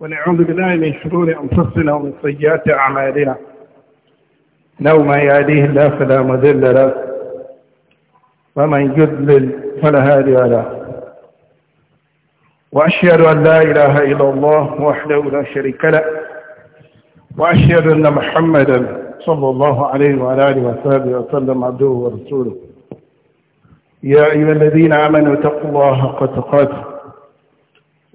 ونعوذ بالله من شرور أنفسنا ومن سيئات أعمالنا لو ما يهديه الله فلا مذل له ومن يذلل فلا هادي له وأشهد أن لا إله إلا الله وحده لا شريك له وأشهد أن محمدا صلى الله عليه وعلى آله وصحبه وسلم عبده ورسوله يا أيها الذين آمنوا اتقوا الله حق تقاته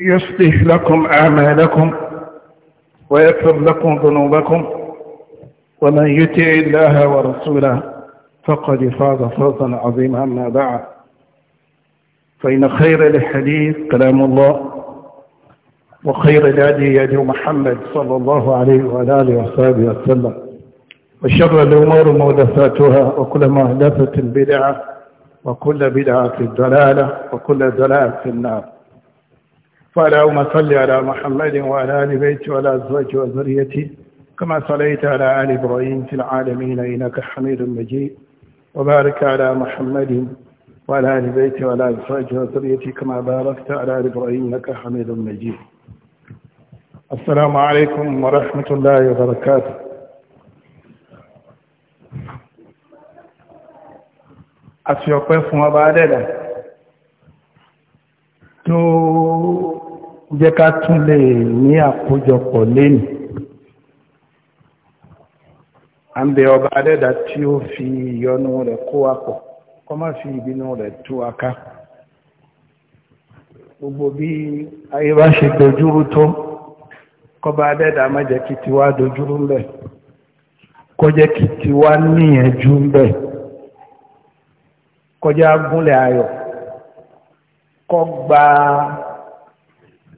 يصلح لكم أعمالكم ويغفر لكم ذنوبكم ومن يطع الله ورسوله فقد فاز فوزا عظيما أما بعد فإن خير الحديث كلام الله وخير الهدي هدي محمد صلى الله عليه وعلى آله وصحبه وسلم وشر الأمور محدثاتها وكل محدثة بدعة وكل بدعة ضلالة وكل ضلالة في النار فاللهم صل على محمد وعلى آل بيته وعلى أزواجه وذريته كما صليت على آل إبراهيم في العالمين إنك حميد مجيد وبارك على محمد وعلى آل بيته وعلى أزواجه وذريته كما باركت على آل إبراهيم إنك حميد مجيد السلام عليكم ورحمة الله وبركاته أسيقف مبادلة tó jẹ́ ká tún lè ní àkójọpọ̀ ń ọba adẹ́dà tí ó fi ìyọnu rẹ̀ kó pọ̀ má fi ìbínú rẹ̀ tú gbogbo bí ayé bá ṣe dojúrú tó kọba adẹ́dà má jẹ́ kí tiwa dojúrú kí tiwa kọjá gúnlẹ̀ kọ́ gba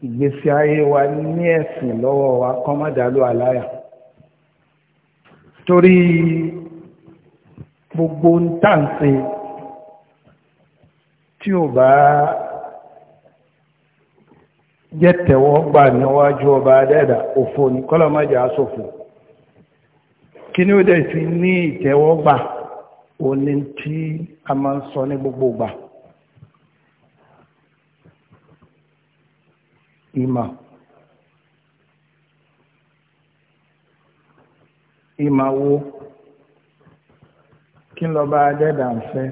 ìgbésí ayé wa ní ẹ̀sìn lọ́wọ́ wa kọ́ má dàlú àláyà torí gbogbo ń tàǹsẹ̀ tí ò bá jẹ́ tẹ̀wọ́ gbà níwájú ọba adẹ́dà òfò ní kọ́lọ̀májà asòfò kí ni ó dẹ̀ fi ní ìtẹ́wọ́ gbà òní tí a máa ń sọ ní gbogbo gbà ima, ìmà wo kí n lọ bá adẹ́dà ń fẹ́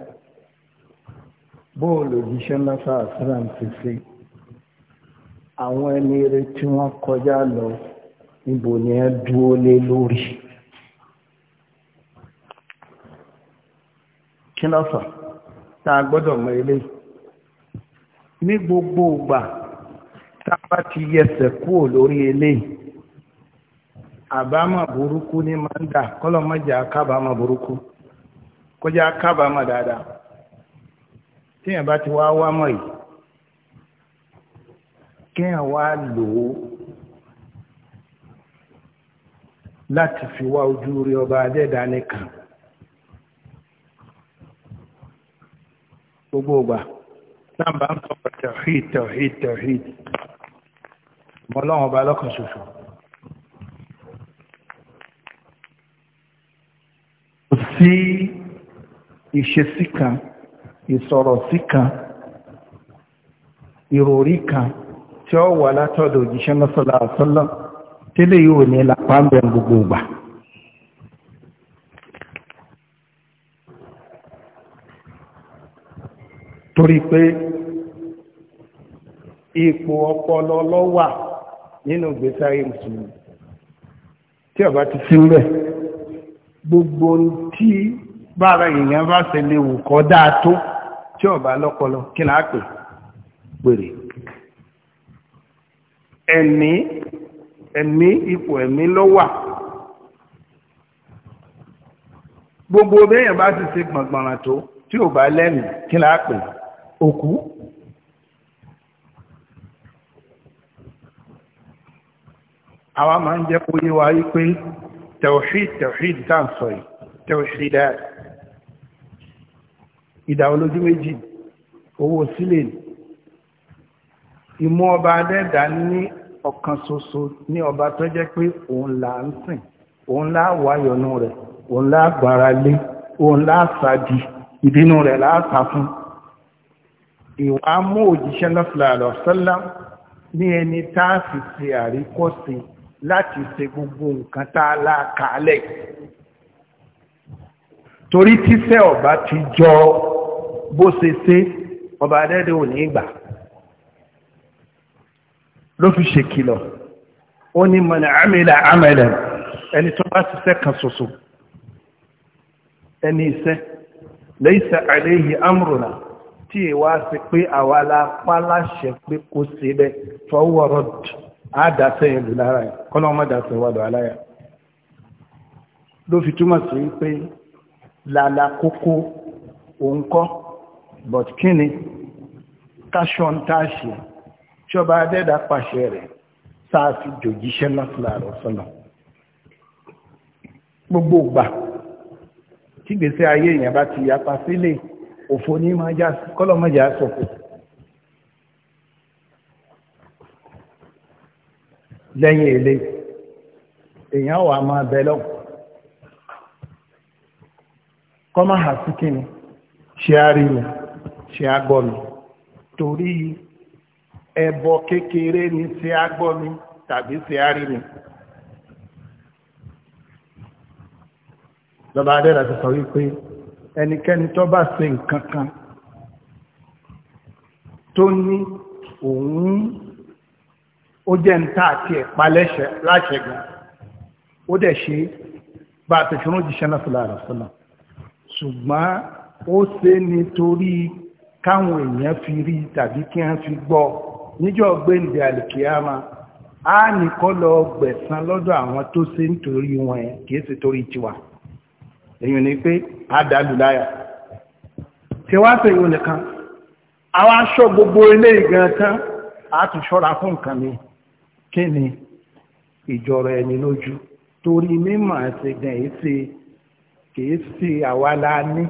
bóòlù òjíṣẹ́ lọ́sà àṣírà ń ti ṣe àwọn ẹni eré tí wọ́n kọjá lọ níbo ni ẹ dúó lé lórí kí lọ́fà tá a gbọ́dọ̀ mọ eléyìí ní gbogbo ìgbà bá ti yẹsẹ̀ kúrò lórí eléyìí àbámọ̀ burúkú ní máa ń dà kọ́lọ́mọ́jà kábàámọ̀ burúkú kọjá kábàámọ̀ dáadáa tíyàn bá ti wá wá mọ̀ yìí kíyàn wá lò ó láti fi wá ojú rí ọba adẹ́dá nìkan gbogbo ìgbà náà bá ń sọ tawhid tawhid tawhid mọ́ ọlọ́run ọba lọ́kàn ṣoṣo. kò sí ìṣesí kan ìsọ̀rọ̀ sí kan ìròrí kan tí ó wà látọ̀dọ̀ òjíṣẹ́ lọ́sọ̀lá àtọ́lọ́ tẹ́lẹ̀ yóò ní lápá ń bẹ gbogbo ìgbà. torí pé ipò ọpọlọ ló nínú gbèsè ayé mùsùlùmí tí ọba ti sí mbẹ gbogbo tí bára èèyàn bá ṣe lè wù kọ́ dáa tó tí ọba lọ́pọlọ kí náà pè pèrè ẹ̀mí ẹ̀mí ipò ẹ̀mí ló wà gbogbo béèyàn bá ti ṣe gbọ̀ngbọ̀nràn tó tí ò bá kí náà pè òkú àwa máa ń jẹ́ kó yé wa wípé tawhid tawhid tá à ń sọ yìí tawhid ìdá olójú méjì owó sílẹ̀ ìmú ọba adẹ́dà ní ọ̀kan ṣoṣo ní ọba tó jẹ́ pé òun là ń sìn òun là wáyọ̀nù rẹ̀ òun là gbára lé òun là sàdì ìdínú rẹ̀ là sà fún ìwà mú òjíṣẹ́ lọ́fìlà lọ́sọ́lá ní ẹni tá a sì ṣe àríkọ́sí láti ṣe gbogbo nǹkan tá a la kàálẹ̀ torí tíṣẹ́ ọba ti jọ bó ṣe ṣe ọba adẹ́dẹ́ ò ní gbà ló fi ṣe kìlọ̀ ó ní mọ̀nà àmìlà àmìlẹ̀ ẹni tó bá ṣiṣẹ́ kan ṣoṣo ẹni iṣẹ́ lẹ́yìnṣẹ́ àléyìí amúrùnà tí ìwá sí pé àwa la pa láṣẹ pé kó ṣe bẹ́ẹ̀ fọwọ́ A dàsẹ́ yẹn lù lára yẹn kọ́lọ́ má dàsẹ́ wà lọ aláyà ló fi túmọ̀ sí pé làlà kókó òun kọ́ but kí ni káṣọ́n tá a ṣe tíọba adẹ́dà pàṣẹ rẹ̀ sáà fi jòjíṣẹ́ náà láàrọ̀ sọ́nà gbogbo ìgbà tí gbèsè ayé èèyàn ti yapa sílé òfò ní máa já sí kọ́lọ́ sọ̀kò. lẹ́yìn èlé èèyàn wà máa bẹ lọ kọ́má hà sí kíni ṣe á mi ṣe á gbọ́ mi torí ẹbọ kékeré ni ṣe á gbọ́ mi tàbí ṣe á mi. lọ́ba adẹ́rẹ́ ti sọ wípé ẹnikẹ́ni tó bá ṣe nǹkan kan tó ní òun ó jẹ́ ń tà àti ẹ̀pá láṣẹ gan ó dẹ̀ ṣe bá a ti fi rán jíṣẹ́ náà fúlàrà fúlà ṣùgbọ́n ó ṣe nítorí káwọn èèyàn fi rí tàbí kí wọ́n fi gbọ́ níjọ́ gbéǹde àlìkíyàmá a nìkan lọ gbẹ̀san lọ́dọ̀ àwọn tó ṣe nítorí wọn kìí ṣe torí tiwa èèyàn ni pé a dàlù láyà tí wá ṣe ìwọ̀n nìkan àwọn aṣọ gbogbo eléyìí gan tán a tún ṣọ́ra fún nǹkan mìíràn kí ni ìjọra ẹni lójú torí mímọ̀ àti gan èyí ṣe kìí ṣe àwa la ní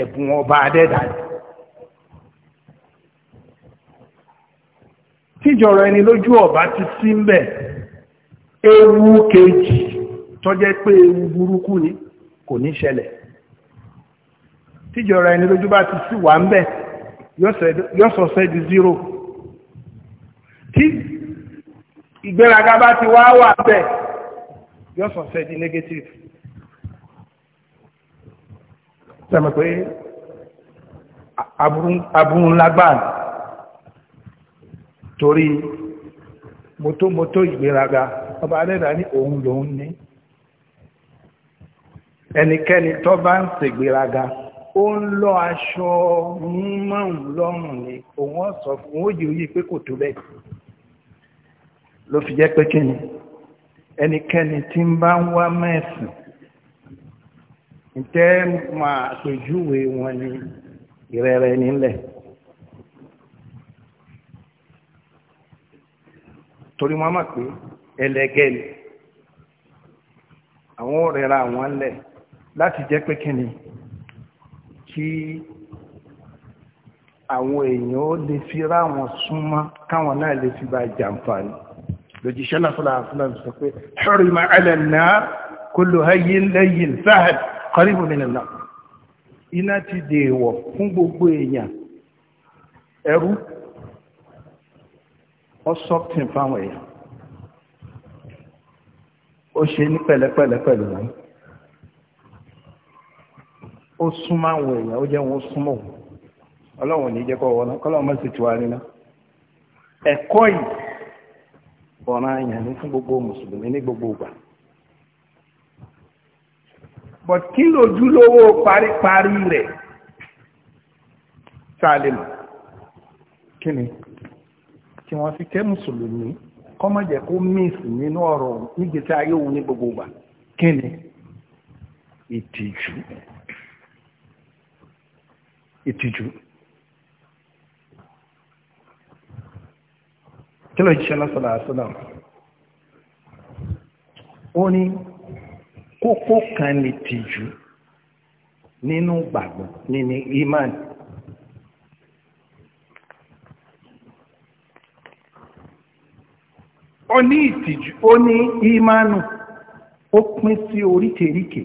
ẹ̀bùn ọba adẹ́dà tíjọra ẹni lójú ọba ti sí ń ewu kejì tọ́jẹ́ pé ewu burúkú ni kò ní ṣẹlẹ̀ tíjọra ẹni lójú bá ti sí wà ń bẹ̀ yọ́sọ̀ọ́sẹ́ zero tí ìgbéraga bá ti wá wà bẹ́ẹ̀ yóò sọ sẹ́ di negative. sẹ́mi pé aburú ńlá gbà torí mọ́tòmọ́tò ìgbéraga ọba adẹ́dà ní òun lòun ní ẹnikẹ́ni tó bá ń ṣègbéraga ó ń lọ aṣọ mọ́rùn lọ́rùn ni òun ọ̀sọ̀ fún òye òye pé kò tó bẹ́ẹ̀ ló fi jẹ́ pé kí ni ẹnikẹ́ni tí ń bá ń wá mẹ́sìn ǹtẹ́ máa pèjúwe wọn ni ìrẹ̀rẹ̀ nílẹ̀ torí wọn mọ̀ pé ẹlẹ́gẹ́ ni àwọn ò rẹra àwọn lẹ̀ láti jẹ́ pé kí ni kí àwọn èèyàn ó lè fi ra wọn súnmọ́ káwọn náà lè fi bá jàǹfààní. lòjíṣẹ́ náà fúnra fúnra sọ pé hurima kullu hayyin layyin sahal qaribun iná ti dèèwọ̀ fún gbogbo èèyàn ẹrú ọsọptin fáwọn èèyàn ó ṣe ní pẹ̀lẹ́pẹ̀lẹ́ pẹ̀lú wọn ó súnmọ́ àwọn èèyàn ó jẹ́ wọn súnmọ́ òun ò ní jẹ́ kọ́ wọn ọ̀ràn àyàn ní fún gbogbo mùsùlùmí ní gbogbo ìgbà. but kí lójúlówó paríparí rẹ̀ tá a lè mọ̀ kí ni tí wọ́n fi kẹ́ mùsùlùmí kọ́mọ̀jẹ̀ kó miss nínú ọ̀rọ̀ nígbèsí ayé òun ní gbogbo ìgbà kí ni ìtìjú ìtìjú. kí ló jíṣẹ́ lọ́sọ̀lá àṣọ́lá ó ní kókó kan ní tìjú nínú gbàgbọ́ nínú iman ó ní ìtìjú ó ní imanu ó pín sí oríkèríkè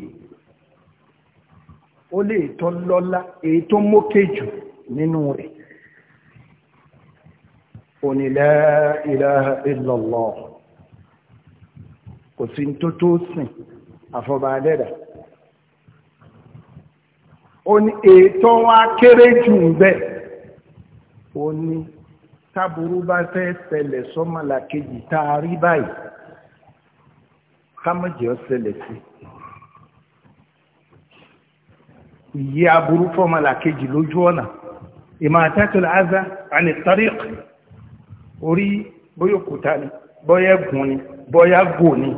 ó lè tọ́ lọ́lá èyí tó mókè jù nínú rẹ̀ òní la ilaha illallah kò sí tó tó sìn àfọ̀bà adẹ́dà ó ní ètò wa kéré jù ń bẹ ó ní táburú bá fẹ́ ṣẹlẹ̀ sọ́mọ́là kejì tá a rí báyìí kámọ́jì ó ṣẹlẹ̀ sí ìyí aburú fọ́mọ́là kejì lójú ọ̀nà ìmọ̀ àtàkùn azá àni tariq orí bóyá òkúta ni bóyá ẹ̀gùn ni bóyá gò ni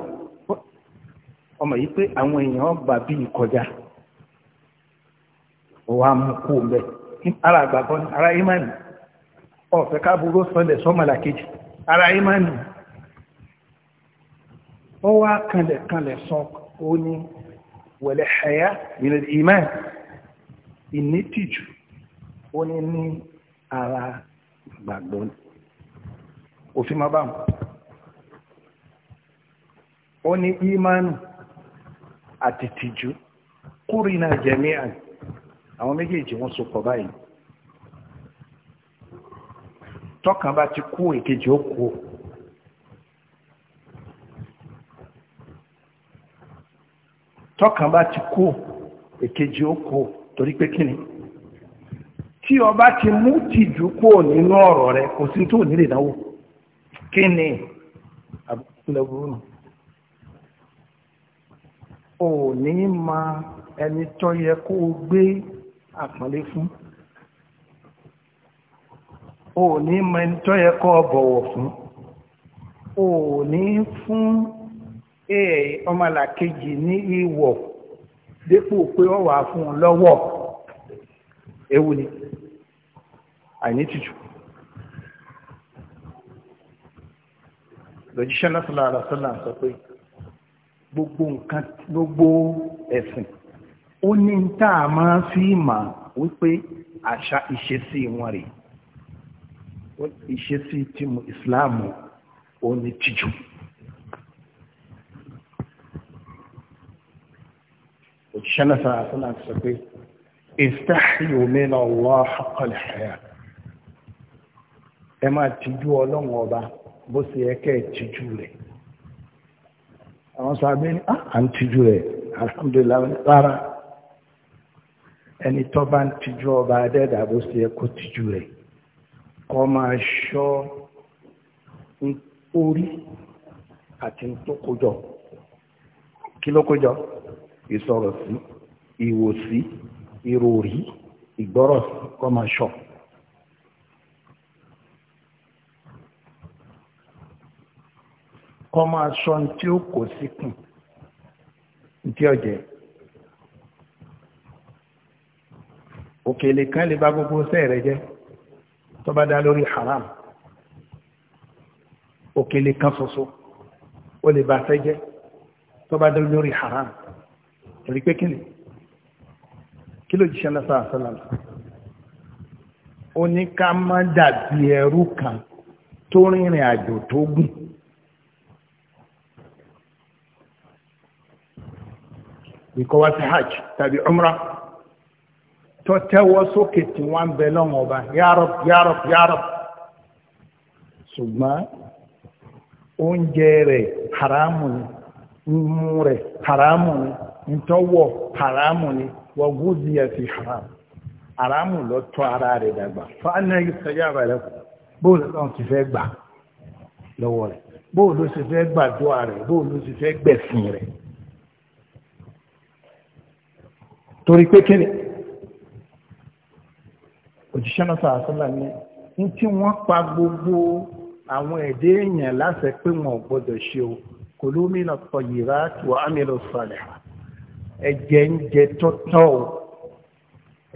ọmọ yìí pé àwọn èèyàn bà bí ìkọjá òwò amukú mbẹ ara àgbàgbọ́ ni ara imani ọ̀fẹ́ káàbùrú sọlẹ̀ sọ́mọ̀lá kejì ara imani ó wá kanlẹ̀ kanlẹ̀ sọ ó ní wẹ̀lẹ̀ ẹ̀yà nínú ìnítìjú ó ní ara ìgbàgbọ́ ni. òfin máa bá mu ó ní ìmánu àti tìjú kúrìnà jẹ̀míà àwọn méjèèjì wọ́n so pọ̀ báyìí tọ́kàn bá ti kú èkejì ó kú tọ́kàn bá ti kú èkejì ó kú torí pé kíni tí ọba ti mú tìjú kúrò nínú ọ̀rọ̀ rẹ kò sí tó nílè náwó kí ni àbúkúlẹ̀ burú ò ní ma ẹni tó yẹ kó o gbé àpọ́nlé fún ò ní ma ẹni tó yẹ kó o bọ̀wọ̀ fún ò ní fún ee ọmọlàkejì ní ìwọ̀ dépò pé wọ́n wà fún un lọ́wọ́ ewu ni àìní tìjú lójíṣẹ́ náà sọ̀rọ̀ àlọ́sọ́là sọ pé gbogbo nǹkan gbogbo ẹ̀sìn ó ní tá a máa fi mà wípé àṣà ìṣesí wọn rèé ìṣesí tí mo ìsìláàmù ó ní tìjú. òjíṣẹ́ náà sọ̀rọ̀ sọ pé ìstáhìyò bó ṣe yẹ kẹ́ ẹ̀ tijú rẹ̀ àwọn sàbẹ̀ ní ah, à ń tijú rẹ̀ alhamdulilayi rárá ẹni tó bá ń tijú ọba adẹ́dà bó ṣe yẹ kó tijú rẹ̀ kọ́ máa ṣọ́ orí àti tó kójọ kí ló kójọ ìsọ̀rọ̀ sí ìwòsí ìròrí ìgbọ́rọ̀ kọ́ máa ṣọ́. kọ́ máa sọ ní tí ó kò síkùn tí ọ̀jẹ̀ òkèlè kan lè bá gbogbo sẹ́ẹ̀rẹ̀ jẹ́ tó bá dá lórí haram òkèlè kan soso, ó lè bá fẹ́ jẹ́ tó bá dá lórí haram torí pé kí ni kí ló jíṣẹ́ lọ́sà àṣọ́làmù ó ní ká má dàbí ẹrú kan tó rìnrìn àjò tó gùn ìkọ́ wá sí hajj tàbí umrah tó tẹ́wọ́ sókè tí wọ́n ń lọ́wọ́ ọba yárọ̀b yárọ̀b ṣùgbọ́n oúnjẹ rẹ̀ haramu ni mú rẹ̀ haramu ni ntọ́wọ̀ haramu ni wọ́gúdìyà sí haramu haramu lọ tọ́ ara rẹ̀ dàgbà fáánà yìí sẹ́yà rẹ̀ kù bóòlù ti fẹ́ gbà lọ́wọ́ rẹ̀ fẹ́ gbàdúrà rẹ̀ fẹ́ gbẹ̀sìn rẹ̀. torí pé kíni òjíṣẹ́ náà sàásọ́là ní ní tí wọ́n pa gbogbo àwọn ẹ̀dẹ́ èèyàn láṣẹ pé wọn ò gbọ́dọ̀ ṣe o kò ló mìíràn pọ̀ yìrá tó amílò sọ̀lẹ̀ ẹ̀jẹ̀ ń jẹ tọ́tọ́ o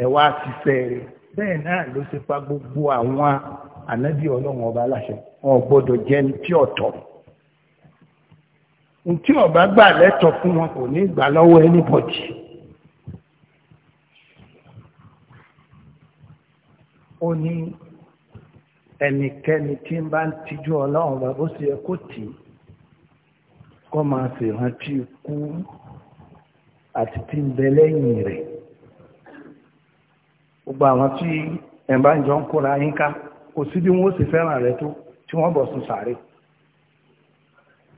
ẹ̀wà àtisẹ́ rẹ̀ bẹ́ẹ̀ náà ló ṣe pa gbogbo àwọn ànábì ọlọ́run ọba láṣẹ wọn ò gbọ́dọ̀ jẹ́ ní tí ọ̀tọ̀ ní tí ọba gbà lẹ́tọ̀ fún wọn kò ní gbà lọ́wọ́ ẹnìbọ̀dì. ó ní ẹnikẹ́ni tí ń bá ń tijú ọlọ́run bá bó ṣe yẹ kó tì í kó máa ṣèrántí ikú àti tí ń bẹ lẹ́yìn rẹ̀ gbogbo àwọn tí ẹ̀ bá ń jọ ń kóra yín ká kò sí bí wọ́n ó sì fẹ́ràn rẹ̀ tó tí wọ́n bọ̀ sùn sàárè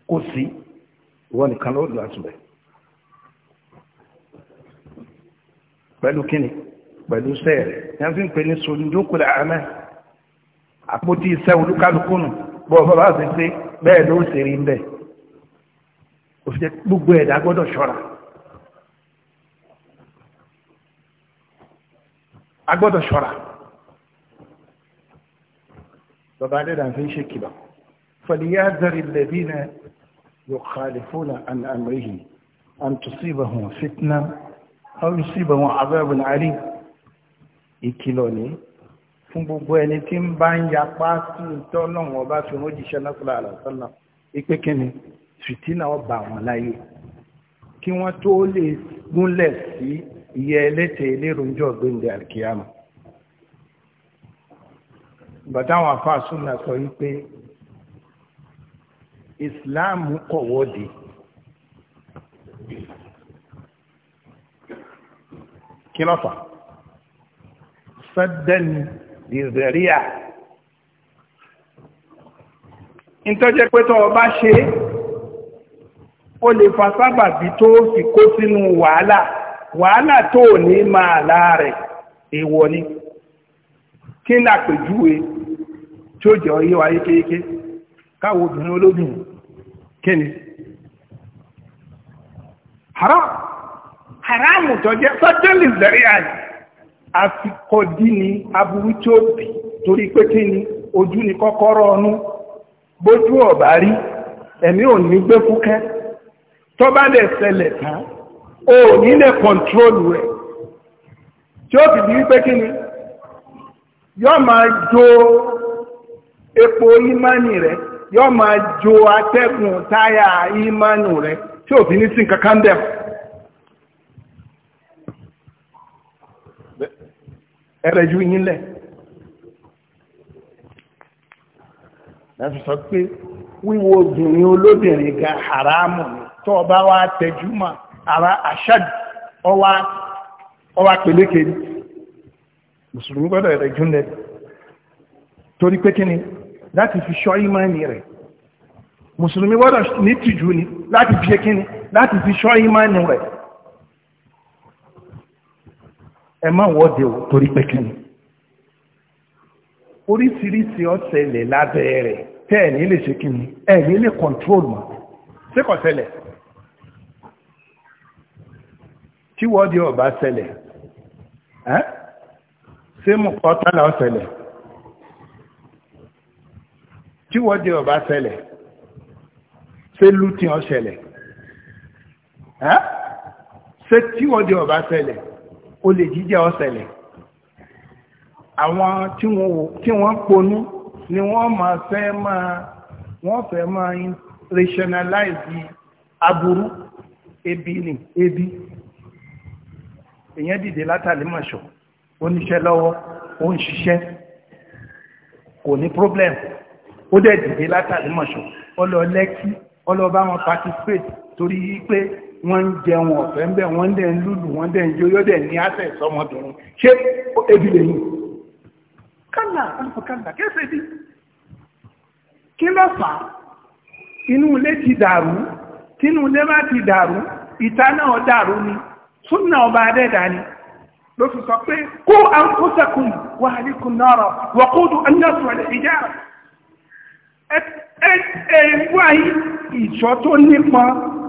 kò sí ìwọ nìkan ló àtúbẹ̀ pẹ̀lú kíni pẹ̀lú sẹ́ẹ̀ rẹ̀ yẹn fi ń pè ní sundukul amal àpótí iṣẹ́ olúkálukú nù bọ́ bàbá sì ṣe bẹ́ẹ̀ ló ṣe rí bẹ́ẹ̀ òfin gbogbo ẹ̀dá gbọ́dọ̀ ṣọ́ra a gbọ́dọ̀ ṣọ́ra bàbá adéda fi ń ṣe kìlọ̀ falyahzari alladhina yukhalifuna an amrihi an tusibahum fitna aw yusibahum adhabun alim ìkìlọ̀ ní fún gbogbo ẹni tí ń bá ń yapá sí ìtọ́ náà wọn bá fi hàn jíṣẹ́ lọ́sọ̀lá àlọ́sọ̀lá ipe kíni fìtínà ọba àwọn láyé kí wọ́n tó lè gúnlẹ̀ sí ìyẹ́ ẹlẹ́tẹ̀ eléronjọ́ gbẹ̀ǹdẹ̀ àríkíyàmù bàtàwọn afáàsúnà sọ wípé ìsìláàmù kọ̀wọ́dì kí ló fà sọ́dẹ́ni ìrẹ̀ríà nítọ́jẹ́ pé tọ́ ọba ṣe ó lè fa sábàbí tó fi kó sínú wàhálà wàhálà tó ní máa láàrẹ̀ èèwọ̀ ni kí n lápèjúwe tí ó jẹ́ ọyẹ́ wáyé kéèké káwọ obìnrin olóbìnrin kí haram haram tọ́jẹ́ sọ́dẹ́ni ìrẹ̀ríà ni. àfikọ́dí ní aburú tí ó bì torí pé kí ni ojú ni kọ́kọ́rọ́ ọnú bójú ọ̀bá rí ẹ̀mí ò ní fúkẹ́ tó bá o ò ní lè kọ̀ntrólù rẹ̀ tí ó fi di pé kí ni máa epo ìmánì ẹrẹ ju yín lẹ̀ pé wíwo obìnrin olóbìnrin ga tó ọba wa ara àṣàdù ọwá mùsùlùmí gbọ́dọ̀ lẹ̀ torí pé kí ni láti fi ṣọ́ rẹ̀ mùsùlùmí gbọ́dọ̀ ní tìjú ni láti fi ṣe kí ni láti fi ṣọ́ rẹ̀ ẹ má wọ́de o torí pé kíni oríṣiríṣi ọ̀sẹ̀lẹ̀ lábẹ́ rẹ̀ tẹ́ ẹ̀ ní lè ṣe kíni ẹ̀ ní lè control mọ́ ṣé kò ṣẹlẹ̀ tí wọ́de ọba ṣẹlẹ̀ ṣé mo kọ́ tálà ọ̀sẹ̀lẹ̀ tí wọ́de ọba ṣẹlẹ̀ ṣé lútin ọ̀ṣẹlẹ̀ ṣé tí wọ́de ọba ṣẹlẹ̀ olè jíjà ó ṣẹlẹ̀ àwọn tí wọ́n ponú ni wọ́n ma fẹ́ máa wọ́n fẹ́ máa rationalize aburú ebi ni ebi èyàn dìde látàlí mọ̀ṣọ́ oníṣẹ́ lọ́wọ́ ó ń ṣiṣẹ́ kò ní problem ó dẹ̀ dìde látàlí mọ̀ṣọ́ ọlọ lẹ́kí ọlọ bá wọn participate torí pé wọ́n ń jẹun ọ̀fẹ́ ń bẹ̀ wọ́n dẹ̀ ń lùlù wọ́n dẹ̀ ń ní àṣẹ ìsọmọbìnrin ṣe ebi lè yìn kánà kánà kéṣe bí kí ló fà á inú ilé ti dàrú tínú ilé bá ti dàrú ìta náà dàrú ni súnà ọba adẹ́dà ni ló fi sọ pé kó àǹkóṣàkùn wà níkùn náà rọ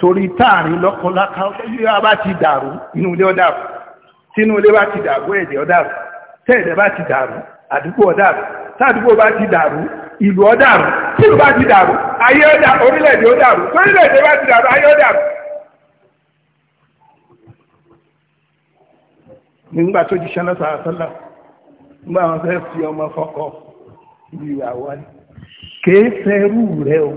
torí táàrin lọ́kàn láká yóò bá ti dàrú inú ilé ọ̀dàrú tínú ilé bá ti dàrú ẹ̀dẹ̀ ọ̀dàrú tẹ́ẹ̀dẹ̀ bá ti dàrú àdúgbò ọ̀dàrú tádùgbò bá ti dàrú ìlú ọ̀dàrú tílù bá ti dàrú ayé ọ̀dà orílẹ̀-èdè ọ̀dàrú orílẹ̀-èdè bá ti dàrú ayé ọ̀dàrú. nígbà tó di sẹ́nà sàrásọ́là nígbà wọn fẹ́ fi ọmọ fọ́kọ ìyàwó rẹ̀ kéé fẹ́ rú rẹ̀ o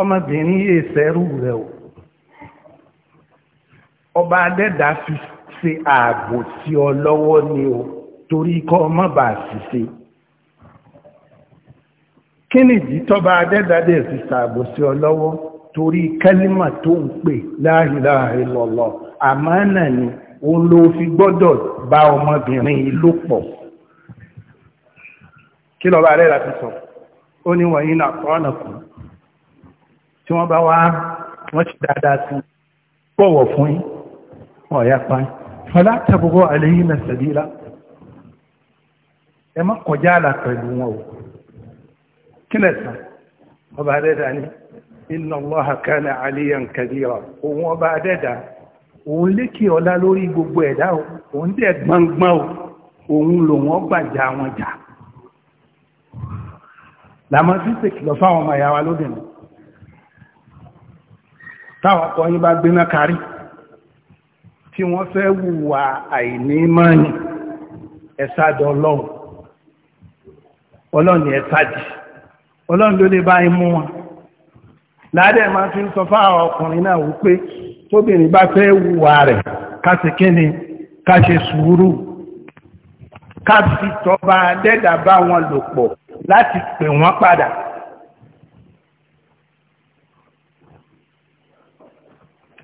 ọmọbìnrin yìí sẹ́rù rẹ̀ o ọba adẹ́dà fi ṣe ààbò sí ọ lọ́wọ́ ni o torí kọ́ ọmọ bá ṣiṣe kí ni ìdí tọ́ba adẹ́dà dẹ̀ fi ṣààbò sí ọ lọ́wọ́ torí kẹ́límà tó ń pè la ilaha illallah àmánà ni òun ló fi gbọ́dọ̀ bá ọmọbìnrin yìí lò pọ̀ kí lọ́ba adẹ́dà ti sọ ó ní wọ̀nyí nà kọ́ ọ̀nà kù tí wọ́n bá wá wọ́n ti dáadáa sí bọ̀wọ̀ fún yín wọ́n yá pa yín fọlá tàbùkọ àlẹ́yìn náà sẹ̀bílá ẹ má kọjá àlà pẹ̀lú wọn o kí lẹ̀ sàn ọba adẹ́dà ni inna Allaha kana aliyan kabira òun ọba adẹ́dà òun lékè ọlá lórí gbogbo ẹ̀dá o òun dẹ̀ gbọ́ngbọ́n o òun lò wọ́n gbàjà wọn jà làmọ́ sí ṣèkìlọ̀ fáwọn ọmọ ìyá wa lóbìnrin táwọn ọkọ̀ yín bá gbéná kárí tí wọ́n fẹ́ wùwà àìní mọ́ni ẹ̀sádọ̀ ọlọ́run ọlọ́run ẹ̀sádì ọlọ́run ló lè bá imú wọn láàdẹ̀ máa fi ń sọ fáwọn ọkùnrin náà wípé tóbìnrin bá fẹ́ wùwà rẹ̀ kásìkíni ká ṣe sùúrù ká tọba dẹ́dà bá wọn lò pọ̀ láti pè wọ́n padà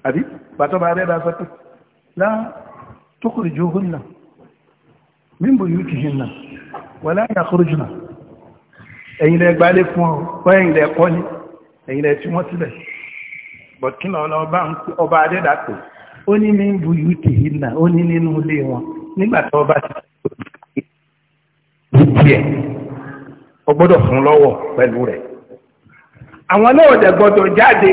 àbí bàtọ́bà rẹ̀ bá sọ pé láà tókùrì jù hùn náà mímbò yóò kì hìn náà wà láàrín àkúrò jù náà ẹ̀yìn lẹ gbálé fún ọ wọ́n ẹ̀yìn lẹ kọ́ ní ẹ̀yìn lẹ tí wọ́n sílẹ̀ bọ̀kínà ọba adẹ́dà pé ó ní mímbò yóò kì hìn náà ó ní nínú ilé wọn nígbà tó ọba ti díẹ̀ ọgbọ́dọ̀ fún lọ́wọ́ pẹ̀lú rẹ̀ àwọn náà dẹ̀ gbọ́dọ̀ jáde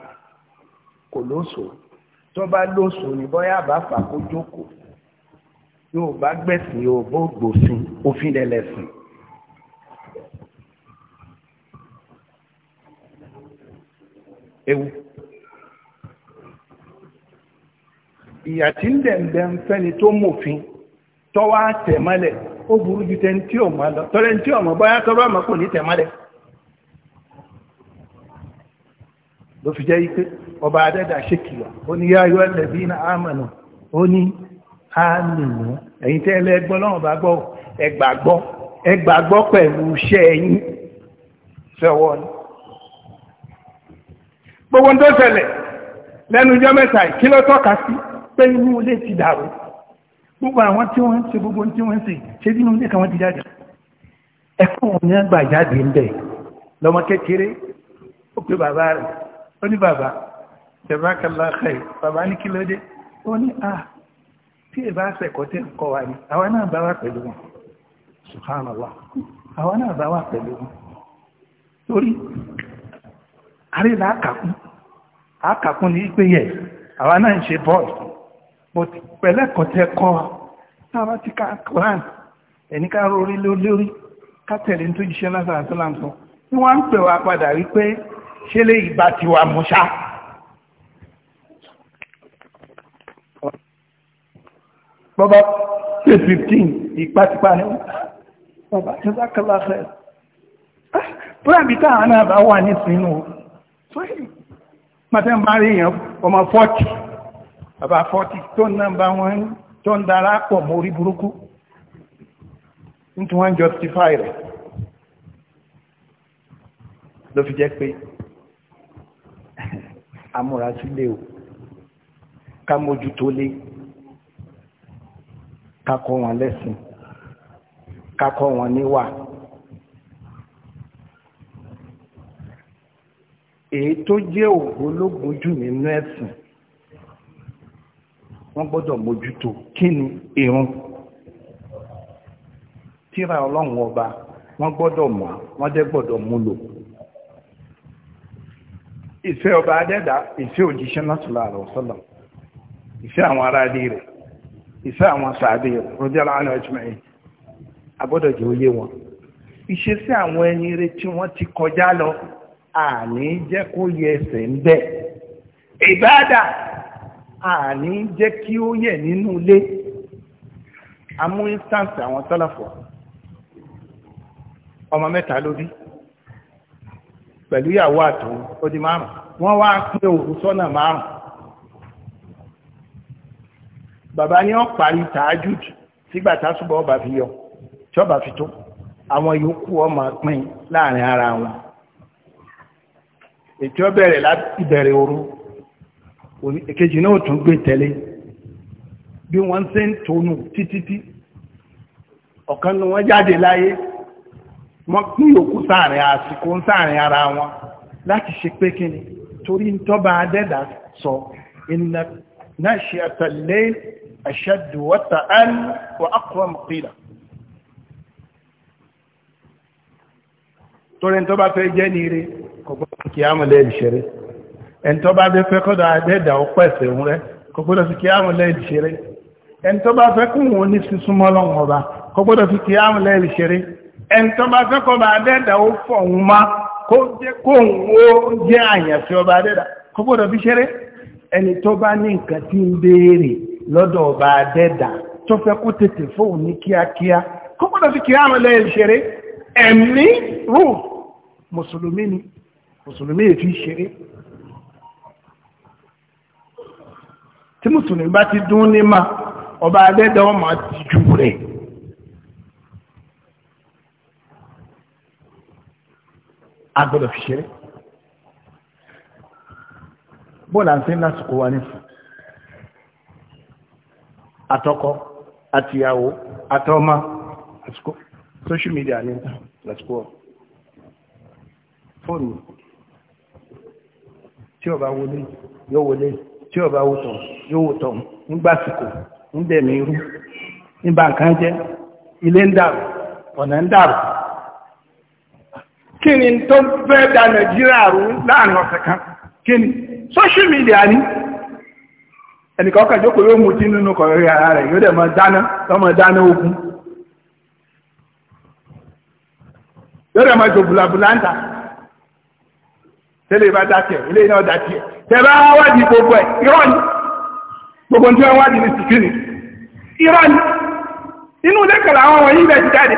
kò lóṣòó tó bá lóṣòó ni bóyá bá fà kó jókòó yóò bá gbẹ̀sìn yóò bó gbòsìn òfin lẹ́lẹ́sìn. ewu ìyà tí ń dẹ̀ǹdẹ̀ ń fẹ́ni tó mòfin tọ́wọ́ àtẹ̀mọ́lẹ̀ ó burú ju tẹ́ntí ọ̀mọ́ lọ tọ́lẹ́ntí ọ̀mọ́ bóyá tọ́lọ́ ọ̀mọ́ kò ní tẹ̀mọ́lẹ̀. ló fi jẹ́ ipé ọba adẹ́dà ṣe kìlọ̀ ó ní yáyọ ẹlẹ́bí ní àmànà ó ní àmìnà ẹ̀yin tẹ́ ẹlẹ́gbọ́n lọ́wọ́ bá gbọ́ ẹgbàgbọ́ ẹgbàgbọ́ pẹ̀lú iṣẹ́ ẹ̀yin sẹ́wọ́ ni gbogbo tó ṣẹlẹ̀ lẹ́nu ijọ́ mẹ́ta kí ló tọ́ka sí pé inú ilé ti dàrú gbogbo àwọn tí wọ́n ń ṣe gbogbo tí wọ́n ń ṣe ṣé bí inú ilé kan ti jáde ẹ̀kọ́ òun ni wọ́n gbà jáde ń bẹ̀ lọ́mọ kékeré ó pé bàbá rẹ̀ ó ní bàbá jẹ̀bákàlá ẹ̀ bàbá ní kí ló dé ó ní à ah, tí èbá sẹ̀kọ́ tẹ́ ń kọ́ wa ni àwa náà bá wà pẹ̀lú wọn subhanallah àwa náà bá wà pẹ̀lú wọn torí àrílà àkàkún àkàkún ní pé yẹ àwa náà ń ṣe bọ́ọ̀lù but pẹ̀lẹ́kọ̀ tẹ́ kọ́ táwa ti ká koran ẹni ká rórí lórí ká tẹ̀lé tó jíṣẹ́ lásán àtúnláǹsọ wọ́n ń pè wá padà wípé ṣe lè ìgbà tiwa musa. bọ́bá pé fifteen ìpátipá ni bọ́bá ṣe bá kọ́lá fẹ́. púrẹ́mì táwọn náà bá wà ní sínú sóyè màtẹ́ bá rí èèyàn ọmọ fọ́tì bàbá fọ́tì tó ń nàbà wọn tó ń dará pọ̀ mọ́ burúkú nítorí wọ́n justify rẹ̀ ló fi jẹ́ pé amúrasílẹ̀ o ká mójútó lé ká kọ́ wọn lẹ́sìn ká kọ́ wọn níwà èyí tó jẹ́ ògbólógbòó jù nínú ẹ̀sìn wọ́n gbọ́dọ̀ mójútó kí ni irun tíra ọlọ́run ọba wọ́n gbọ́dọ̀ mọ̀ wọ́n dẹ́ gbọ́dọ̀ múlò ìfẹ́ ọba adẹ́dà ìfẹ́ òjíṣẹ́ sallallahu alaihi wasallam ìfẹ́ àwọn ará adé rẹ̀ ìfẹ́ àwọn sàádé rẹ̀ radiyallahu anhu ajma'in agbọ́dọ̀ jẹ́ oyé wọn ìṣesí àwọn ẹni rẹ̀ tí wọ́n ti kọjá lọ àní jẹ́ kó yẹ ẹsẹ̀ ń bẹ̀ ìbáàdà àní jẹ́ kí ó yẹ nínú ilé amú instance àwọn sálàfọ̀ ọmọ mẹ́ta ló bí pẹ̀lú ìyàwó àtòun ó di márùn wọ́n wá pín òru sọ́nà márùn bàbá ní ó parí tààjùd sígbà tásùbọ̀ ọba fi yọ ṣọ́ba fi tó àwọn yòókù ọmọ pín láàrin ara wọn ètò bẹ̀rẹ̀ láti bẹ̀rẹ̀ òru èkejì náà tún gbé tẹ̀lé bí wọ́n ṣe ń tónù títítí ọ̀kan ni wọ́n jáde láyé wọ́n pín yòókù sáàrin àsìkò sáàrin ara wọn láti ṣe pé kí ni torí ń tọ́ba adẹ́dà sọ inna nashi'ata al-layl ashaddu wata'an wa aqwam qila torí ń tọ́ba fẹ́ jẹ́ ní ire kò gbọ́dọ̀ kí á mọ̀ lẹ́yìn ṣeré ẹni tó bá fẹ́ kọ́dọ̀ adẹ́dà ó pẹ̀sẹ̀ rẹ kò gbọ́dọ̀ tó bá fẹ́ kún òun ní sísúnmọ́ lọ́wọ́ ọba kò fi kí á mọ̀ lẹ́yìn ṣeré ẹ̀ntọ́ba sẹ́kọ̀ọ́ bá dẹ́dà ó fọ̀ òun má kó òun ó jẹ́ àyànfẹ́ ọba dẹ́dà kó gbọ́dọ̀ fi ṣeré ẹni tó bá ní nǹkan tí ń béèrè lọ́dọ̀ ọba dẹ́dà tó fẹ́ kó tètè fóun ní kíákíá kó gbọ́dọ̀ fi kíá àwọn ẹlẹ́yìn ṣeré ẹ̀mí rú mùsùlùmí ni mùsùlùmí èfi ṣeré tí mùsùlùmí bá ti dún ní ma ọba dẹ́dà ọmọ àtijù rẹ̀ agbọ́dọ̀ fi ṣeré bóòlà ń sí lásìkò wa nísìn àtọkọ àtìyàwó àtọmọ àsìkò social media ní lásìkò fóònù tí ó bá wọlé yóò wọlé tí ó bá wòtọ̀ yóò wòtọ̀ ńgbàsìkò ńdẹ̀mí irú nígbà nǹkan jẹ́ ilé ń dàrú ọ̀nà ń dàrú kí ni tó fẹ́ da nàìjíríà rú láàrin ọ̀sẹ̀ kan kí ni social media ni ẹnìkan ọkàn jókòó yóò mutí nínú ara rẹ̀ yóò dẹ̀ mọ dáná lọ́mọ dáná ogun yóò dẹ̀ mọ jò bùlàbùlàǹtà tẹ́lẹ̀ bá dákẹ́ ilé iná dákẹ́ tẹ́ bá wádìí gbogbo ẹ̀ tí wọ́n wádìí ní inú lẹ́kọ̀ọ́ bẹ̀ ti jáde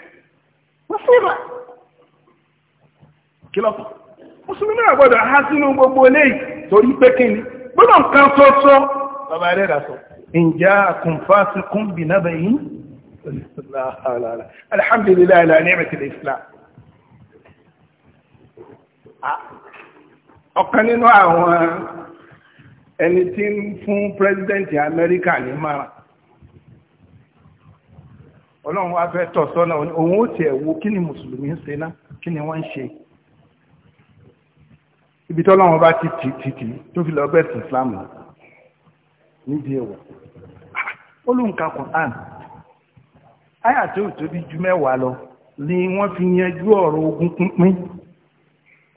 wọ́sílẹ̀ kí lọ́pọ̀ mùsùlùmí náà gbọ́dọ̀ há sínú gbogbo eléyìí torí pé kí ni gbọ́dọ̀ nǹkan sọ́sọ́ bàbá rẹ̀ rà sọ ǹjẹ́ àkùnfà sí kún bì náà bẹ̀ yín Alhamdulillah, la ní islam ọ̀kan nínú àwọn ẹni tí ń fún pírẹsidẹ́ǹtì amẹ́ríkà ọlọ́run wá fẹ́ tọ̀ sọ́nà òun ó tiẹ̀ wo kí ni mùsùlùmí ń ṣe náà kí ni wọ́n ń ṣe ibi tọ́lọ́run bá ti tì tì tì tó fi lọ bẹ́ẹ̀ sí Islam nídìí ẹ̀wọ̀ ó lóun ka Quran àyà tó tóbi ju mẹ́wàá lọ ni wọ́n fi yanjú ọ̀rọ̀ ogun pínpín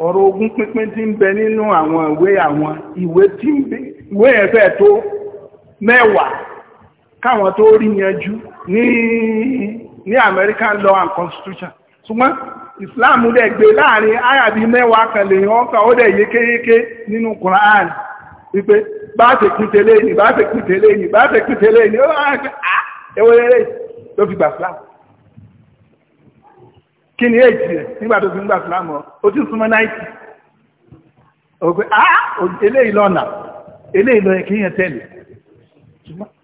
ọ̀rọ̀ ogun pínpín ti ń bẹ nínú àwọn ìwé àwọn ìwé tí ń bẹ ìwé yẹn fẹ́ tó mẹ́wàá káwọn tó rí yanjú. ní ní American law and constitution ṣùgbọ́n Islam dẹ̀ gbé láàrin ayàbí mẹ́wàá kan lè yàn ọ́kà ó dẹ̀ yékéyéké nínú Quran wípé bá ṣe kí tẹ́lẹ̀ bá ṣe kí tẹ́lẹ̀ bá ṣe ah, Islam kí Islam ọ ó ti súnmọ́ náìtì ah, eléyìí lọ́nà eléyìí lọ́yẹ kí yẹn tẹ̀lé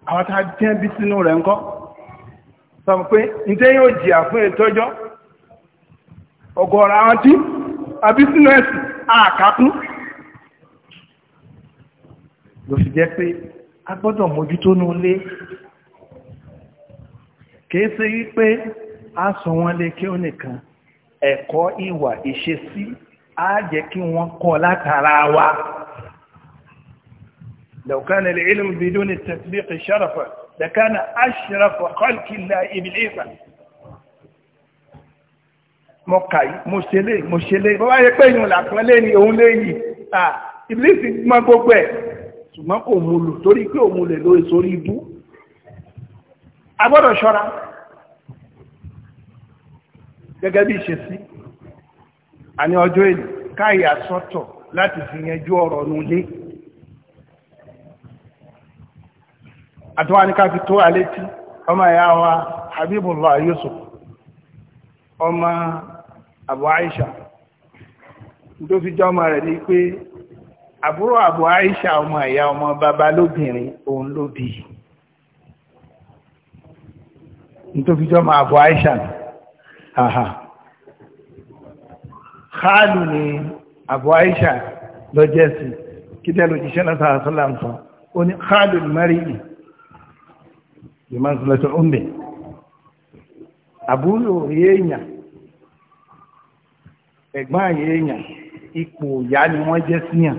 àwọn tá a jẹ́ bí sọmọ pé ǹtẹ́ yóò jìyà fún ìtọ́jọ́ ọgọ́rọ̀ àwọn tí abísínẹ́sì àkàkún ló fi jẹ́ pé a gbọ́dọ̀ mójútó ní ilé kìí ṣe wípé a sọ wọn lé kí ó nìkan ẹ̀kọ́ ìwà ìṣesí á jẹ́ kí wọ́n kọ́ látara wa لكان أشرف خلق الله إبليس mo kàí mo ṣe lé mo ṣe lé bọ́ báyẹ pé ìyún làpọ̀ lé ní òun lé yìí à ìbílísì mọ́ gbogbo ẹ̀ ṣùgbọ́n kò mú lò torí pé òun lè lo èso orí ibú a gbọ́dọ̀ ṣọ́ra gẹ́gẹ́ bí ṣe sí àní ọjọ́ èlì káyà sọ́tọ̀ láti fi yanjú ọ̀rọ̀ nulẹ̀ àtúwà ní ká fi tó àlétí ọmọ ìyá wa Habibullah Yusuf ọmọ Abu Aisha tó fi jọ ọmọ rẹ̀ ní pé àbúrò Abu Aisha ọmọ ìyá ọmọ bàbá lóbìnrin òun ló bí tó fi jọ ọmọ Abu Aisha aha khalu ni Abu Aisha lọ jẹ́ sí kí tẹ́lò jíṣẹ́ náà ń sọ ó ní khalu mẹ́rin bí máa ń sọ lọ́tọ̀ ó ń bẹ̀ àbúrò èèyàn ẹ̀gbọ́n àyè èèyàn ipò ìyá ni wọ́n jẹ́ síyàn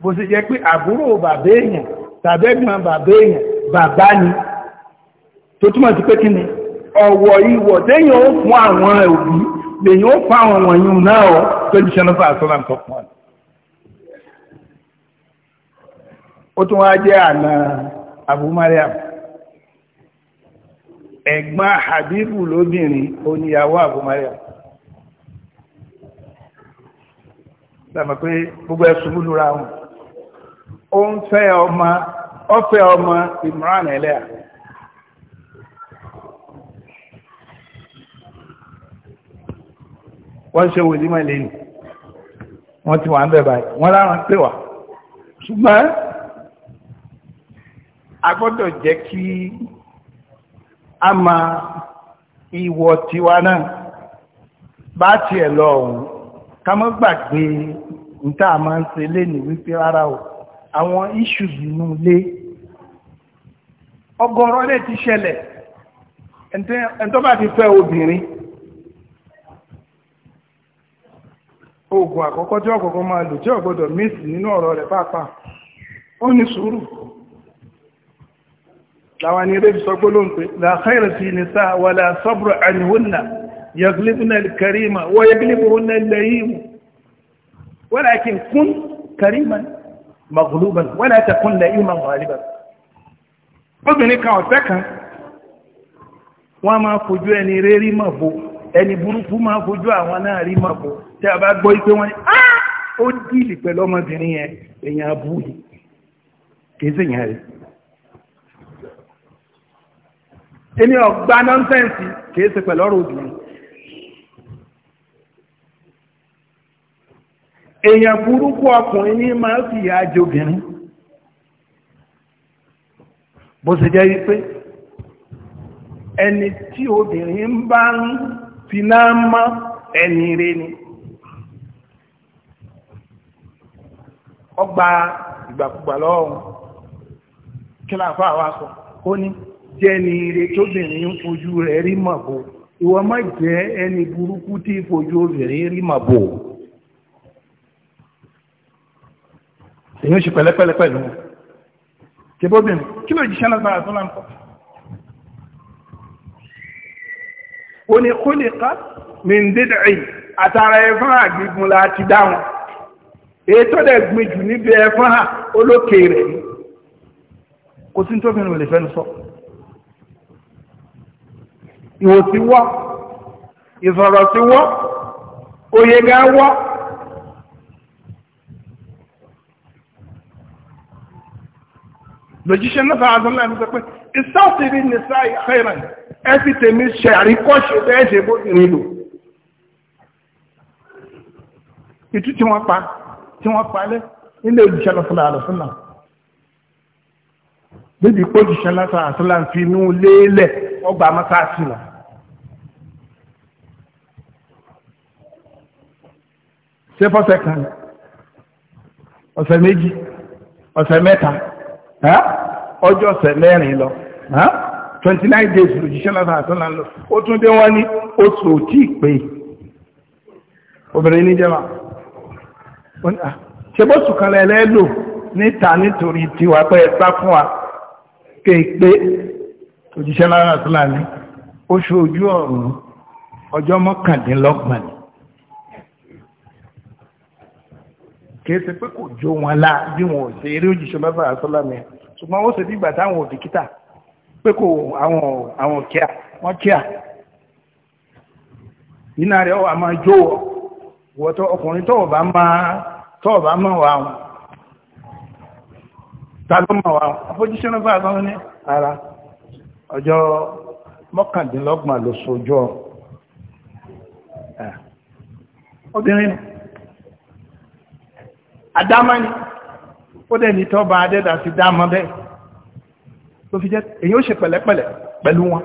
bó ṣe jẹ́ pé àbúrò bàbá èèyàn tàbẹ́gbọ́n bàbá èèyàn bàbá ni tó túmọ̀ sí pé kí ni ọ̀wọ̀ ìwọ̀ téèyàn ó fún àwọn òbí lèyàn ó fún àwọn wọ̀nyí náà ọ́ tó ní sẹ́nọ́fà àsọ́là ń tọ́pọ̀ ó tún wá jẹ́ àná Abu Mariam ẹ̀gbọ́n Habibu lóbìnrin oníyàwó àbúmáyà lámà pé gbogbo ẹ̀sùn múlùra wọn ó ń fẹ́ ọmọ ọfẹ́ ọmọ Imran ẹlẹ́à wọ́n ṣe wò nímọ̀ lẹ́nu wọ́n ti wà ń bẹ̀ báyìí wọ́n lára pè wá ṣùgbọ́n a jẹ́ kí a ma ìwọ̀ tiwa náà bá tiẹ̀ lọ ọ̀hún ká mọ́ gbàgbé níta máa ń ṣe lé ní wípé ara o àwọn iṣu inú ilé ọ̀gọ̀rọ̀ lè ti ṣẹlẹ̀ ẹni tó bá ti fẹ́ obìnrin oògùn àkọ́kọ́ tí ọ̀kọ̀ọ̀kan máa lò tí ọ̀gbọ́dọ̀ mísì nínú ọ̀rọ̀ rẹ̀ pàápàá ó ní sùúrù láwọn ni rẹ́bí sọ gbólóhùn pé la khayra fi nisa wala sabra anhunna yaglibna al-karima wa yaglibuhunna al-layim walakin kun kariman maghluban wala takun layiman ghaliban obìnrin kan ọ̀tẹ́ kan wọ́n máa fojú ẹni rẹ́rí mọ̀ bó ẹni burúkú máa fojú àwọn náà rí mọ̀ tí a bá gbọ́ ipé wọ́n ni ó dìlì pẹ̀lú ọmọbìnrin yẹn èèyàn abúlé kìí sèyàn rẹ̀ èmi ọ̀gbá nọ́ńsẹ̀nsì kìí ṣe pẹ̀lú ọ̀rọ̀ obìnrin. èèyàn burúkú ọkùnrin ní máa ń fìyà jẹ obìnrin bó ṣe jẹ́ wípé ẹni tí obìnrin bá ń finá mọ́ ẹni rẹ̀ ni ọgbà ìgbàkúgbà lọ́wọ́ kí láàfáà wá sọ ó ní jẹ́ ni ire tóbìnrin ń fojú rẹ̀ rí màbò ìwọ má jẹ́ ẹni burúkú tí fojú obìnrin rí màbò èyí ń ṣe pẹ̀lẹ́pẹ̀lẹ́ pẹ̀lú tẹ́bọ́bìnrin kí ló jíṣẹ́ lágbára tó láǹkọ́ ó ní kó lè ká mìndídìí àtàrà ẹ̀fọ́n àgbígun láti dáhùn èyí tó dẹ̀ gbin jù níbi ẹ̀fọ́n olókè rẹ̀ kò sí tóbìnrin ò lè fẹ́nu sọ́kù ìwòsí wá ìsọ̀rọ̀ sí wá òye ga wá lòjíṣẹ́ náà sáà àdúrà ní pẹ́ ìsáàsìrí ní sáà ìhẹ́rẹ̀ ẹ fi tèmi ṣe àríkọ́ṣe bẹ́ẹ̀ ṣe bóbìnrin lò ìtú tí wọ́n pa tí wọ́n palẹ́ nílé òjíṣẹ́ náà sáà àdúrà náà bíbi pé òjíṣẹ́ náà sáà fi inú lélẹ̀ ọgbà mọ́sáàsì náà ṣé fọ́sẹ̀ kan méjì ọsẹ mẹta ọjọ́ ọ̀sẹ̀ lọ twenty nine days lòjíṣẹ́ náà lọ ó tún dé wọ́n ní oṣù òtí pé obìnrin níjẹ́wà ṣe kan lẹ́lẹ́ lò níta nítorí tiwa pé ẹ̀pá fún wa kéèpé òjíṣẹ́ náà ní oṣù ojú ọ̀run ọjọ́ mọ́kàndínlọ́gbọ̀n ni. kìí ṣe pé kò jó wọn lá bí wọn ò ṣe eré òjìṣẹ́ mẹ́fà àṣọlámì ṣùgbọ́n ó ṣe bí ìgbà táwọn òbíkítà pé kò àwọn àwọn kíá wọ́n kíá iná rẹ̀ ọ̀ àmọ́ jó wọ́tọ́ ọkùnrin tọ́ọ̀ bá máa tọ́ọ̀ bá máa wà wọn ta ló máa wà wọn àfojúsẹ́ mẹ́fà àṣọlámì ní ara ọjọ́ mọ́kàndínlọ́gbọ̀n ló sojú ọ obìnrin àdámá ni ó dẹ̀ ní tọ́ba adẹ́dà ti dámọ́ bẹ́ẹ̀ tó fi jẹ́ èyí ó ṣe pẹ̀lẹ́pẹ̀lẹ́ pẹ̀lú wọn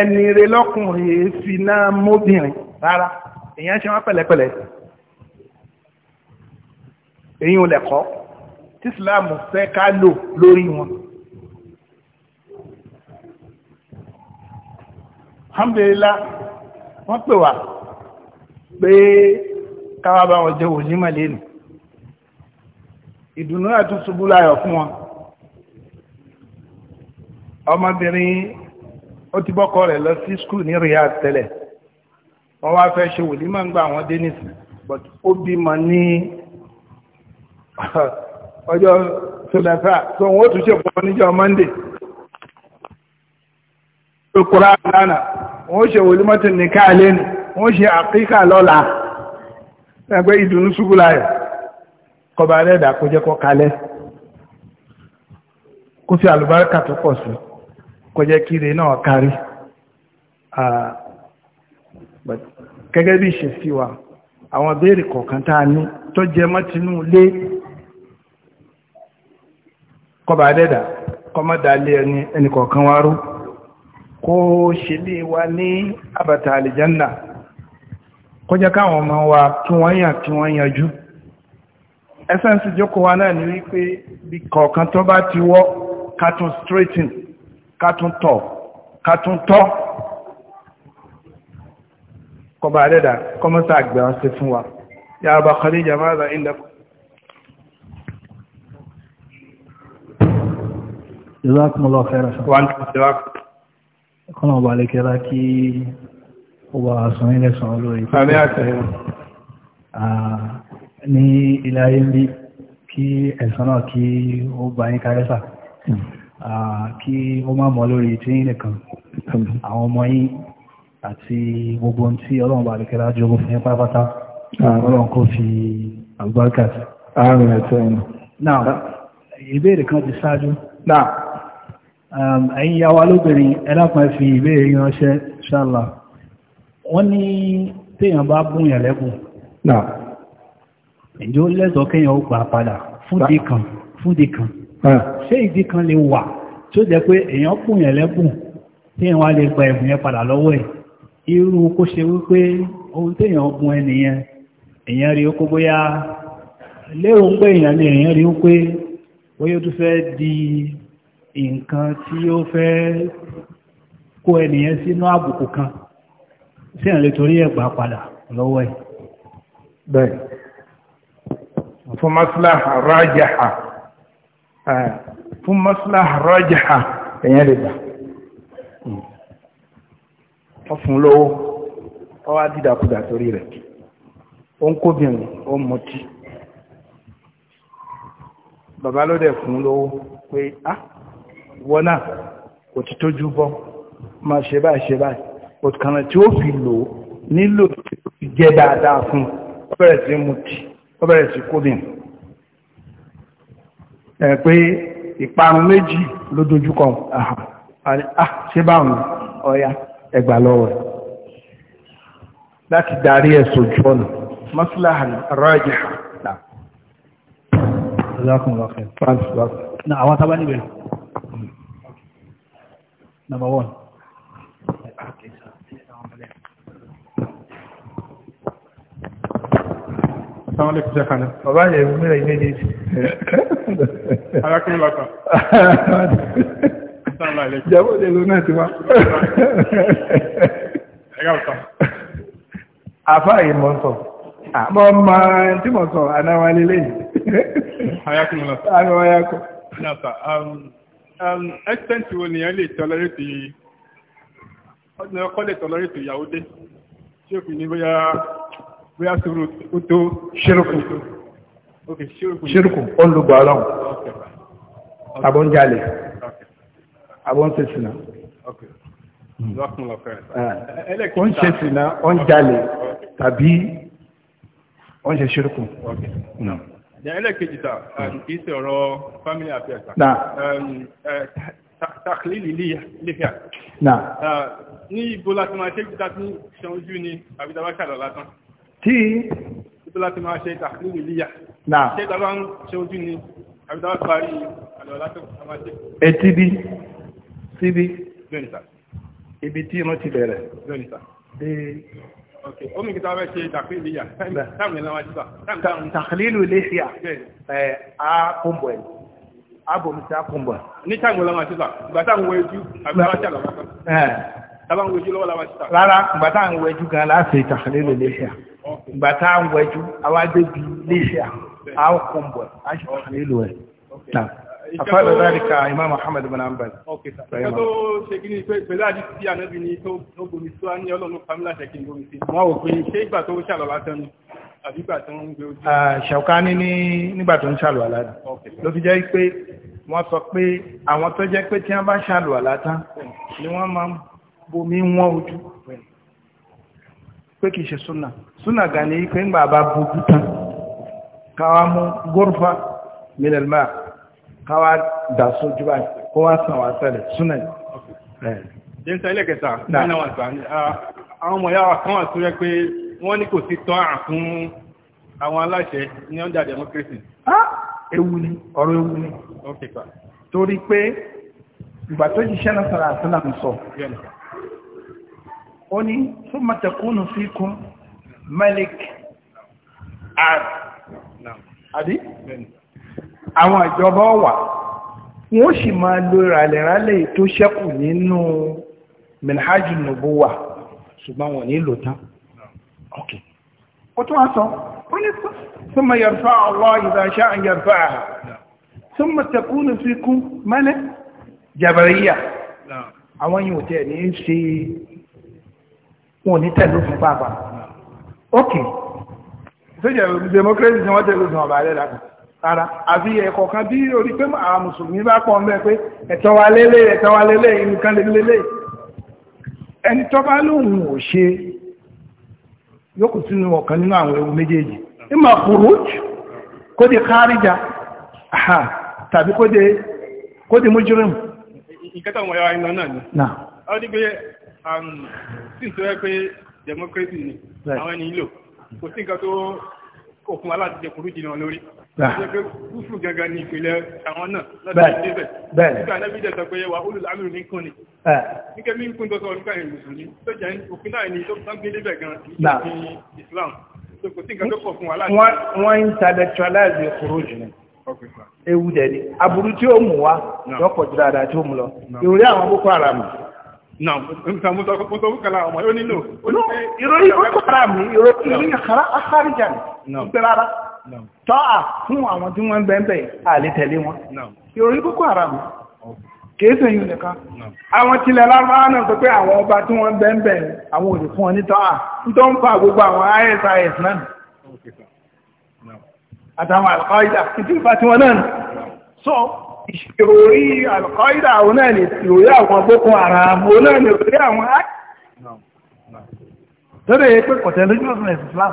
ẹni rẹ lọ́kùnrin èéfì náà móbìnrin rárá èyí á ṣe wọ́n pẹ̀lẹ́pẹ̀lẹ́ èyí ò lẹ̀kọ́ tí Islam fẹ́ ká lò lórí wọn alhamdulillah wọ́n pè wá pé káwà bá wọn jẹ́ ònímọ̀ lẹ́nu ìdùnnú àti ṣubú láyọ̀ fún wọn ọmọbìnrin ó ti bọ́kọ rẹ̀ lọ sí skul ní Riyadh tẹ́lẹ̀ wọ́n wá fẹ́ ṣe wòlímọ̀ ń gbà wọ́n dé nìsín but ó bímọ ní ọjọ́ sọlẹ́fà tó wọ́n tún ṣe pọ̀ níjọ́ Monday ó kúrò àlànà wọ́n ṣe wòlímọ̀ tó nìkan lẹ́nu wọ́n ṣe àkíkà lọ́la ẹgbẹ́ ìdùnnú ṣúgbùlá rẹ̀ kọba rẹ̀dà kó jẹ́ kọ́ kalẹ̀ kó fi àlùbáríkà tó pọ̀ sí kó jẹ́ kíre náà kárí gẹ́gẹ́ bí ṣe sí wa àwọn béèrè kọ̀ọ̀kan tá a ní tó jẹ mọ́ tinú lé kọba rẹ̀dà kọmọ́dálé ẹni kọ̀ọ̀kan wárú kó ṣe lè wa ní àbàtà àlìjánà kó jẹ́ káwọn ọmọ wa kí wọ́n yàn kí wọ́n yanjú ẹsẹ̀nsì jókòó wa náà ní wípé bí kọ̀ọ̀kan tó bá ti wọ́ kàtún straighten kàtún tọ̀ kàtún tọ́ kọba àdẹ́dà kọmọ́sá àgbẹ̀ ọ̀sẹ̀ fún wa ya Aba Khadija máa indakum Jazakumullahu khairan. Wọ́n ti ṣe wá. Ẹkọ́nà ọba àlekẹ́lá kí ọba àsán ilẹ̀ sàn olórí ní ilẹ̀ ayé ń bí kí ẹ̀sán náà kí ó bá yín kárẹ́sà kí ó má mọ́ lórí tí yín nìkan àwọn ọmọ yín àti gbogbo ohun tí ọlọ́run bá lè kẹ́lá jogún fún yín pátápátá ọlọ́run kò fi àgbáríkà sí. ààrùn ẹ̀tọ́ ẹ̀nà. náà ìbéèrè kan ti ṣáájú. náà ẹ̀yin yàwá lóbìnrin ẹlápàá fi ìbéèrè yín ránṣẹ́ ṣáàlà wọ́n ní téèyàn bá bún yàn lẹ́bùn náà ìjọ lẹ́sọ̀ kéèyàn ó gbà padà fúndì kan fúndì kan ṣé ìdí kan lè wà tó jẹ́ pé èèyàn bún yàn lẹ́bùn téèyàn wá lè gba ẹ̀bùn yẹn padà lọ́wọ́ ẹ̀ irú kó ṣe wípé ohun téèyàn bún ẹnìyẹn èèyàn rí ó kó bóyá lérò ń pé èèyàn ni èèyàn rí ó pé bóyá ó tún fẹ́ di nǹkan tí ó fẹ́ kó ẹnìyẹn sínú àbùkù kan sí ẹ̀lẹ́ torí ẹ̀gbà padà lọ́wọ́ ẹ̀. bẹ́ẹ̀ fún maslaha rajaha fún maslaha rajaha èyàn lè gbà wọ́n fún lówó wọ́n wá dídàkudà torí rẹ̀ ó ń kóbìnrin ó ń mutí bàbá ló dẹ̀ fún lówó pé ah wọ́n náà kò ti tójú bọ́ máa ṣe báyìí ṣe báyìí òtùkànnà tí ó fi lò nílò tí jẹ́ dáadáa fún ó bẹ̀rẹ̀ sí mutí ó bẹ̀rẹ̀ sí kóbìn ẹ̀ pé ìparun méjì ló dojúkọ ah, ṣé báwọn ọ̀ya ẹgbà lọ́wọ́ láti darí ẹ̀ sójú ọ̀nà maslahan rajiha Jazakumullah khair. Thanks. Now, Number one. Assalamu alaikum ṣẹ́kànnà. Bàbá yẹ̀ mílẹ̀ ìmẹ́lẹ̀ ìsì. Arákùnrin lọ́kàn. Ìjẹ́bọ̀ lè lọ náà ti wá. Ẹgbẹ́ ọ̀tọ̀. Àfá yìí mọ́ sọ. Àmọ́ ma tí mọ̀ sọ, àdáwà lélẹ̀ yìí. Arákùnrin lọ́kàn. Arákùnrin lọ́kàn. Nàṣà, um, um, extent wo ni ẹ lè tọ́lọ́rẹ́tì ọdún ọkọ́ lè tọ́lọ́rẹ́tì ìyàwó dé tí ó fi ní bóyá bóyá sùúrù ó tó ṣírùkù ṣírùkù ó ń lu gbọ́ọ̀lọ́n àbọ̀ ń jalè àbọ̀ ń ṣe sìnà ah. ó ń ṣe sìnà ó ń jalè tàbí ó ń ṣe ṣírùkù. ẹlẹ́kejì ta um, mm. kìí ṣe ọ̀rọ̀ family affairs tàkìlì um, eh, lílíà. Ah, ní ibo láti máa ṣe gbígbá tí ṣe ojú ni àbídáwá ṣàlọ́ látàn tí tó láti máa ṣe ìtàkìlì ìlíyà ṣe ìtàbá ń ṣe ojú ni àbítàbá parí àlọ́lá tó máa ṣe. etí bí síbí ibi tí irun ti bẹ̀rẹ̀ dé. omi kìtà bẹ́ẹ̀ ṣe ìtàkìlì ìlíyà táàmì ìlànà wájú bá. ìtàkìlì ìlíyà a kúnbọ̀ ẹ̀ a bò mí sí a kúnbọ̀. ní táàmì ìlànà wájú bá ìgbà táàmì wọ ojú àbí aláṣà lọ́wọ́ kan. táàmì wọ ojú lọ́wọ́ làwọn ti ta. rárá ìgbà táàmì wọ ojú gan-an láti ìtàkìlì ìlíyà ìgbà tá à ń wẹjú àwa débi iléeṣẹ́ à ń kún bọ̀ à ń ṣe nílò ẹ̀. àfáàlù ráríkà imam muhammad bin ambal. ok ṣe tó ṣe kí ni pé pẹ̀lú àdìsí tí ànábì ni tó gbomi sí wa ní ọlọ́run pamela ṣe kí n gbomi sí. wọn ò pé ṣé ìgbà tó ṣàlọ́lá tán ni àbí ìgbà tó ń gbé ojú. ṣàwùkání ní nígbà tó ń ṣàlùwàlá ló fi jẹ́ pé wọ́n sọ pé àwọn tó jẹ́ pé tí wọ́n bá ṣàlùwàlá tán ni wọ́n máa ń bomi wọ́n ojú pé kì í ṣe súnà. suna gane yi kayan ba bukutan kawa mu gurfa minal kawa da so jiba kowa san wasa da suna jẹ́ ile kesa nínú wàtà àwọn ọmọ yáwà kan wà tó rẹ pé wọ́n ní kò sí tán àfún àwọn aláṣẹ ní under democracy ewu ni ọ̀rọ̀ ewu ni torí pé ìgbà tó jíṣẹ́ náà sọ̀rọ̀ àtúnlàmù sọ ó ní fún mọ́tẹ̀kúnnù fíkún Malik Ad àbí àwọn ìjọba ọ̀wà wọ́n sì máa lo ìrànlẹ̀rànlẹ̀ tó ṣẹ́kù nínú minhajjul nubuwa ṣùgbọ́n wọ́n ní lò tán ok ó tún wá sọ ó ní summa yarfa'u Allah idha sha'a an yarfa'aha summa takunu fikum mẹ́lẹ̀ jabariya àwọn yìí ò tẹ̀ ní ṣe wọn ní tẹ̀lé fún pàápàá ókè ìṣèjẹ̀ democracy ni wọ́n tẹ̀lé ìsìn ọ̀bà rẹ̀ lára rárá àfi ẹ̀kọ̀ bí orí pé àwọn mùsùlùmí bá pọ̀ pé ẹ̀tọ́ wa lélẹ̀ ẹ̀tọ́ wa lélẹ̀ nǹkan lélẹ̀ ẹni tó bá ò ṣe yókù sínú ọ̀kan nínú àwọn ewu méjèèjì ìmọ̀ kùrùj kó di kárìjà tàbí kó di mújúrìm àwọn ẹni ìlò kò sí nǹkan tó kò fún aláàtijẹ kúrú jìnnà lórí kúfù gangan ní ìpìlẹ̀ àwọn náà lọ́dọ̀ ìdíbẹ̀ nígbà náà bíjẹ̀ sọ pé wà ó lùlá mìíràn nìkan ni nígbà mí kún tó sọ nípa ìrìn mùsùlùmí tó jẹ́ òfin náà ni tó tán gbélé bẹ̀ gan ní Islam tó kò sí nǹkan tó pọ̀ fún wa láti. wọ́n intellectualize kúrò jùlọ ewu dẹ̀ ni aburú tí ó mú wa lọ́pọ̀ jù dáadáa tí ó mú náà nǹkan mo sọ mo sọ fún kala ọmọ yóò nílò. ìròyìn ó kára mi ìròyìn kára akáríjà ni pé rárá tọ́ à fún àwọn tí wọ́n ń bẹ́ẹ̀ bẹ́ẹ̀ àlè tẹ̀lé wọn. ìròyìn Boko Haram kìí sẹ́yìn nìkan àwọn tilẹ̀ lárúbáwá náà sọ pé àwọn ọba tí wọ́n bẹ́ẹ̀ bẹ́ẹ̀ àwọn òdì fún ọ ní tọ́ à ń tó ń fa gbogbo àwọn ISIS náà àtàwọn àlùkọ́ ìjà ìtìfà tiwọn náà. so ìṣòrí àlùkọ́ìdà òun náà ni ìròrí àwọn Boko Haram òun náà ni ìròrí àwọn áì lórí pé kọ̀tẹ̀ lójú ọ̀sán ẹ̀sìn Islam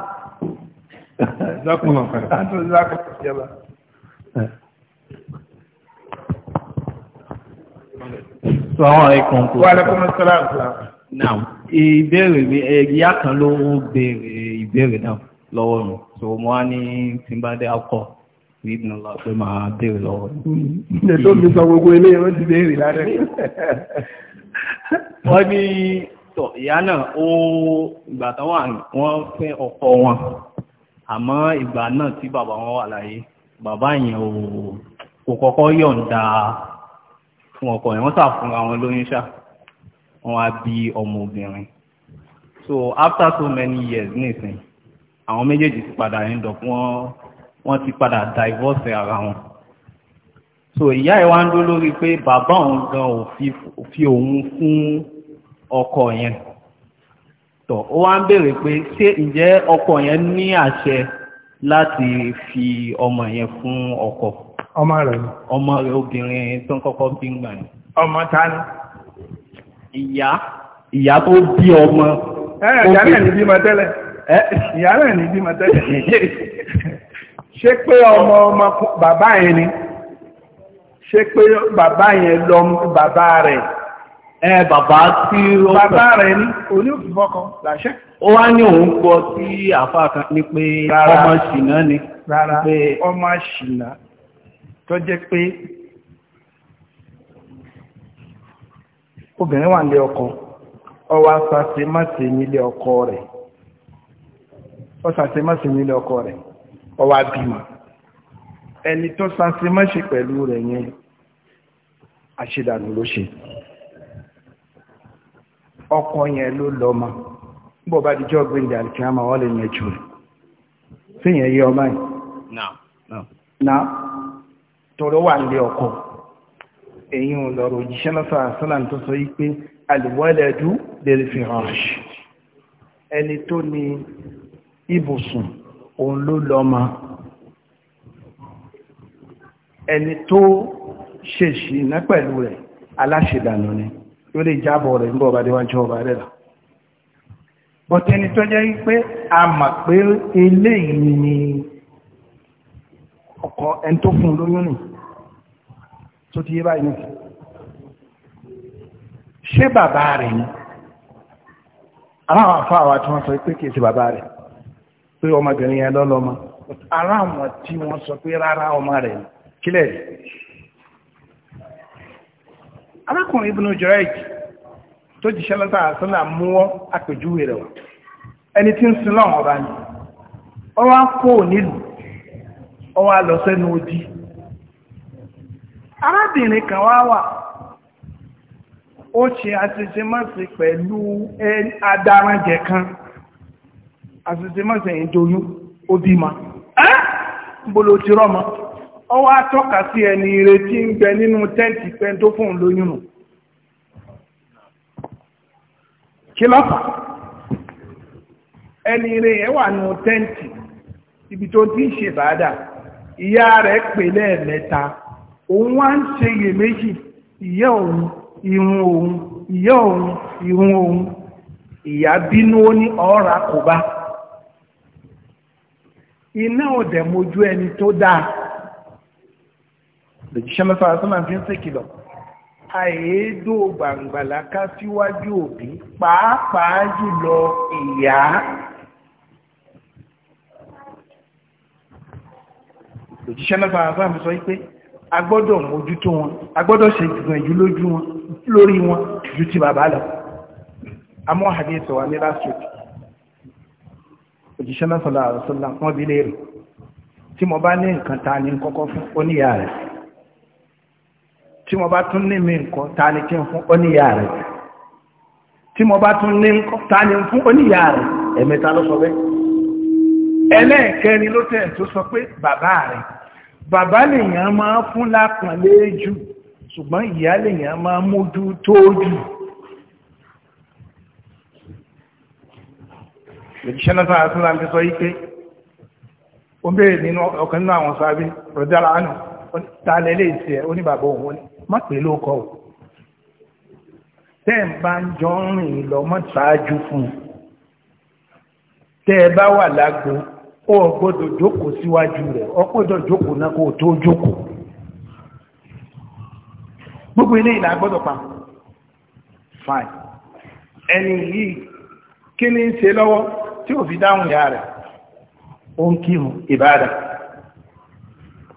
ìzákùnlọ̀ pẹ̀lú Sọ́wọ́n ẹkùn kò. Wà lẹ́kùn sọ́lá ìgbà. Now, ìbéèrè mi, ìyá kan ló ń béèrè ìbéèrè náà lọ́wọ́ mi. So, mo wá ní tí n ìbìnà lọ pé máa bèèrè lọ́wọ́. Ilẹ̀ tó fi sọ gbogbo ilé wọ́n ti bèèrè lára. Wọ́n ní tọ̀ ìyá náà ó ìgbà tán wà wọ́n fẹ́ ọkọ wọn. Àmọ́ ìgbà náà tí bàbá wọn wà láyé, bàbá yẹn ò kò kọ́kọ́ yọ̀ǹda fún ọkọ yẹn. Wọ́n sàfúnra bí ọmọ obìnrin. So after so many years nísìnyí, àwọn méjèèjì ti padà end up wọ́n wọ́n ti padà divorce ara wọn so ìyá ẹ̀ wá ń dó lórí pé bàbá òun gan ò fi òun fún ọkọ yẹn tọ̀ ó wá ń béèrè pé ṣé ǹjẹ́ ọkọ yẹn ní àṣẹ láti fi ọmọ yẹn fún ọkọ ọmọ rẹ̀ ọmọ rẹ̀ obìnrin tó ń kọ́kọ́ bí ń gbà ní ọmọ ta ni ìyá ìyá tó bí ọmọ ẹ̀ẹ́ ìyá náà ní bímọ tẹ́lẹ̀ ìyá náà ní bímọ tẹ́lẹ̀ ṣé pé ọmọ ọmọ bàbá yẹn ni ṣé pé bàbá yẹn lọ bàbá rẹ ẹ bàbá tí ó fẹ́ bàbá ni òní òfìfọ́ kan làṣẹ. ó wá ní òun gbọ́ sí àfáà kan ní pé ọmọ ṣìnà ni. rárá ọmọ ṣìnà tó jẹ́ pé obìnrin wà nílé ọkọ ọkọ rẹ̀ ọkọ rẹ̀. ọwọ́ abímọ ẹni tó sanse mọ́ṣe pẹ̀lú rẹ̀ yẹn àṣedànù ló ṣe ọkọ yẹn ló lọ́mọ bó bá dijọ́ gbẹ̀ndẹ̀ àlùkìyàmọ̀ wọ́n lè mẹ́jọ rẹ̀ fíyẹn yé ọmọ yìí na tòrò wà nílé ọkọ èyí ò lọ́rọ̀ òjíṣẹ́ lọ́sọ̀ àṣọ́làm tó sọ wípé àlùwọ́lẹ̀dú lè fi hàn ẹni tó ní ibùsùn òun ló lọ́mọ ẹni tó ṣèṣì iná pẹ̀lú rẹ̀ aláṣẹ̀dànù ni yóò lè jábọ̀ rẹ̀ níbọ̀ bá déwájú ọba rẹ̀ rà bọ̀tẹ́ ni tó jẹ́ pé a mà pé eléyìí ni ọkọ ẹni tó fún lóyún nì tó ti yé báyìí nìkan ṣé bàbá rẹ̀ ni aláwọ̀ àfáà wa tí wọ́n sọ pé kìí ṣe bàbá rẹ̀ pé ọmọbìnrin yẹn lọ́lọ́mọ ara àwọn tí wọ́n sọ pé rárá ọmọ rẹ̀ kílẹ̀ arákùnrin Ibn Jurayj tó ti ṣẹlẹ́ta àtúnlá mú àpèjúwe rẹ̀ ẹni tí ń sin lọ́wọ́ ọba ni ọwọ́ kó nílùú ọwọ́ odi arábìnrin kan wá wà ó ṣe pẹ̀lú àṣìṣe mọ́sẹ̀ ìdóyún ó bí ma ẹ́ gbolo ti rọ́ ma ọ wá tọ́ka sí ẹni ìrètí ń bẹ nínú wà nù tẹ́ǹtì ibi tó ti ń ṣe bàádà ìyá rẹ̀ pè lẹ́ẹ̀mẹ́ta òun wá ń ṣe iyèméjì òun ìrun òun ìyá òun ìrun òun ìyá bínú ó ní ọ̀ọ́ra iná ò dẹ̀ mojú ẹni tó dáa lòjíṣẹ́ mẹ́fà sọ́nà fi ń ṣèkìlọ̀ àìédò gbàǹgbàláká síwájú òbí pàápàá jùlọ ìyá lòjíṣẹ́ mẹ́fà sọ́nà fi sọ wípé a gbọ́dọ̀ mójútó wọn a gbọ́dọ̀ ṣe ìgbìyànjú lójú wọn lórí wọn ju ti bàbá lọ amóhàdé sọ wa ní last week òjíṣẹ́ náà sọ̀lá àrùsọ́lá wọ́n bí léèrè tí mo bá ní nǹkan ta ni kọ́kọ́ fún oníyà rẹ̀ tí mo bá tún ní mi nǹkan ta ni kí n fún oníyà rẹ̀ tí mo bá tún ní nǹkan ta ni fún oníyà rẹ̀ ẹ̀mẹ́ta ló sọ bẹ́ẹ̀ ẹlẹ́ẹ̀kẹrin ló tẹ̀ tó sọ pé bàbá rẹ̀ bàbá lèèyàn máa fún lápọ̀nlé jù ṣùgbọ́n ìyá lèèyàn máa mójú tó lòjíṣẹ́ náà sọ́nà sílá ti sọ yí pé ó ń béèrè nínú ọ̀kan nínú àwọn sábẹ́ rọ̀dálà ánà ta lẹ́lẹ́ ìsẹ̀ oníbàbọ̀ òun ni má pè ló kọ́ ò tẹ́ ẹ̀ bá ń jọ ń rìn lọ mọ́ ṣáájú fún un tẹ́ ẹ bá wà lágbo ó gbọ́dọ̀ jókòó síwájú rẹ̀ ó jókòó náà kó tó jókòó gbogbo ilé ìlà gbọ́dọ̀ pa fine ẹni yìí kí ni ń ṣe lọ́wọ́ tí ò fi dáhùn ìyá rẹ̀ ó ń kírun ìbáadà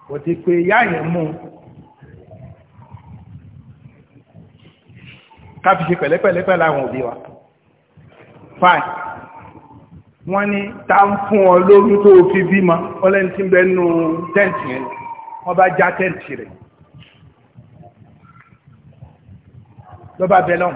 kò ti pé ìyá yẹn mú un ká fi ṣe pẹ̀lẹ́pẹ̀lẹ́pẹ̀ láwọn òbí wa fine wọ́n ní ta ń fún ọ lóyún tó fi bímọ ọlẹ́ni tí ń bẹ nínú wọ́n bá já tẹ́ǹtì rẹ̀ lọ́ba bẹ́lọ́hùn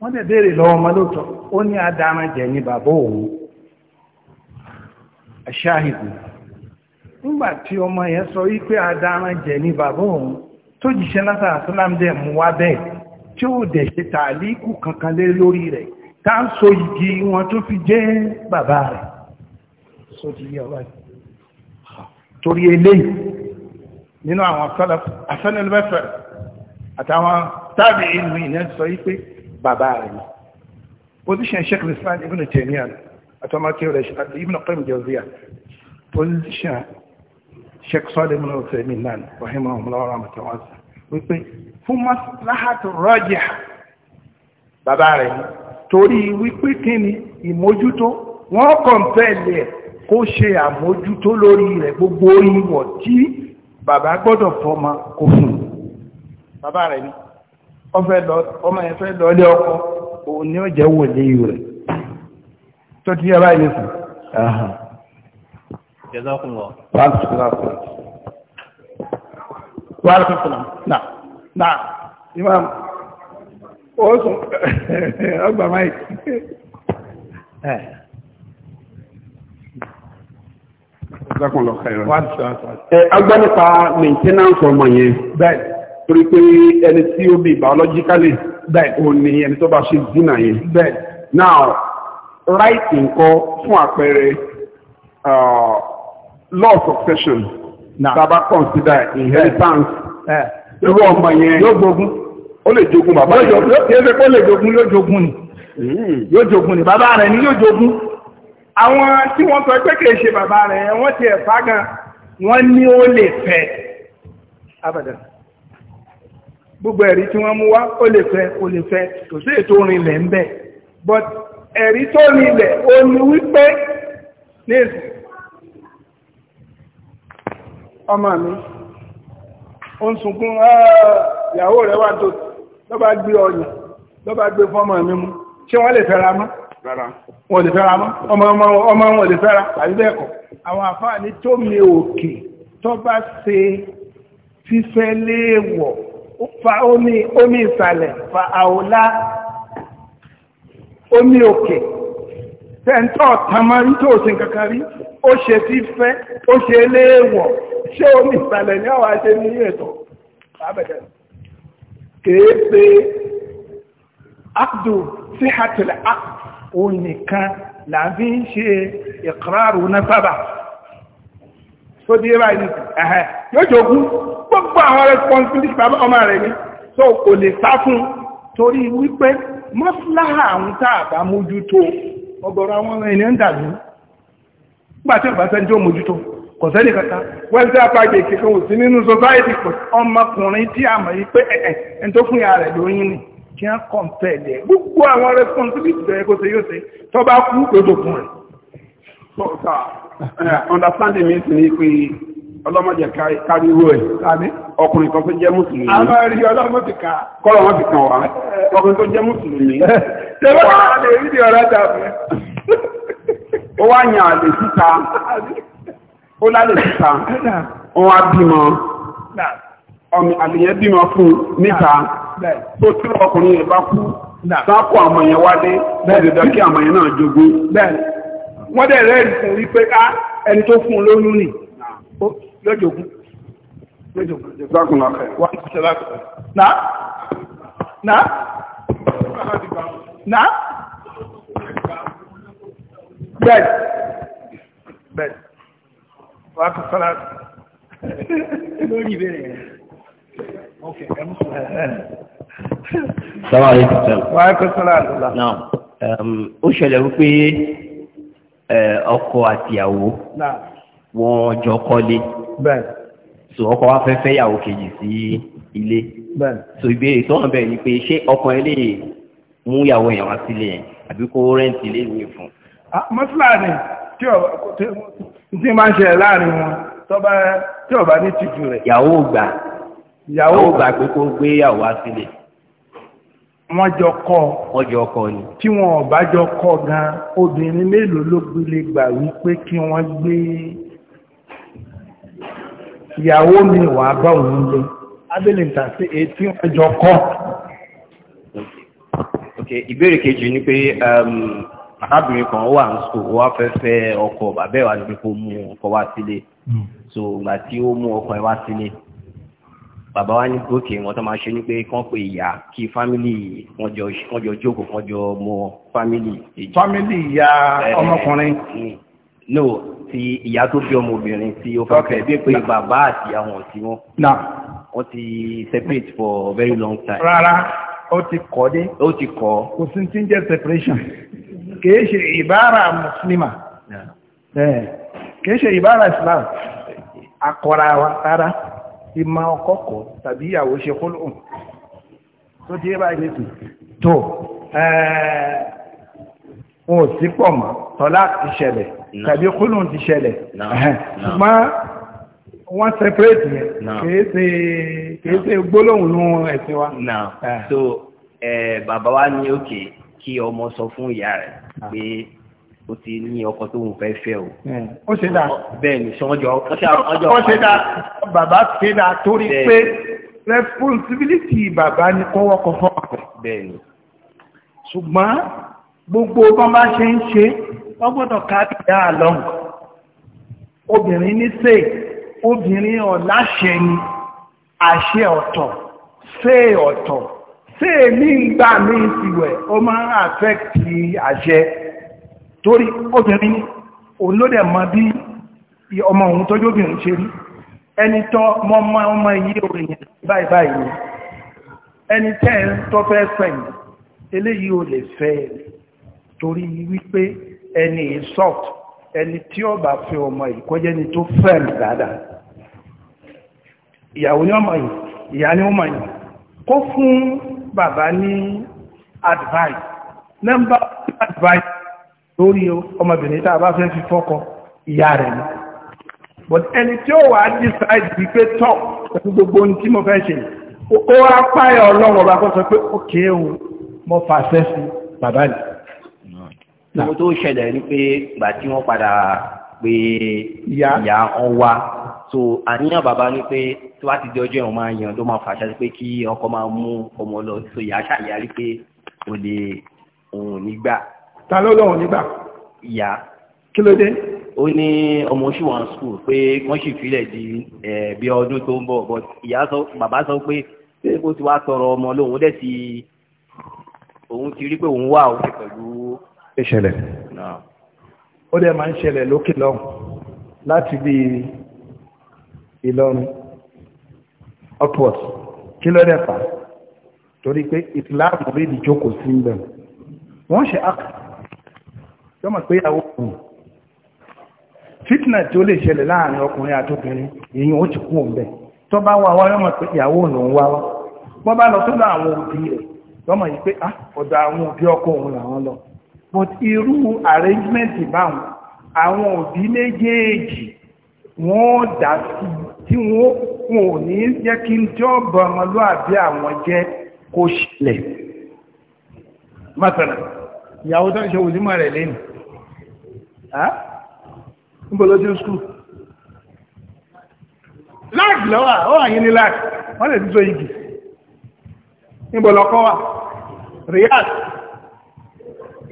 wọ́n dẹ̀ béèrè lọ́wọ́ ọmọ lóòótọ́ ó ní adáranjẹ̀ ni bàbá òun aṣáhìdì nígbà tí ọmọ yẹn sọ wípé adáranjẹ̀ ni bàbá òun tó jíṣẹ́ lásàrà tó lámdẹ̀ mú wá bẹ́ẹ̀ tí ó dẹ̀ ṣe tààlíkù kankan lé lórí rẹ̀ tá ń so igi wọn tó fi jẹ́ bàbá rẹ̀ sọ ti yẹ ọlọ́yìn torí eléyìí nínú àwọn asánilẹ́fẹ̀ àtàwọn tábìlì ìlú ìyẹn sọ wípé bàbá rẹ̀ ni position sheikh islam ibn taymiyyah àtọ́mọ́kẹ́ rẹ̀ ibn qayyim jawziya position sheikh salim ibn uthaymeen náà rahimahullah rahmatawasa wípé fún maslahatu rajiha bàbá rẹ̀ ni torí wípé kí ni ìmójútó wọ́n kọ̀ǹpẹ́ẹ̀lì ẹ̀ kó ṣe àmójútó lórí rẹ̀ gbogbo ìwọ̀ tí bàbá gbọ́dọ̀ fọmọ kò fún bàbá rẹ̀ ni ọmọ yẹn fẹ́ lọ òun ni ó jẹ́ wò léyìí rẹ̀ tó ti yẹ báyìí nìsín. Jazakumullah. Wàhálà kúrò. Nà nà imam maintenance ọmọ yẹn. torí pé ẹni tí ó bí biologically bẹ́ẹ̀ ò ní ẹni tó bá ṣe zina yẹn bẹ́ẹ̀ now right nǹkan fún àpẹẹrẹ uh, law of succession tàbá consider inheritance irú ọmọ yẹn yóò gbógun ó lè jogun bàbá rẹ̀ yóò lè jogun yóò jogun ni hmm. yóò jogun ni bàbá rẹ̀ ni yóò jogun àwọn tí wọ́n sọ pé kìí ṣe bàbá rẹ̀ wọ́n ti ẹ̀fà gan wọ́n ní ó lè fẹ́ abẹ́dẹ̀ gbogbo ẹ̀rí tí wọ́n mú wá ó lè fẹ́ ó lè fẹ́ kò sí ètò orinlẹ̀ ń bẹ̀ but ẹ̀rí tó rinlẹ̀ ó ní wípé nísì ọmọ mi ó ń sunkún ah, ìyàwó rẹ̀ wá tó lọ́ba gbé ọyàn lọ́ba gbé fọ́mọ mi mú ṣé wọ́n lè fẹ́ra mọ́ wọ́n lè fẹ́ra mọ́ ọmọ wọn lè fẹ́ra àbí bẹ́ẹ̀ kọ́ àwọn àfáà ní tó mi òkè tó bá ṣe fífẹ́ léèwọ̀ fa omi omi ìsàlẹ̀ fa àwòlá omi òkè tẹ́ntọ́ tamari tó ṣe kankan rí ó ṣe tí fẹ́ ó ṣe léèwọ̀ ṣé omi ìsàlẹ̀ ní àwọn àṣẹ ní ètò àbẹ̀dẹ̀ kèé pé abdu síhàtìlẹ̀ abdu onìkan làbí ń ṣe ìkìrààrù náà sábà tó di yé báyìí ẹ̀hẹ́ yóò jogún gbogbo àwọn responsibility bàbá ọmọ rẹ̀ ni so kò lè sá fún torí wípé mọ́síláhà àwọn tá a bá mójútó ọgbọ̀rọ̀ àwọn ọmọ ènìyàn dàbí nígbà tí ọ̀básẹ́ jọ mójútó kò sẹ́ni kankan wẹ́lẹ́sẹ́ apájẹ kíkan ò sí nínú society kò ọmọkùnrin tí a mọ̀ yìí pé ẹ̀ẹ̀ ẹni tó fún ya rẹ̀ lóyún ni kí wọ́n kàn tẹ̀lẹ̀ gbogbo àwọn responsibility bẹ̀rẹ̀ kó ṣe yóò ṣe tó bá kú lójókun rẹ̀ Eh, understanding mi ni pe pé ọlọ́mọdé kárí irú ọkùnrin kan tó jẹ́ mùsùlùmí. àwọn ẹ̀rí ọlọ́mọ ti ká. kọ́lọ̀ wọn fi kàn wá ọkùnrin tó jẹ́ mùsùlùmí. Eh, tẹ́lẹ̀ wà lè rí di ọ̀rọ̀ dà ó wá wọ́n dẹ̀ rẹ́rì fún wípé ká ẹni tó fún lóyún nì lọ́jọ́gún lọ́jọ́gún wà ṣẹlẹ́kùn náà náà náà bẹ́ẹ̀ bẹ́ẹ̀ wà kò fara lórí ìbéèrè yẹn ok ẹ̀mú sọ̀rọ̀ wà kò sọ̀rọ̀ àlùlá. ó ṣẹlẹ̀ wípé ọkọ àtìyàwó wọ́n jọ kọ́lé so ọkọ wá fẹ́ fẹ́ yàwó kejì sí ilé so ìbéèrè tó hàn bẹ́ẹ̀ ni pé ṣé ọkọ ẹ lè mú yàwó yẹn wá sílé yẹn àbí kó rẹ́ǹtì lè ní fún. Ah, mọ́sílá ni tí máa ń ṣẹlẹ̀ láàrin wọn tí ọba ní tìjú rẹ̀. yàwó gbà yàwó gbà pé kó gbé yàwó wá sílé wọ́n jọ kọ́ wọ́n jọ kọ́ ni tí wọ́n ò bá jọ kọ́ gan obìnrin mélòó ló gbélé gbà wípé kí wọ́n gbé ìyàwó mi wàá bá òun lé abẹ́lẹ̀ níta sí èyí tí wọ́n jọ kọ́. ìbéèrè kejì ni pé um, arábìnrin kan wà ní sùkúl wọ́n fẹ́ fẹ́ ọkọ bàbá ẹ̀ wá ní kó mú ọkọ wá sílé hmm. so ìgbà tí ó mú ọkọ ẹ̀ wá sílé bàbá wa ní gòkè wọn tó máa ṣe ní pé kán pé ìyá kí fámìlì wọn jọ jókòó kan jọ mọ fámìlì ìjọ. ìyá eh, ọmọkùnrin. no ti ìyá tó bí ọmọbìnrin tí ó fẹ́ fẹ́ bí pé bàbá àti àwọn tí wọ́n. na wọ́n ti separate for very long time. rárá ó ti kọ́ dé. ó ti kọ́. kò sí ti ń jẹ́ separation kìí ṣe ìbára mùsùlùmá eh, kìí ṣe ìbára islam akọra wa rárá ìmá ọkọ̀kọ̀ tàbí ìyàwó ṣe kólóhùn tó dé báyìí nìtù tó wọn ò sí pọ̀ mọ́ tọ́lá ti ṣẹlẹ̀ tàbí kólóhùn ti ṣẹlẹ̀ ṣùgbọ́n wọ́n separate yẹn kìí ṣe kìí ṣe gbólóhùn nù ẹ̀sìn wa. so bàbá wa ní òkè kí ọmọ sọ fún ìyá rẹ̀ ah. pé ó ti ní ọkọ tó ń fẹ́ fẹ́ o. ó ṣe dáa bẹ́ẹ̀ ni ṣọjọ́ ọjọ́ ó ṣe dáa bàbá ṣe dáa torí pé responsibility bàbá ni kọ́wọ́ kọ́ fún ọ̀pẹ. bẹ́ẹ̀ ni. ṣùgbọ́n gbogbo bọ́n bá ṣe ń ṣe wọ́n gbọ́dọ̀ ká ìyá àlọ́hùn obìnrin ní sè obìnrin ọ̀láṣẹ ni àṣẹ ọ̀tọ̀ ṣe ọ̀tọ̀ ṣe ní ìgbà míì tiwẹ̀ ó máa ń affect àṣẹ torí obìnrin òun ló dẹ̀ mọ bí ọmọ òun tọ́jú obìnrin ṣe rí ẹni tọ́ mọ́ mọ́ ọmọ iye òrìyàn báyìí báyìí ni ẹni tẹ́ ń tọ́ fẹ́ fẹ̀yìn eléyìí ò lè fẹ́ torí wípé ẹni soft ẹni tí ó bá fẹ́ ọmọ yìí kọjá ẹni tó fẹ́ràn ni ọmọ yìí ìyá ni ọmọ advice number advice lórí ọmọbìnrin tá a bá fẹ́ fi fọ́kọ ìyá rẹ̀ ni but ẹni tí ó wà á decide bí pé tọ́ pẹ̀lú gbogbo ohun tí mo fẹ́ ṣe ó wá páyà ọlọ́run ọba kó sọ pé òkè o mo fàṣẹ sí bàbá mi. ìwọ tó ṣẹlẹ̀ ni pé ìgbà tí wọ́n padà pé ìyá wọn wá so àníyàn bàbá ni pé tí wàá ti di ọjọ́ ìwọ̀n máa yan ló máa fàṣẹ pé kí ọkọ máa mú ọmọ lọ so ìyá ṣàyà rí pé òde òun nígbà ta lọ́lọ́run nígbà. ìyá kí ló dé. ó ní ọmọ oṣù wọn school pé wọ́n sì filẹ̀ di bí ọdún tó ń bọ̀ but ìyá sọ bàbá sọ pé pé kó ti wá tọrọ ọmọ lóun dẹ̀ ti òun ti rí pé òun wà òun ti pẹ̀lú. ìṣẹ̀lẹ̀ ó dẹ̀ máa ń ṣẹlẹ̀ lókè lọ́hùn láti bí Ìlọrin upwards kí ló dẹ̀ fà torí pé Islam rí ìjókòó sí ń bẹ̀rù wọ́n ṣe akọ̀ yọ́mọ̀ pé àwọn òun fitna tí ó lè ṣẹlẹ̀ láàrin ọkùnrin àtòbìnrin èyàn ó ti kú òun tó bá wà wá pé ìyàwó wá wá wọ́n bá lọ sọ́dọ̀ àwọn òbí rẹ̀ o pé ah, ọ̀dọ̀ àwọn òbí ọkọ òun làwọn lọ but irú arrangement báwọn àwọn òbí méjèèjì wọ́n dá sí tí wọ́n ò ní jẹ́ kí n jọ́ bọ̀ àwọn jẹ́ kó ṣẹlẹ̀. ìyàwó tó ń ṣe rẹ̀ ń bọ̀ ló ti ń skú láàgì lọ́wà ó wà ní láàgì wọ́n lè igi ń bọ̀ wà Riyadh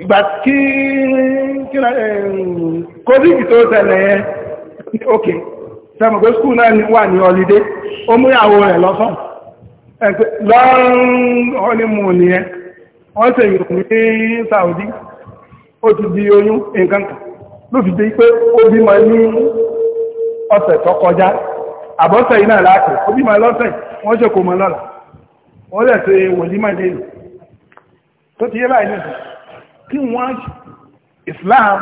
ìgbà kí covid tó tẹ̀lẹ̀ yẹn ok sẹ́mọ̀gbé skú náà wà ní ọlídé ó mú ìyàwó rẹ̀ lọ́sàn lọ́rún Saudi di nkanka. ló fi dé pé ó bímọ ní ọ̀sẹ̀ tó kọjá àbọ́sẹ̀ iná láti ó bímọ lọ́sẹ̀ wọ́n ṣe kò mọ́ lọ́la wọ́n lẹ̀ ṣe wòlímọ̀ lẹ́yìn tó ti yé báyìí nìkan kí wọ́n Islam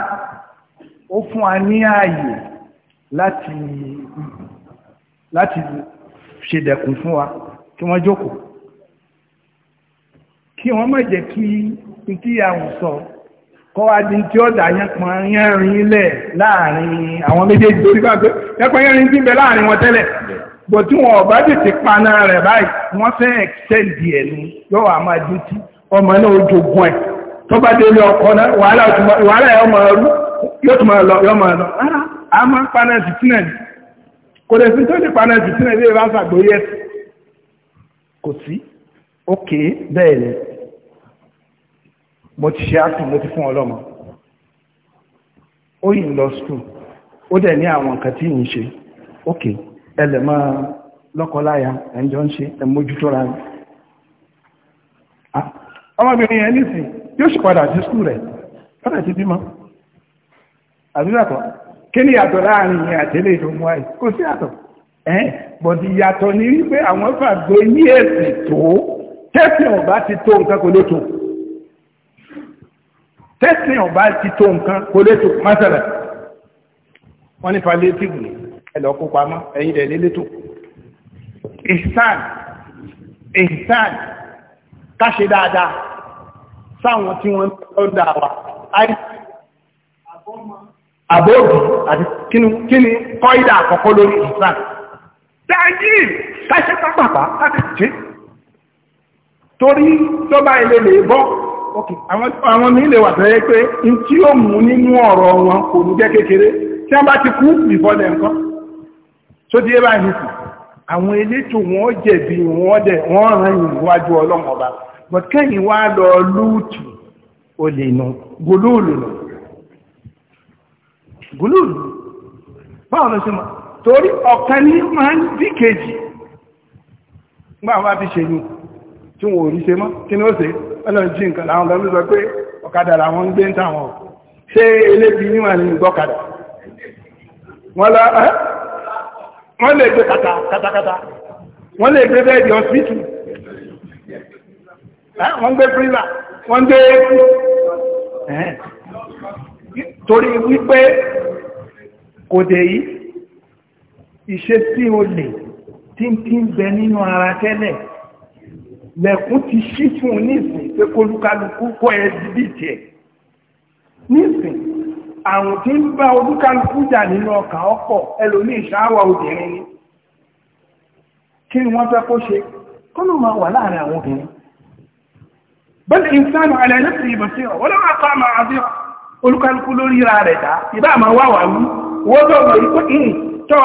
ó fún a ní ààyè láti láti ṣe dẹ̀kùn fún wa kí wọ́n jókòó kí wọ́n má jẹ́ kí n tí àwọn sọ kọ́wá di tí ó dà yẹn pọn yẹnrin ilẹ̀ láàrin àwọn méjèèjì lórí bá gbé yẹpọn yẹnrin tí ń bẹ láàrin wọn tẹ́lẹ̀ bò tí wọn ọ̀bá tètè paná rẹ̀ báyìí wọ́n fẹ́ ẹ̀kṣẹ́ǹdì ẹ̀ ní yóò wà máa dún tí ọmọ náà jogun ẹ̀ tó bá délé ọkọ náà wàhálà ọmọ ọrú yóò tún máa lọ yóò máa lọ a máa ń paná fìtínà ni kò lè fi tó lè paná fìtínà ilé ìbáṣà gbóyè kò sí ókè bẹ́ẹ̀ mo ti ṣe acting mo ti fún ọlọ́mọ ó yìn lọ school ó dẹ̀ ní àwọn nǹkan tí yìn ṣe ok ẹlẹ̀ máa lọ́kọláya ẹ̀njọ́ ń ṣe ẹ̀mójútó ra rẹ̀ ah, ọmọbìnrin yẹn nísìn yóò ṣe padà sí school rẹ̀ padà sí bímọ àdúràtọ̀ kí ni yàtọ̀ láàrin yẹn àtẹ́lẹ̀ tó mú àyè kò sí yàtọ̀ ẹ̀ bọ̀dì yàtọ̀ ni wípé àwọn fàgbé ní ẹ̀sìn tó tẹ́sí ọ̀bá ti tó nǹkan kò lè tó tẹ́sìn ọba ti tó nǹkan kó létò mọ́sẹ̀lẹ̀ wọ́n ní palliative ni ẹ̀lọ́ kó pamọ́ ẹ̀yìn rẹ̀ lélétò ihsan ihsan káṣe dáadáa sáwọn tí wọ́n ń dá wa àbóòbí àti kíni kọ́ ìdá àkọ́kọ́ lórí ihsan dájí káṣe pápápá láti ṣe torí tó bá ilé lè bọ́ ok àwọn mi lè wà tẹ́yẹ pé n tí ó mú nínú ọ̀rọ̀ wọn kò ní jẹ́ kékeré tí wọ́n bá ti kú ìfọ́dẹ̀ nǹkan tó di ébà nìkú àwọn elétò wọn jẹ̀bi wọn dẹ̀ wọ́n ràn yìí níwájú ọlọ́run ọba tí wọ́n rí ṣe mọ́ kí ni ó ṣe ọlọ́run jí nǹkan láwọn ọ̀gá sọ pé ọ̀kadà làwọn ń gbé ń tàwọn ṣé elébi níwọ̀n ní gbọ́kadà wọ́n lè gbé katakata wọ́n lè gbé bẹ́ẹ̀dì ọ̀sìtù wọ́n gbé frílà wọ́n gbé ẹkù torí wípé kò dé yìí ìṣesí olè tí ń bẹ nínú ara tẹ́lẹ̀ lẹ̀kún ti ṣí fún un nísìn pé kólúkálukú kọ́ ẹ bíbí tiẹ̀ nísìn àrùn tí ń bá olúkálukú jà nínú ọkàn ọ̀pọ̀ ẹlòmí ìṣáwà obìnrin ni kí ni wọ́n fẹ́ kó ṣe kọ́nà máa wà láàrin àwọn obìnrin bẹ́ẹ̀ ìsánù alẹ́yẹ́sì ìbọ̀sí ọ̀ wọ́n máa pàmà àbíọ̀ olúkálukú lórí ra rẹ̀ dá ìbá máa wà wà wú wọ́n bọ̀ wọ̀ ikú ìyìn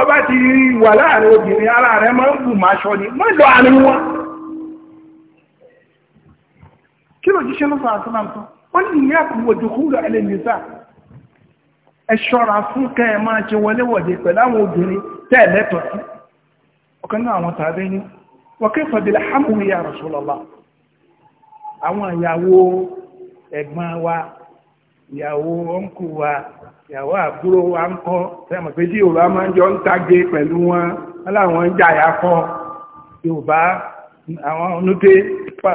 bá ti wà láàrin obìnrin ara rẹ̀ máa ń bù máa ṣọ ni mọ́ lọ àárín wọn kí ló jíṣẹ́ lọ́sàn àti náà tó ó ní ìyá kò wò dùkú lọ ẹlẹ́ nìsà ẹ ṣọ́ra fún kẹ́ ẹ máa ṣe wọléwọ̀de pẹ̀lú àwọn obìnrin tẹ́ ẹ lẹ́tọ̀ọ́ sí ọ̀kan náà àwọn tàbí ní wa kayfa bil hamwi ya Rasulullah àwọn ìyàwó ẹ̀gbọ́n wa ìyàwó ọ̀nkù wa ìyàwó àbúrò wa ń kọ́ sẹ́mọ̀ pé tí yorùbá máa ń jọ ń tagé pẹ̀lú wọn aláwọn ń jàyà kọ́ yorùbá àwọn onúté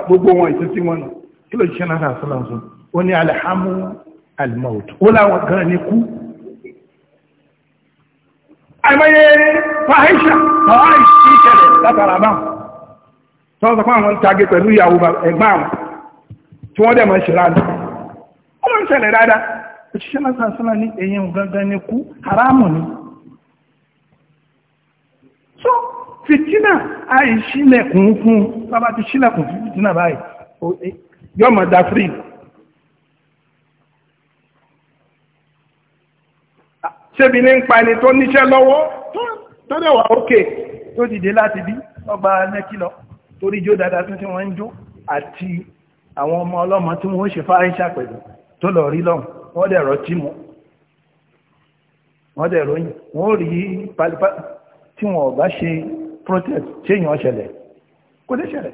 gbogbo wọn ìtútí wọn nù kí ló ṣiṣẹ́ náà sọ́lá ń sọ ó ní alhamu almaut ó láwọn gan ni kú àìmọye fàáìṣà fàáìṣì ìṣẹ̀lẹ̀ látara bá tọ́wọ́ sọ fún àwọn tagi pẹ̀lú ìyàwó ẹ̀gbọ́n àwọn tí wọ́n dẹ̀ mọ̀ ṣe rádà ó mọ̀ ń ṣẹlẹ̀ dáadáa òṣìṣẹ́ náà sọ́lá ní ẹ̀yìn gangan ni kú haramu ni so fitina àìṣílẹ̀kùn fún bàbá ti ṣílẹ̀kùn fún fitina báyìí yóò mọ̀ free. ṣébi ní ń pa ẹni tó níṣẹ́ lọ́wọ́ tó dẹ̀wà òkè tó dìde láti bí ọgbà lẹ́kí lọ torí jó dáadáa tó tí wọ́n ń jó àti àwọn ọmọ ọlọ́mọ tí wọ́n ṣe fáríṣà pẹ̀lú tó lọ rí lọ́hùn wọ́n dẹ̀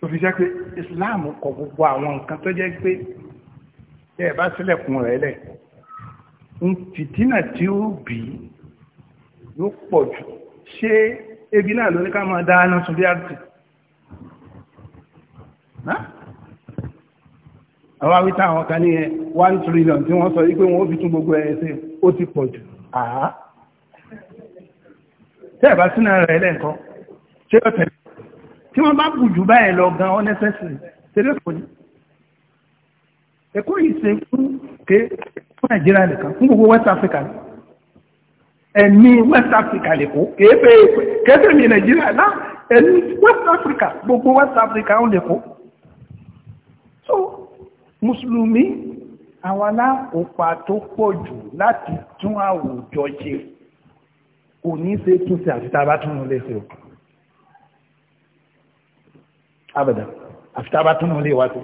tó fi jẹ́ pé Islam kọ gbogbo àwọn nǹkan tó jẹ́ pé ẹ bá sílẹ̀kùn rẹ̀ lẹ̀ fìtínà tí ó bì í yóò pọ̀ jù ṣé ebi náà ló ní ká máa dáná sun bí àrùtì àwọn awítá àwọn kan ní ẹ one trillion tí wọ́n sọ wípé wọ́n fi tún gbogbo ẹ̀ ṣe ó ti pọ̀ jù àá tẹ́ẹ̀ bá sínú rẹ̀ lẹ́ǹkan ṣé ó tẹ̀lé tí wọ́n bá bù jù báyìí lọ gan ọ́ nẹ́sẹ̀sì tẹ́lẹ̀ kò ní. ẹ̀kọ́ yìí fún ké fún nàìjíríà nìkan fún gbogbo west africa ni ẹ̀mí west africa lè kó kéèpé kéèpé mi nàìjíríà náà ẹ̀mí west africa gbogbo west africa ó lè so mùsùlùmí àwọn alákòópa tó pọ̀ jù láti tún àwùjọ ṣe kò ní í ṣe túnṣe àti tá tún un léṣe o abàdà àfitaba tún lè wá sí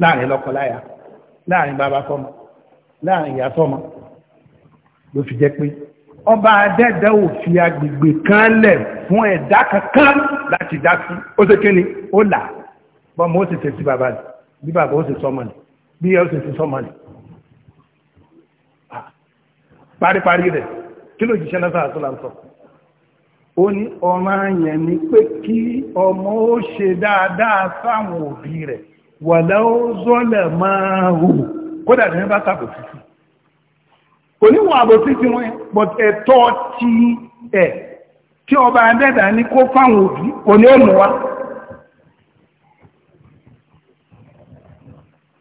láàrin lọ́kọláya láàrin bàbá fọ́mọ láàrin ìyá fọ́mọ ló fi jẹ́ pé ọba adẹ́dẹ́ ò fi agbègbè kan lẹ̀ fún ẹ̀dá kankan láti dá sí ó ṣe kíni ó là bọ́mọ ó sì ṣe sí bàbá rẹ̀ bí bàbá ó sì sọmọ rẹ̀ bí ẹ ó sì ṣe sọmọ rẹ̀ ah. paríparí rẹ̀ kí ló jíṣẹ́ náà sọ ó ní ọmọ yẹn ni pé kí ọmọ ó ṣe dáadáa sáwọn òbí rẹ̀ wàlá ó zọ́lẹ̀ máa hù kódà ní bá tàbí títí oníwọ̀n àbò títí wọn but ẹ̀tọ́ ti ẹ̀ tí ọba adẹ́dà ní kó fáwọn òbí kò ní òmù wa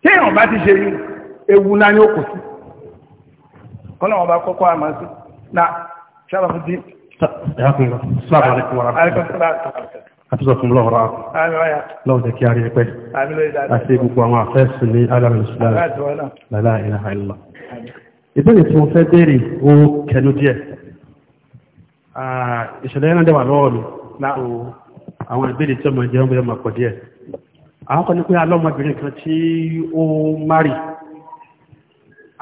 tí èèyàn bá ti ṣe ewu náà ni ó kò sí kọ́kọ́ àmọ́ sí na ṣàlàfù dín Ìyáàkùn ìlọ, Ṣláàbù Alẹ́kùn wà rábùkù. Àtúnṣọ̀kùn lọ́wọ́ rà. Lọ́wọ́ jẹ́ kí a rí ẹgbẹ́. Àti gbogbo àwọn àfẹ́sùn ní Adam Islam. Lálá ìlàhà ìlọ. Ìbéèrè tí mo fẹ́ béèrè ó kẹnu díẹ̀. Ìṣẹ̀lẹ̀ yẹn náà dẹ̀wà lọ́wọ́ mi. Àwọn ìbéèrè tí ọmọ ìjẹun bẹ̀rẹ̀ mọ̀pọ̀ díẹ̀. Àwọn kan ní pé alọ́mọbìnrin kan tí ó márì.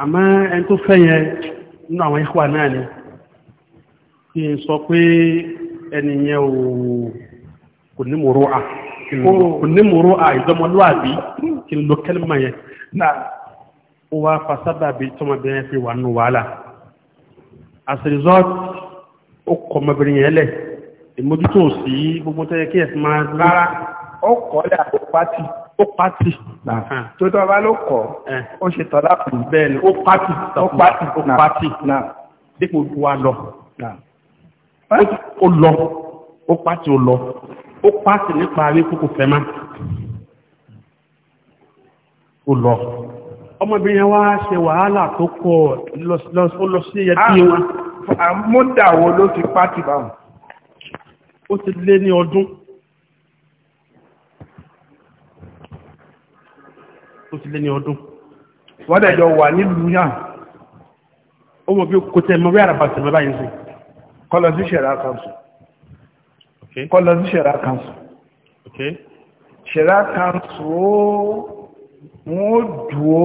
Àmọ́ ẹni tó fẹ́ yẹn nínú àwọn ìkọ́ náà ni kí n sọ pé ẹnìyẹn o kò ní mòró à kò ní mòró à ìdọ́mọlúwàbí hmm. kí n lo kẹ́lìmọ̀ yẹn ó wá fa fi wà nù wàhálà as a result ó kọ ọmọbìnrin yẹn lẹ̀ ìmójútó gbogbo tẹ́yẹ kí ẹ̀sìn máa rárá ó pátì ó tó bá ló ó ṣe tọ́lá bẹ́ẹ̀ ni ó ó ó lọ ó pàtì ó lọ ó pàtì nípa ayé kókò fẹ́ má ó lọ ọmọbìnrin wa ṣe wàhálà tó kọ ó lọ sí ẹyẹ tí ah, wọn. àmúdàwọ̀ ah, ló ti pàtì báwọn. ó ti lé ní ọdún. ó ti lé ní ọdún. wọ́n dẹ̀jọ wà nílùú yàn. ó mọ̀ bí kò tẹ́ mọ́ bí àràbà tẹ̀mọ́ báyìí sí kọlọ sí ṣẹ̀rá kanṣu kọlọ sí ṣẹ̀rá kanṣu ṣẹ̀rá kanṣu wọn ó dúó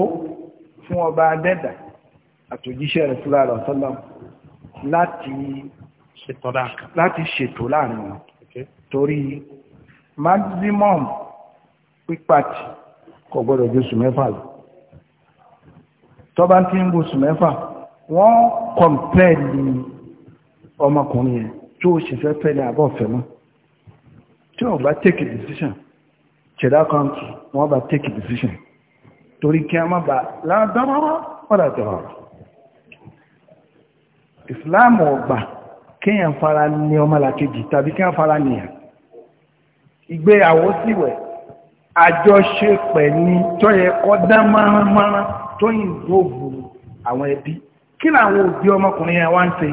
fún ọba adẹ́dà àtòjíṣẹ́ rẹ̀ fúlà rẹ̀ sọ́lá láti ṣètò láàrin wọn torí maximum pípàtì kò gbọ́dọ̀ ju oṣù mẹ́fà lọ tọ́ba ti ń bu oṣù mẹ́fà wọ́n kọ̀m̀pẹ́ẹ̀lì ọmọkùnrin yẹn tí ó ṣe fẹ́ fẹ́ ní àbọ̀fẹ́ tí wọ́n bá take a decision ṣẹ̀dá kan tù wọ́n bá take a decision torí kí a má ba ládàrọ́rọ́ padà tọ̀rọ̀ ìsìláàmù ọgbà kéèyàn fara ní ọmọlàkejì tàbí kéèyàn fara nìyàn ìgbéyàwó síwẹ̀ àjọṣepẹ̀ ni tó yẹ kọ́ dá máránmárán tó yìn gbogbo àwọn ẹbí kí làwọn òbí ọmọkùnrin yẹn wá ń ṣe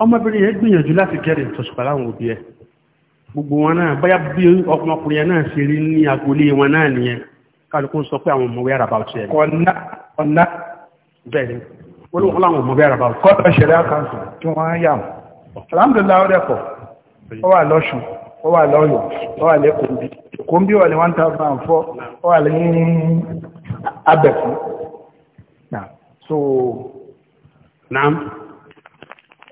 ọmọbìnrin yẹn gbìyànjú láti kẹrin tọ̀sùpá láwọn òbí ẹ̀ gbogbo wọn náà báyá bí ọkùnrin yẹn náà ṣe rí ní agolé wọn náà nìyẹn kálukú sọ pé àwọn ọmọ wẹ́ àràbà ọ̀tí ẹ̀ ọ̀nà ọ̀nà bẹ́ẹ̀ ni wọ́n ló láwọn ọmọ wẹ́ àràbà ọ̀tí kọ́tọ̀ ṣẹlẹ̀ àkànṣe tí wọ́n á yà wọ́n alhamdulillah ọ̀rẹ́ pọ̀ ó wà lọ́ṣùn ó wà lọ́yọ̀ ó wà lẹ́kọ̀ọ́ bí kò ń bí wà ní one thousand and four ó wà ní abẹ̀fún. so naam.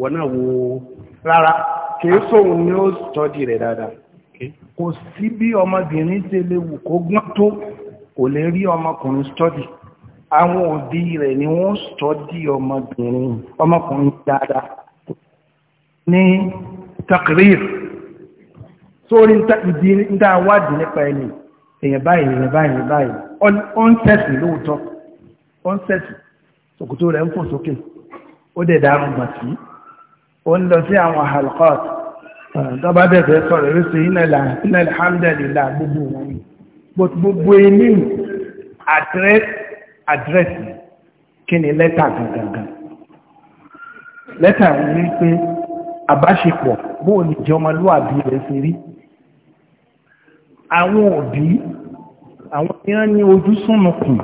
wọ́n náà wo rárá kìí sóhun ni ó tọ́jú rẹ̀ dáadáa kò sí bí ọmọbìnrin ṣe lè wù kó gbọ́n tó kò lè rí ọmọkùnrin stọ́dì àwọn òbí rẹ̀ ni wọ́n stọ́dì ọmọbìnrin ọmọkùnrin dáadáa ní takrir sórí ìdí ńdá wádìí nípa ẹni èèyàn báyìí èèyàn báyìí èèyàn báyìí ó ń tẹ̀sì lóòótọ́ ó ń tẹ̀sì sòkòtò rẹ̀ ń fò sókè ó dẹ̀ dárùn gbàtí ó ń lọ sí àwọn halqat tọ́ba bẹ̀rẹ̀ sọ̀rọ̀ eré sí iná alhamdulillah gbogbo wọn ni gbogbo ilé àdírẹ́sì kí ni lẹ́tà gangan lẹ́tà rí pé àbáṣepọ̀ bóò ní jẹ́ ọmọlúwàbí rẹ̀ ṣe rí àwọn òbí àwọn ìran ní ojú súnmùkùn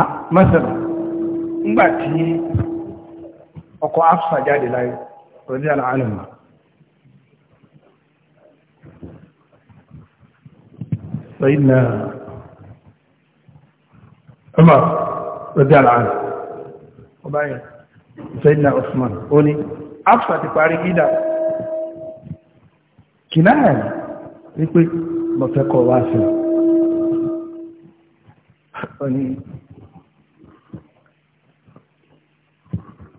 ah, mọ́sẹ̀lá nígbàtí ọkọ afsa jáde láyé rọdí aláàlùmá lẹ́yìn náà ọmọ rọdí aláàlùmá ọba yẹn lẹ́yìn náà Usman ó ní afsa ti parí ìdá kìnnáà wípé mo wá sí ọ ní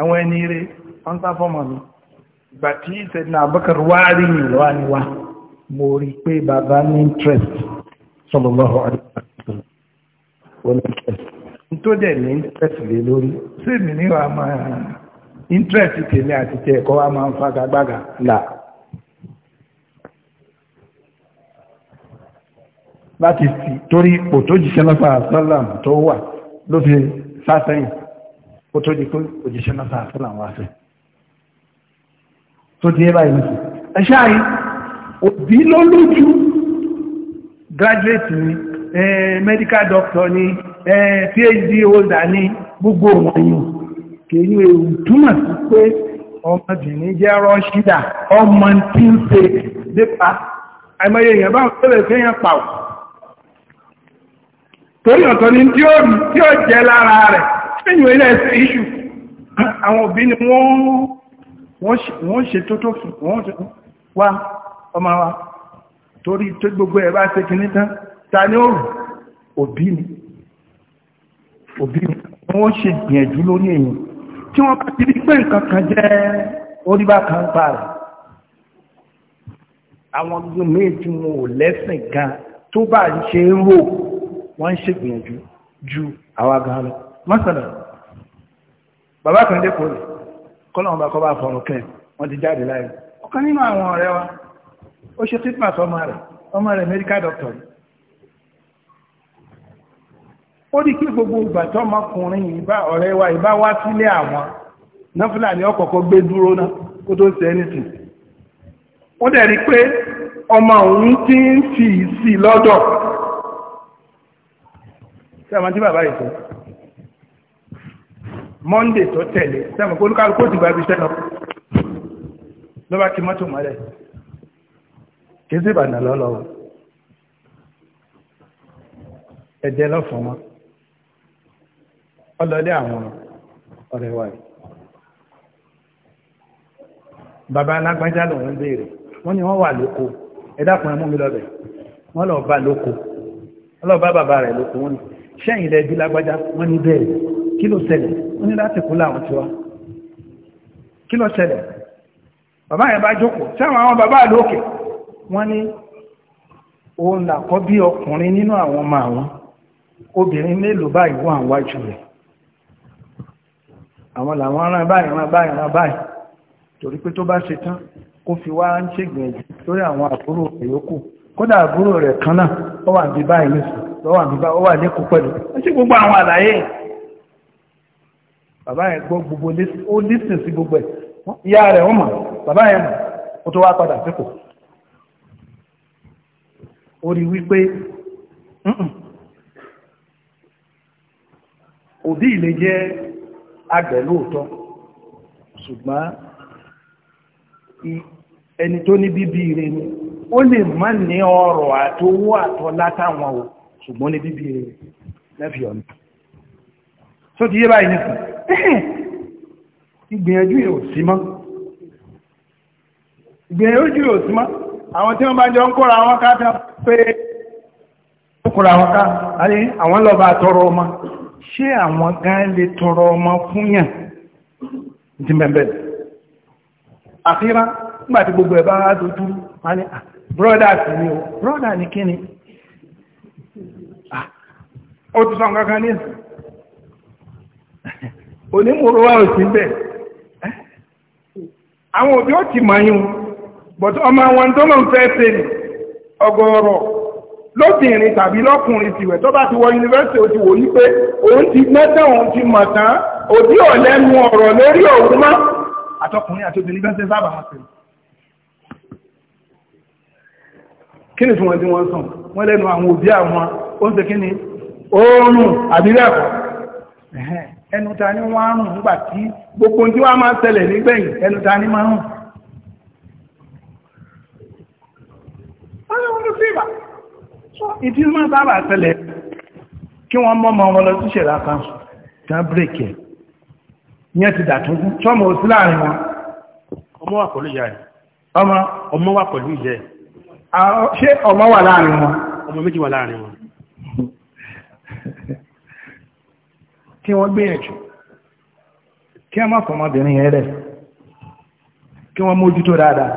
àwọn ẹni rẹ̀ wọ́n sá fọ́mọ̀ mi na tí ìṣẹ̀dínà Abubakar wá rí ni wá mo rí pé bàbá ní interest sallallahu alaihi wasallam wọ́n ní interest tó dẹ̀ ní interest lé lórí sí mi ní wàá máa interest tèmi àti tẹ̀ ẹ̀kọ́ wa máa fi torí ipò tó jíṣẹ́ lọ́pàá tó kó tó di pé òjíṣẹ́ náà sáà fún àwọn àṣẹ tó di ẹbá ìlú ẹṣẹ́ àyí òbí ló lójú graduate ni medical doctor ni phd holder ni gbogbo wọn yìí kìí ewu túmọ̀ sí pé ọmọbìnrin jẹ́ rọ́ṣídà ọmọ tí ń ṣe nípa àìmọye èèyàn bá pẹ̀lẹ̀ fẹ́yàn pàwọ̀ torí ọ̀tọ̀ ni tí ó jẹ́ lára rẹ̀ anyway that's the issue àwọn òbí ni wọ́n ṣe tó tó fún wọ́n wá ọmọ wa torí tó gbogbo ẹ̀ bá ṣe kìíní tán ta ni ó rù òbí ni òbí ni wọ́n ṣe gbìyànjú lórí èyí tí wọ́n bá ti rí pé nǹkan kan jẹ́ oríbá kan pa rẹ̀ àwọn gbogbo míì tí wọn ò lẹ́sìn gan tó bá ṣe ń rò wọ́n ń ṣègbìyànjú ju àwa gan lọ mọ́sànà bàbá kan dé kòrò kọ́lọ̀ ọba kọ́ bá fọ̀rọ̀ kẹ́ wọ́n ti jáde láyé ọ̀kan nínú àwọn ọ̀rẹ́ wa ó ṣe treatment ọmọ rẹ̀ ọmọ rẹ̀ medical doctor ó di kí gbogbo ìgbà tó ọmọkùnrin ìbá ọ̀rẹ́ wa ìbá wá sílé àwọn náfúlà ní ọkọ̀ọ̀kọ́ gbé dúró náà kó tó ṣe anything ó dẹ̀ rí pé ọmọ òun ti ń fi sí lọ́dọ̀ tí a máa bàbá yìí monday tó tẹ̀lé sẹ́mi kó olúkálukú ti gba ibi iṣẹ́ lọ ló bá ti mọ́tò mọ́lẹ̀ kì í sì bàdà lọ́lọ́wọ́ ẹ̀jẹ̀ lọ́fọ̀ọ́ wọn ọlọ́dẹ àwọn ọ̀rẹ́ wa yìí bàbá alágbájá lòun béèrè wọ́n ní wọ́n wà lóko ẹ̀dá kan mú mi lọ́bẹ̀ wọ́n lọ bá lóko wọ́n lọ bá bàbá rẹ̀ lóko wọ́n ní sẹ́yìn lẹ́bí lágbájá wọ́n ní bẹ́ẹ̀ kí ló ṣẹlẹ̀ ó ní láti kú láwọn tiwa kí ló ṣẹlẹ̀ bàbá yẹn bá jókòó sẹ́wọ̀n àwọn bàbá lókè wọ́n ní òun làkọ́ bí ọkùnrin nínú àwọn ọmọ àwọn obìnrin mélòó báyìí wọ́n àwọn wájú rẹ̀ àwọn làwọn aràn báyìí ràn báyìí ràn báyìí torí pé tó bá ṣe tán kó fi wá ń ṣègbìyànjú lórí àwọn àbúrò ìyókù kódà àbúrò rẹ̀ kan náà ó wà ní báyìí nìsín ó wà ní kú pẹ̀lú ó sì gbogbo àwọn àlàyé bàbá yẹn gbọ́ gbogbo ó lísìn sí gbogbo ẹ̀ ìyá rẹ̀ ọmọ bàbá yẹn ó tó wá padà sípò ó rí wípé òbí ilé jẹ́ àgbẹ̀ ṣùgbọ́n ẹni tó ní bíbí ire ni ó lè má ní ọrọ̀ àtowó àtọlá táwọn o ṣùgbọ́n ní ìgbìyànjú yóò sí mọ́ ìgbìyànjú yóò sí mọ́ àwọn tí wọ́n bá jọ ń kóra wọn ká tán pé kóra wọn ká àwọn lọ́ba tọrọ ọmọ ṣé àwọn gan lè tọrọ ọmọ fún ti mẹ́bẹ̀ àfíra nígbàtí gbogbo ẹ̀bá dojú ó ti sọ nǹkan onímọ̀rọ̀ wa ò sí bẹ́ẹ̀ àwọn òbí ó ti mọ̀yún but ọmọ àwọn tó lọ́n fẹ́ ṣe ọgọ́rọ̀ lóbìnrin tàbí lọ́kùnrin tìwẹ̀ tó bá ti wọ yunifásitì ó ti wò yí pé òun ti gbẹ́tẹ̀ òun ti mọ̀ tán òbí ò lẹ́nu ọ̀rọ̀ lórí òun ẹnu ta ni wọ́n á rùn nígbà tí gbogbo tí wọ́n máa ṣẹlẹ̀ nígbẹ̀yìn ẹnu ta ni máa rùn. wọ́n lè wọ́n lè fi ìbà ìdí máa sábà ṣẹlẹ̀ kí wọ́n mọ́ ọmọ wọn lọ sí ṣẹ̀dá kan tán bírèkì ẹ̀ yẹn ti dàtúnkún tọ́mọ òsí láàrin wọn. ọmọ wà pẹ̀lú ìyá rẹ̀ ọmọ ọmọ wà pẹ̀lú ìyá rẹ̀. ṣé ọmọ wà láàrin wọn. ọmọ méjì wà láàrin wọn. kí wọ́n gbìyànjú kí wọ́n má fọmọbìnrin yẹn rẹ̀ kí wọ́n dáadáa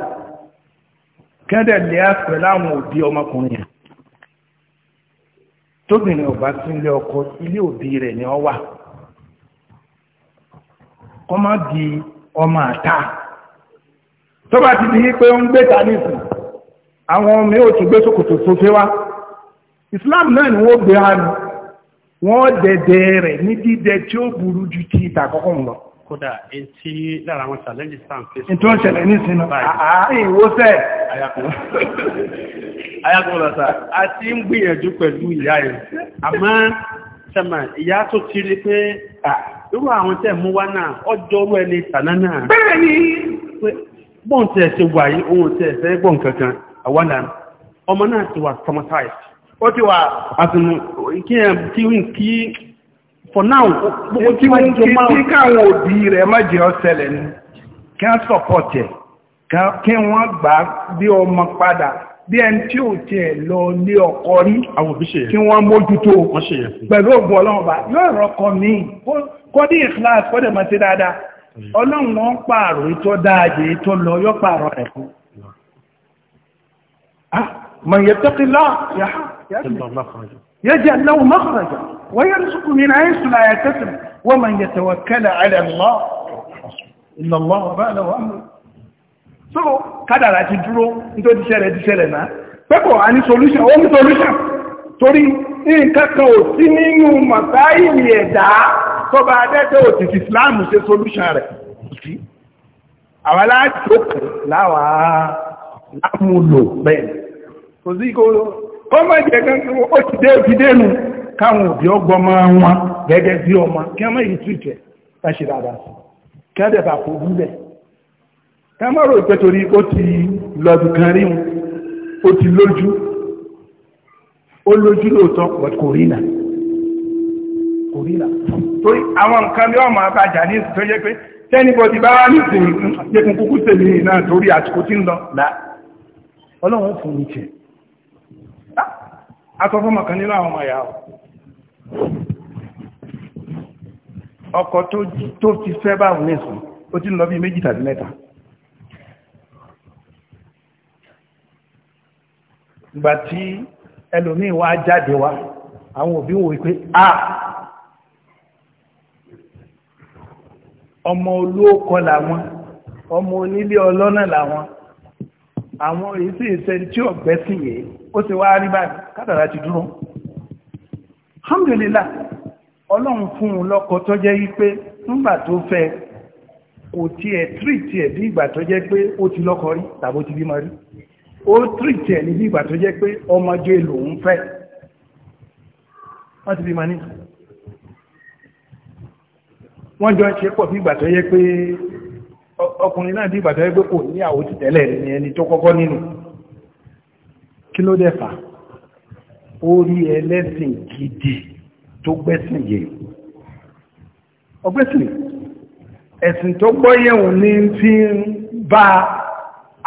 kẹ́dẹ̀ lé àpẹ láwọn òbí ọmọkùnrin yẹn tóbìnrin ọba tí ń ọkọ ilé òbí rẹ̀ ni ọ wà di ọmọ àta tó bá ti di pé ó ń gbé ta àwọn ọmọ yóò gbé sókòtò wá wọ́n dẹ̀dẹ̀ rẹ̀ ní dídẹ tí ó burú ju ti ìta àkọ́kọ́ ń lọ. kódà etí lára àwọn challenge sàn fèsì. ètò ìṣẹ̀lẹ̀ ní ìsinmi àárín ìwọ́sẹ̀. ayakun lọ́sà a ti ń gbìyànjú pẹ̀lú ìyá yẹn àmọ́ sẹ́mà ìyá tó ti rí pé irú àwọn tẹ̀ mú wá náà ọjọ́ orú ẹni tàná náà. bẹ́ẹ̀ ni. bọ́ǹtẹ̀ ṣe wà yìí ohun tẹ̀ fẹ́ gbọ̀ǹkankan àwọn náà ọmọ náà ti wà traumatized ó ti wà àtùnù kí ẹ kí n kí for now gbogbo tí wọ́n jọ máa kí káwọn òbí rẹ̀ má jẹ́ ọ̀sẹ̀lẹ̀ ni kí wọ́n support ẹ̀ kí wọ́n gbà bí ọmọ padà bí ẹni tí ò tiẹ̀ lọ lé ọkọ rí kí wọ́n mójútó pẹ̀lú ògùn ọlọ́run bá yóò rọ́kọ mi kọ́dí ìkíláàsì kọ́dẹ̀ mọ́ sí dáadáa mm. ọlọ́run wọn pààrọ̀ ìtọ́ dáadé tó lọ yọ pààrọ̀ rẹ̀ fún. Mm. ah mọ̀ yẹ tọ́kí lọ́ọ̀ yàrá يجعل له مخرجا ويرزق من حيث لا يحتسب ومن يتوكل على الله إن الله باله أمره so kádàrà ti dúró nítorí ṣẹlẹ̀ ti ṣẹlẹ̀ náà pẹ́kọ̀ a ní solution ó ní solution torí nǹkankan ò sí nínú màbáyìí ẹ̀dá tó bá dẹ́dẹ́ òtìtì Islam ṣe solution rẹ̀ sí àwọn aláàjò láwàá lámúlò bẹ́ẹ̀ kò sí kó ó má jẹ́ kan ó ti dé òfin dénú káwọn òbí ọgbọ́n máa wọn gẹ́gẹ́ bí ọmọ kí wọ́n má yìí tú ìtẹ̀ ká ṣe dáadáa sí kí wọ́n dẹ̀ bá kó gúnlẹ̀ ká má rò pé torí ó ti lọ́dún kan rí wọn ó ti lójú ó lójú lóòótọ́ but kò rí nà kò rí nà torí àwọn nǹkan ní ọmọ abájà ní ìsìn tó yẹ pé tẹ́nibọ̀dì bá wá nísìnyí jẹ́kun kúkú tèmi náà torí àsìkò tí ń lọ là ọlọ́run fún mi jẹ́ atọ́fọ́mọ̀ kan nínú àwọn ọmọ ìyá ọkọ̀ tó ti fẹ́ báwọn nìsùn ó ti lọ bí méjì tàbí mẹ́ta ìgbà tí ẹlòmíì wá jáde wá àwọn òbí wò wípé a ọmọ olóòkọ làwọn ọmọ onílé ọlọ́nà làwọn àwọn èyí sì ìṣẹ́ tí ọ̀gbẹ́sìn yìí ó ti wá rí báyìí kádàrá ti dúró alhamdulillah ọlọ́run fún un lọ́kọ tó jẹ́ wípé nígbà tó fẹ́ kò tiẹ̀ tírì tiẹ̀ bí ìgbà tó jẹ́ pé ó ti lọ́kọ rí tàbí ó ti bímọ rí ó tírì tiẹ̀ ní bí ìgbà tó jẹ́ pé ọmọge lòun fẹ́ wọ́n ti bímọ ní wọ́n jọ ṣe pọ̀ bí ìgbà tó jẹ́ pé ọkùnrin náà bí ìgbà tó jẹ́ pé kò níyàwó ti tẹ́lẹ̀ ní ẹni tó kọ́kọ́ nínú kí ló dẹ̀fà ó rí ẹlẹ́sìn gidi tó gbẹ́sìn yẹ ọgbẹ́sìn ẹ̀sìn tó gbọ́yẹ̀wò ní tí ń bá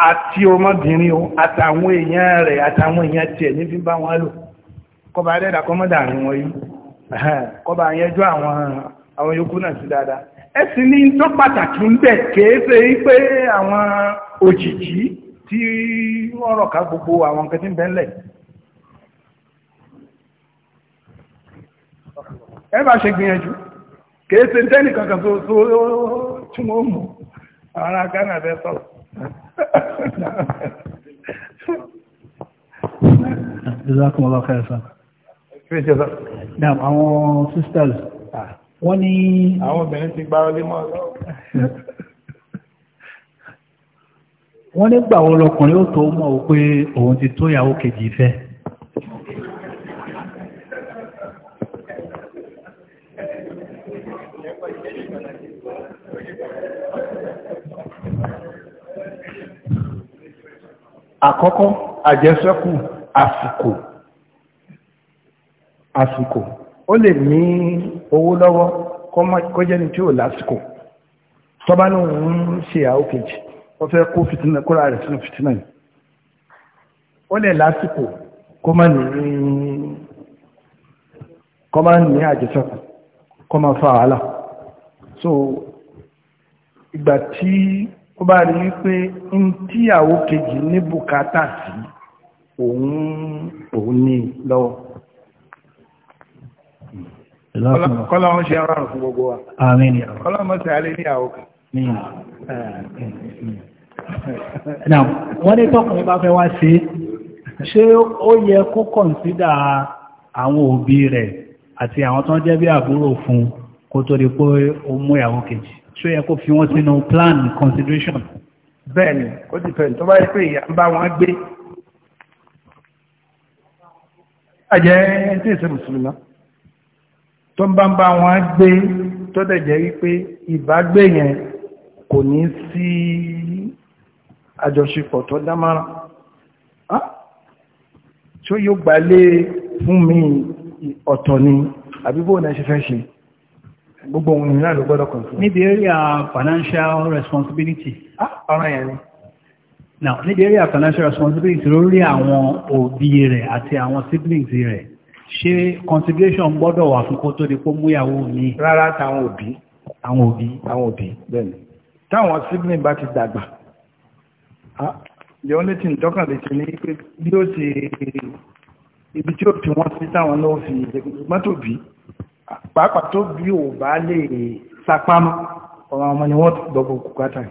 àti ọmọbìnrin o àtàwọn èèyàn rẹ̀ àtàwọn èèyàn tiẹ̀ ní fi bá wọn lò kọba adẹ́dà kọmọ́dà rìn wọ́n yìí kọba àyẹjọ́ àwọn àwọn yòókù náà sí dáadáa ẹ̀sìn ní tó pàtàkì ń bẹ̀ kéése pé àwọn òjìjí tí wọ́n rọ̀ ká gbogbo àwọn nǹkan tí ń bẹ ńlẹ̀. ẹ bá ṣe gbìyànjú kìí ṣe tẹ́nì kankan tó tó tí wọ́n mú ara gánà fẹ́ sọ̀rọ̀. Jazakumullahu khairan. Àwọn sisters, wọ́n ní... Àwọn obìnrin ti gbára lé mọ́ ọlọ́run wọ́n nígbà wo lọkùnrin ó tó mọ̀ ó pé òun ti tó ìyàwó kejì fẹ́ àkọ́kọ́ àjẹsẹ́kù àsìkò àsìkò ó lè ní owó lọ́wọ́ kó jẹ́ ní tí ò lásìkò tọ́bánú ń ṣe àókèjì wọ́n fẹ́ kó fìtínà kóra rẹ̀ sínú fìtínà yìí ó lè lásìkò kó má ní kó má ní àjẹsọ́kù kó má fa wàhálà so ìgbà tí ó bá rí wípé ń tíyàwó kejì ní bùkátà sí òun òun ní lọ́wọ́ kọ́lá ń ṣe ara fún gbogbo wa kọ́lá mọ́ sí alẹ́ níyàwó kan now wọ́n ní tọ́kùnrin bá fẹ́ wá sí ṣé ó yẹ kó kọ̀nsídà àwọn òbí rẹ̀ àti àwọn tó ń jẹ́ bí àbúrò fún kó tó di pé ó mú ìyàwó kejì ṣé yẹ kó fi wọ́n sínú plan consideration. bẹ́ẹ̀ni ó ti fẹ̀yìn tó bá yẹ pé ìyá ń bá wọn gbé àjẹ́ tí ìṣe mùsùlùmí tó ń bá ń bá wọn gbé tó dẹ̀ jẹ́ wípé ìbágbé yẹn kò ní sí àjọṣepọ̀ tó dámára tí ó yóò gbalé fún mi ọ̀tọ̀ ni àbíbò náà ṣe fẹ́ ṣe gbogbo ohun ìrìnà ló gbọ́dọ̀ kàn fún níbi area financial responsibility ọ̀rọ̀ yẹn now níbi area financial responsibility lórí àwọn òbí rẹ̀ àti àwọn siblings rẹ̀ ṣé consideration gbọ́dọ̀ wà fún kó tó di kó múyàwó mi rárá táwọn òbí àwọn òbí àwọn òbí bẹ́ẹ̀ táwọn sibling bá ti dàgbà the only thing tọ́kàn lè ṣe ní pé bí ó ṣe ibi tí ó fi wọ́n sí táwọn náà fi mọ́tò bí pàápàá tó bí ò bá lè sapámọ́ ọmọ ọmọ ni wọ́n gbogbo kùkátà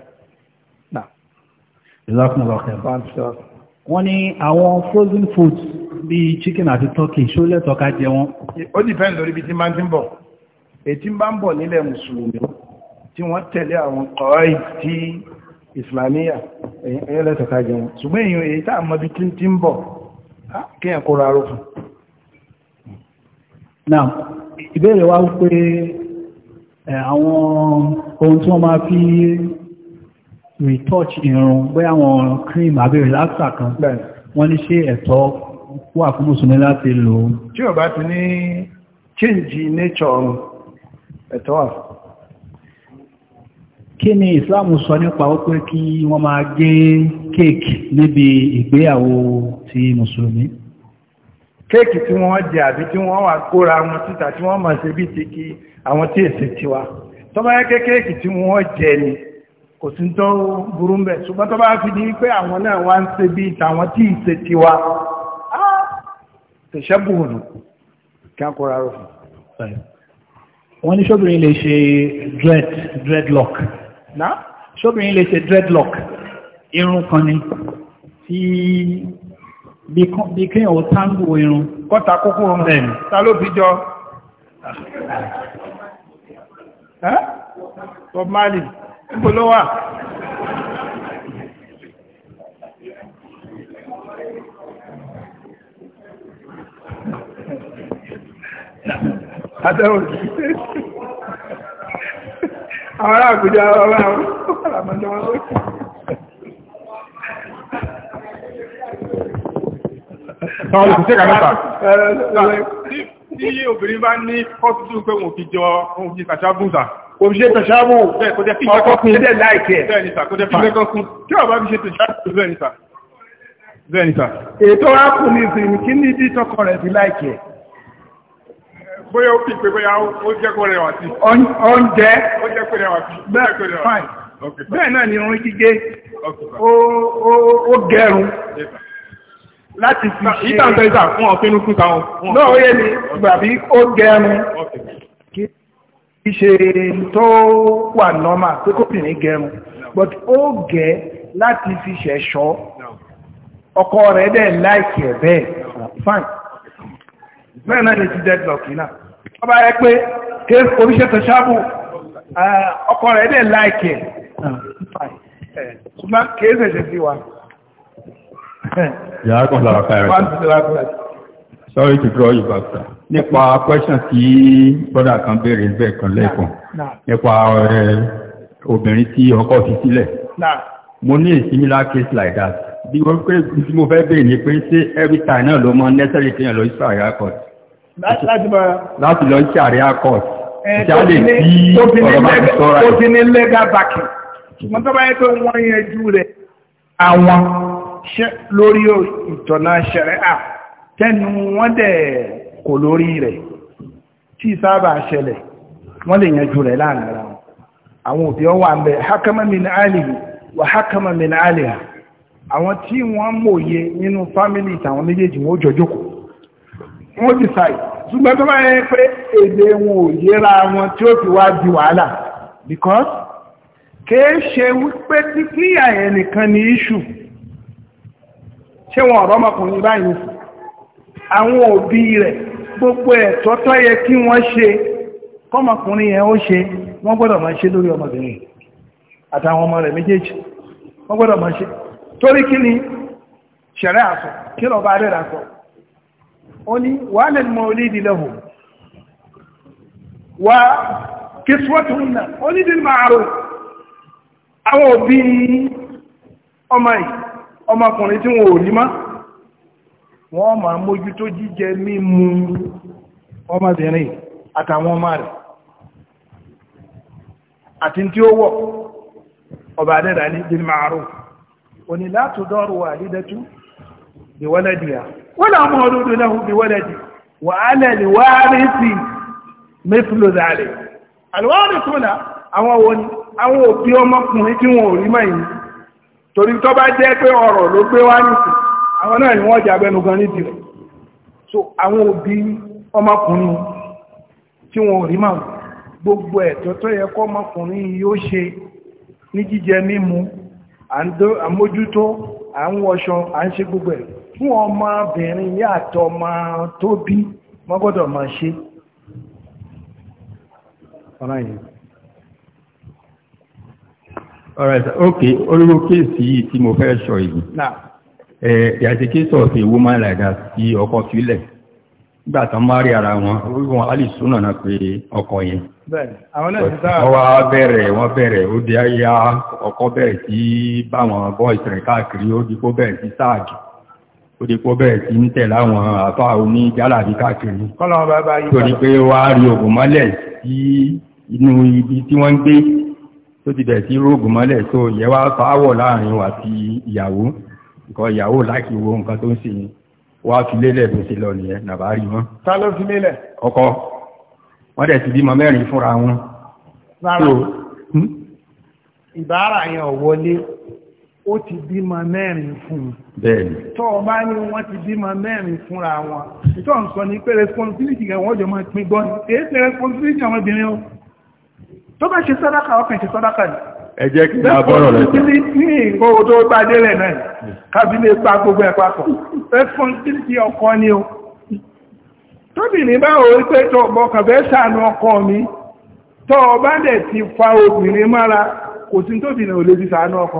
wọ́n ní àwọn frozen foods bí chicken àti turkey ṣó lẹ́tọ̀ọ́ ká jẹ wọ́n. ó dìpẹ́ lórí ibi tí máa ń bọ̀ èyí tí ń bá ń bọ̀ nílẹ̀ mùsùlùmí tí wọ́n tẹ̀lé àwọn kọ́ọ̀ì tí islamiyya ẹ̀yẹ́ lẹ́tọ̀ká jẹun ṣùgbọ́n èyàn èyí tá àmọ́bí tí tí ń bọ̀ kíyàn kó rárú fún náà ìbéèrè wá wípé àwọn ohun tí wọ́n máa fi retouch irun bóyá àwọn cream àbí relaxer kan wọ́n ní ṣe ẹ̀tọ́ wà fún mùsùlùmí láti lò tí ó bá ti ní change nature ẹ̀tọ́ wà kí ni islam sọ nípa ó pé kí wọ́n máa gé kéèkì níbi ìgbéyàwó ti mùsùlùmí kéèkì tí wọ́n jẹ àbí tí wọ́n wà kóra wọn títà tí wọ́n máa ṣe bí ti kí àwọn tí èsì tiwa tó bá yẹ kéèkì tí wọ́n jẹ ni kò sí tó burú ń ṣùgbọ́n tó fi di pé àwọn náà wá ń ṣe bí tàwọn tí ìṣe tiwa tẹ̀ṣẹ́ bùhùnù kí á kóra rọ̀ wọ́n ní ṣọ́bìnrin lè ṣe dreadlock náà ṣóbìnrin lè ṣe dreadlock irun kan ni tí bí kíyàn ó tángò irun kọ́ta kókó rẹ̀ ta ló fi jọ Bob Marley níbo ló wà Adáwọ̀ àwọn ará àgbèjọ ọlá àmọ́jọ wọn lókè Àwọn olùsíṣẹ́ kàmẹ́ta. Tí obìnrin bá ní ọ́tútù pé wọ́n fi jọ ohun fi tàṣábùsà. Òun ṣe tàṣábù ọkọ̀kùn ilẹ̀ láìkẹ́. Bẹ́ẹ̀ni sà, kó jẹ́ fi lẹ́kọ́kún. Kí ọ̀bá fi ṣe tàṣábù bẹ́ẹ̀ni sà. Bẹ́ẹ̀ni sà. Ètò ápùnì ìsìn kí ní dí tọkọ rẹ̀ fi láìkẹ́ bóyá ó pípé bóyá ó jẹ́ kó rẹwà sí. oúnjẹ ó jẹ́ kó rẹwà sí. bẹ́ẹ̀ náà ni orin gígé ó gẹrun láti fi ṣe ìtàǹtà ìtà fún ọ̀fínú fún táwọn. náà ó yẹ ni gbàbí ó gẹrun kí ṣe tó wà nọ́mà pé kó pìnrin gẹrun but ó gẹ láti fi ṣẹ̀ṣọ́ ọkọ rẹ̀ dẹ̀ láìkì ẹ̀ bẹ́ẹ̀ fine bẹ́ẹ̀ náà lè ti deadlock náà wọ́n bá yẹ pé ké oríṣẹ́ tó ṣáàbù ọkọ rẹ̀ dẹ̀ láìkẹ̀ ṣùgbọ́n kéé ṣẹ̀ṣẹ̀ sí wa. yàrá kan lára káyọ̀ sorry to draw you back sir nípa question tí brother kan béèrè bẹ́ẹ̀ kan lẹ́ẹ̀kan nípa obìnrin tí ọkọ fi sílẹ̀ mo ní a similar case like that bí wọ́n pé mo fẹ́ béèrè ni pé ṣé every time náà ló mọ necessary kéèyàn lọ sí àyà láti lọ sí àríyá court ìṣàlẹ̀ bí ọ̀rọ̀ bá ti sọ́ra ẹ̀. tó ti ní legal backing ṣùgbọ́n tó bá yẹ pé wọ́n yanjú rẹ̀ àwọn lórí ìtọ̀nà ṣẹ̀rẹ̀ à tẹ́nu wọ́n dẹ̀ kò lórí rẹ̀ tí sábà ṣẹlẹ̀ wọ́n lè yanjú rẹ̀ láàrin ara wọn àwọn òbí ọwà ń bẹ hakama min alihi wa hakama àwọn tí wọ́n mòye nínú fámìlì tàwọn méjèèjì wọ́n jọ wọ́n ti sàì ṣùgbọ́n tó máa yẹ pé èdè wọn ò yẹra wọn tí ó fi wá di wàhálà because kìí ṣe wípé tí kíyà yẹn nìkan ni iṣu ṣé wọn ọ̀rọ̀ ọmọkùnrin báyìí àwọn òbí rẹ̀ gbogbo ẹ̀tọ́ tó yẹ kí wọ́n ṣe kọ́mọkùnrin yẹn ó ṣe wọ́n gbọ́dọ̀ máa ṣe lórí ọmọbìnrin àtàwọn ọmọ rẹ̀ méjèèjì wọ́n gbọ́dọ̀ máa ṣe torí kí ni ṣẹ̀rẹ́ àsọ̀ kí lọ́ba adẹ́rẹ́ àsọ̀ ó ní wàhálà ni mo rí ìdí lẹ́hùn wà kìsùwọ́tì ń nà ó ní ìdílé máa rò àwọn òbí ọmọ yìí ọmọkùnrin tí wọn ò rí má wọ́n máa mójútó jíjẹ mímu ọmọbìnrin àtàwọn ọmọ rẹ̀ àti tí ó wọ̀ ọba adẹ́dà ní bil ma'ruf wala mawludu lahu bi waladi wa ala àwọn wo àwọn òbí ọmọkùnrin tí wọn ò rí torí pé gbé àwọn náà wọ́n rẹ̀ àwọn òbí ọmọkùnrin ò rí gbogbo ẹ̀tọ́ tó yẹ kọ́ ọmọkùnrin yóò ṣe fún ọmọbìnrin yàtọ̀ ọmọ tó bí wọ́n ma ṣe alright okay kéèsì yìí tí mo fẹ́ ṣọ yìí yàtí kéèsì ọ̀fẹ́ woman like that tí ọkọ fílẹ̀ nígbà ara wọn wọ́n alìsúnà náà pé ọkọ̀ yẹn wọ́n bẹ̀rẹ̀ wọ́n bẹ̀rẹ̀ ọkọ bẹ̀rẹ̀ báwọn káàkiri ó bẹ̀rẹ̀ sí ó di pọ́ bẹ́ẹ̀ tí ń tẹ̀ láwọn àfá oní jálàbí káàkiri torí pé wá rí ogun mọ́lẹ̀ sí inú ibi tí wọ́n ń gbé tó ti bẹ̀ sí rógùn mọ́lẹ̀ tó yẹ wá fáwọ̀ láàrin wa ti ìyàwó nǹkan ìyàwó láti wo nǹkan tó ń ṣe wá fi lélẹ̀ bó ṣe lọ nìyẹn nàbá rí wọn. ta ló fi lélẹ̀. ọkọ wọn dẹ̀ ti bímọ mẹ́rin fúnra wọn. rárá hmm? ìbára yẹn ò wọlé ó ti bímọ mẹ́rin fún un bẹ́ẹ̀ni tó o bá ní wọ́n ti bímọ mẹ́rin fúnra wọn tó ń sọ ní pé responsibility rẹ̀ wọ́n jọ máa pín gbọ́ ni èyí ṣe responsibility àwọn obìnrin o tó bá ṣe sàdákà ọkàn ṣe sàdákà ni ẹ jẹ́ kí n àbọ̀rọ̀ rẹ̀ sí ní nǹkan owó tó bá délẹ̀ náà kábílẹ̀ pa gbogbo ẹ̀ papọ̀ responsibility ọkọ ni o tóbìnrin bá wọ́n pé tó bọ́kàn fẹ́ sànú ọkọ mi tó o bá dẹ̀ ti fa obìnrin mára kò sí tóbìnrin ò lè ti sànú ọkọ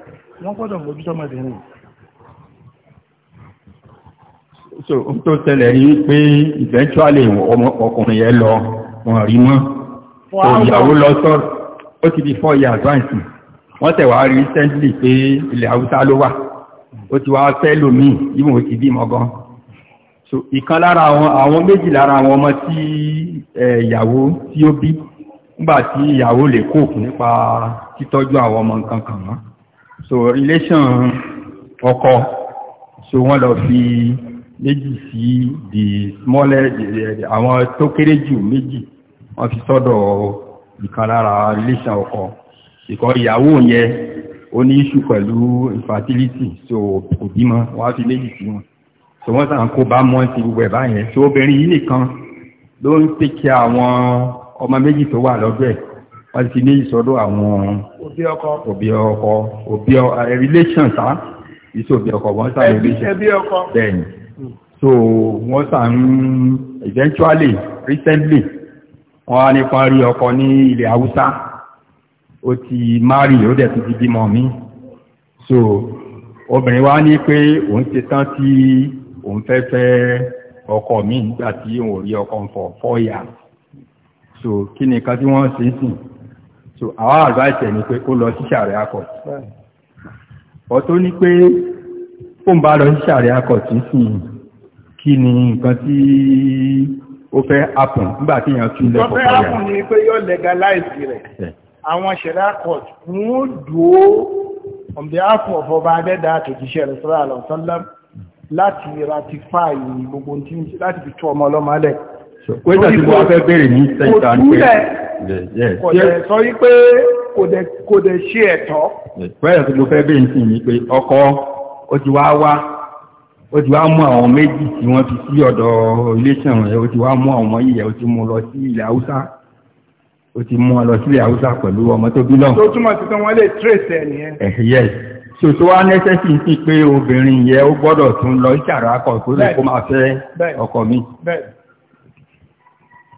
wọ́n gbọ́dọ̀ mójú tọ́mọbìnrin. so ohun tó tẹ̀lẹ̀ rí pé eventually ọkùnrin yẹn lọ wọn rí mọ́ òyàwó lọ sọ́rọ̀ ó ti di four years advance wọ́n tẹ̀ wá recently pé ilẹ̀ haúsá ló wà ó ti wá fẹ́ lómìn ìwọ̀n ó ti bímọ gan so ìkan lára àwọn àwọn méjì lára àwọn ọmọ tí ìyàwó tí ó bí nígbà tí ìyàwó lè kóòkù nípa títọ́jú àwọn ọmọ nǹkan kan mọ́ so relation ọkọ so wọ́n lọ fi méjì sí the smallest àwọn tó kéré jù méjì wọ́n fi sọ́dọ̀ ìkan lára relation ọkọ ìkọ́ ìyàwó yẹn ó ní iṣu pẹ̀lú infertility so kò bímọ wọ́n fi méjì sí wọn so wọ́n sàn kó bá mọ́ sí gbogbo ẹ̀bá yẹn so obìnrin yìí nìkan ló ń pèkí àwọn ọmọ méjì tó wà lọ́dọ̀ wọ́n ti ní ìsọdọ̀ àwọn òbí ọkọ òbí ọkọ òbí eh, relation sá ah. iṣẹ́ òbí ọkọ wọ́n sá relation Then, hmm. so wọ́n sá eventually recently wọ́n á nípa rí ọkọ ní ilẹ̀ haúsá ó ti marry ó dẹ̀ ti di bímọ mi so obìnrin wa ní pé òun ti tán tí òun fẹ́ fẹ́ ọkọ mi nígbà tí òun rí ọkọ fọ four years so kí ni kan tí wọ́n ṣe ń sìn so àwọn advice ni pé ó lọ sí sharia court ọ̀tọ̀ ní pé ó ń bá lọ sí sharia court nísìnyí kí ni nǹkan tí ó fẹ́ happen nígbà tí èèyàn tún lẹ́kọ̀ọ́ fẹ́ happen ni pé yóò legalize rẹ̀ àwọn sharia court wọ́n dúó on behalf of ọba adẹ́dà tó jíṣẹ́ rẹ̀ sọ́rọ̀ àlọ́sọ́lá láti ratify gbogbo tí láti fi tú ọmọ ọlọ́mọ lẹ́kọ̀ọ́ kwẹ́sà tí wọ́n fẹ́ bẹ̀rẹ̀ ní sẹ́yìntà ní pé sọ wípé kò dẹ̀ ṣe ẹ̀tọ́ kwẹ́sà tí wọ́n fẹ́ bẹ̀rẹ̀ sí ní pé ọkọ ó ti wá wá ó ti wá mú àwọn méjì tí wọ́n fi sí ọ̀dọ̀ iléeṣẹ́ rẹ̀ ó ti wá mú àwọn ọmọ yìí ó ti mú lọ sí ilẹ̀ haúsá ó ti mú ọ lọ sí ilẹ̀ haúsá pẹ̀lú ọmọ tó bí lọ́hùn. tó túmọ̀ sí pé wọ́n lè trace ẹ̀ nìyẹn. Eh, yes ṣòtò wá nẹ́sẹ̀sì sí pé obìnrin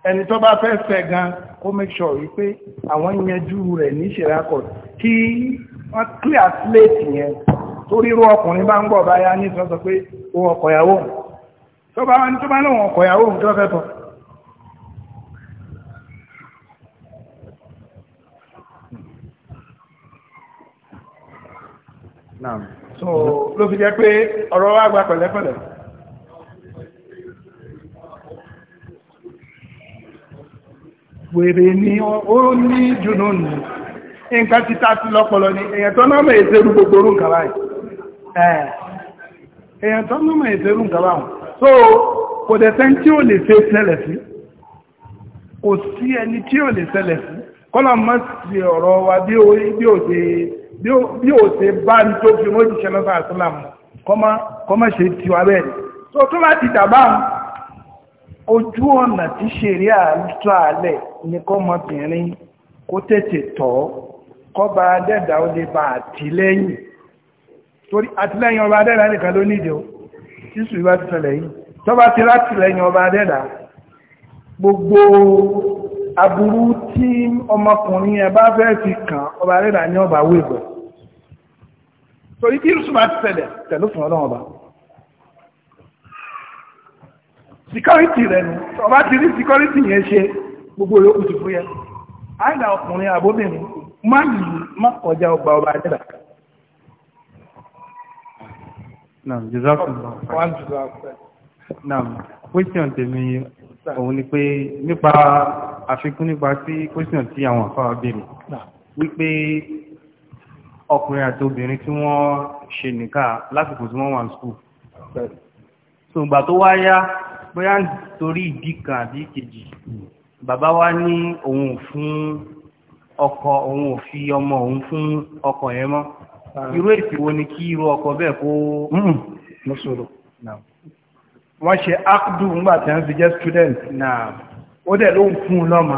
ẹni tó bá fẹ́ fẹ́ gan kó make sure wípé àwọn yanjú rẹ̀ ní ṣèrákọ̀ kí wọ́n clear slate yẹn tó ríro ọkùnrin bá ń gbọ́ báyá ní sọ sọ pé o ọkọ ìyàwó tó bá wọn tó bá lóun ọkọ ìyàwó tó fẹ́ tọ́ so ló fi jẹ́ pé ọ̀rọ̀ wa gba pẹ̀lẹ́pẹ̀lẹ́. wèrè ni ó ní jùnú nù nǹkan ti ta sí lọ́pọ̀lọ́ ni èyàn náà mẹ́ ìṣerú gbogbo orú nǹkan so kò dẹ̀ sẹ́ni tí ó lè ṣe ṣẹlẹ̀ sí kò sí ẹni tí ó lè ṣẹlẹ̀ sí kọ́lọ̀ mọ́ sí ọ̀rọ̀ wa bí ó ṣe bí ó ṣe bá ní tó so tó bá ti dàbáà ojú ọ̀nà tí ṣeré àtọ́ àlẹ̀ ní kọ́mọbìnrin kó tètè tọ́ kọba adẹ́dà ó lè bá àtìlẹ́yìn torí àtìlẹ́yìn ọba adẹ́dà nìkan ló nídìí o tí sùúrù bá ti ṣẹlẹ̀ yìí tọ́ba ti látìlẹ́yìn ọba adẹ́dà gbogbo aburú tí ọmọkùnrin ẹ bá fẹ́ fi kàn ọba adẹ́dà ní ọba wéèbọ̀ torí tí sùúrù bá ti ṣẹlẹ̀ tẹ̀lófin ọlọ́run ọba security rẹ̀ nù ọba ti rí security yẹn ṣe gbogbo yòókù ti fúyẹ́ àìdá ọkùnrin àbóbìnrin má yìí má kọjá ọgbà ọba àjẹ́dà Naam, jazakumullah. Naam, question tèmi òun ni pé nípa àfikún nípa sí question tí àwọn àfáà béèrè. Wípé ọkùnrin àti obìnrin tí wọ́n ṣe nìka lásìkò tí wọ́n wà ní school. Sògbà tó wá yá bóyá torí ìdí kan àbí ìkejì bàbá wa ní ohun fún ọkọ ohun fi ọmọ òun fún ọkọ yẹn mọ́ irú èsì wo ni kí irú ọkọ bẹ́ẹ̀ kó mú wọ́n ṣe ákùdù ńgbà tí wọ́n na. jẹ́ student ó dẹ̀ ló ń fún un lọ́mọ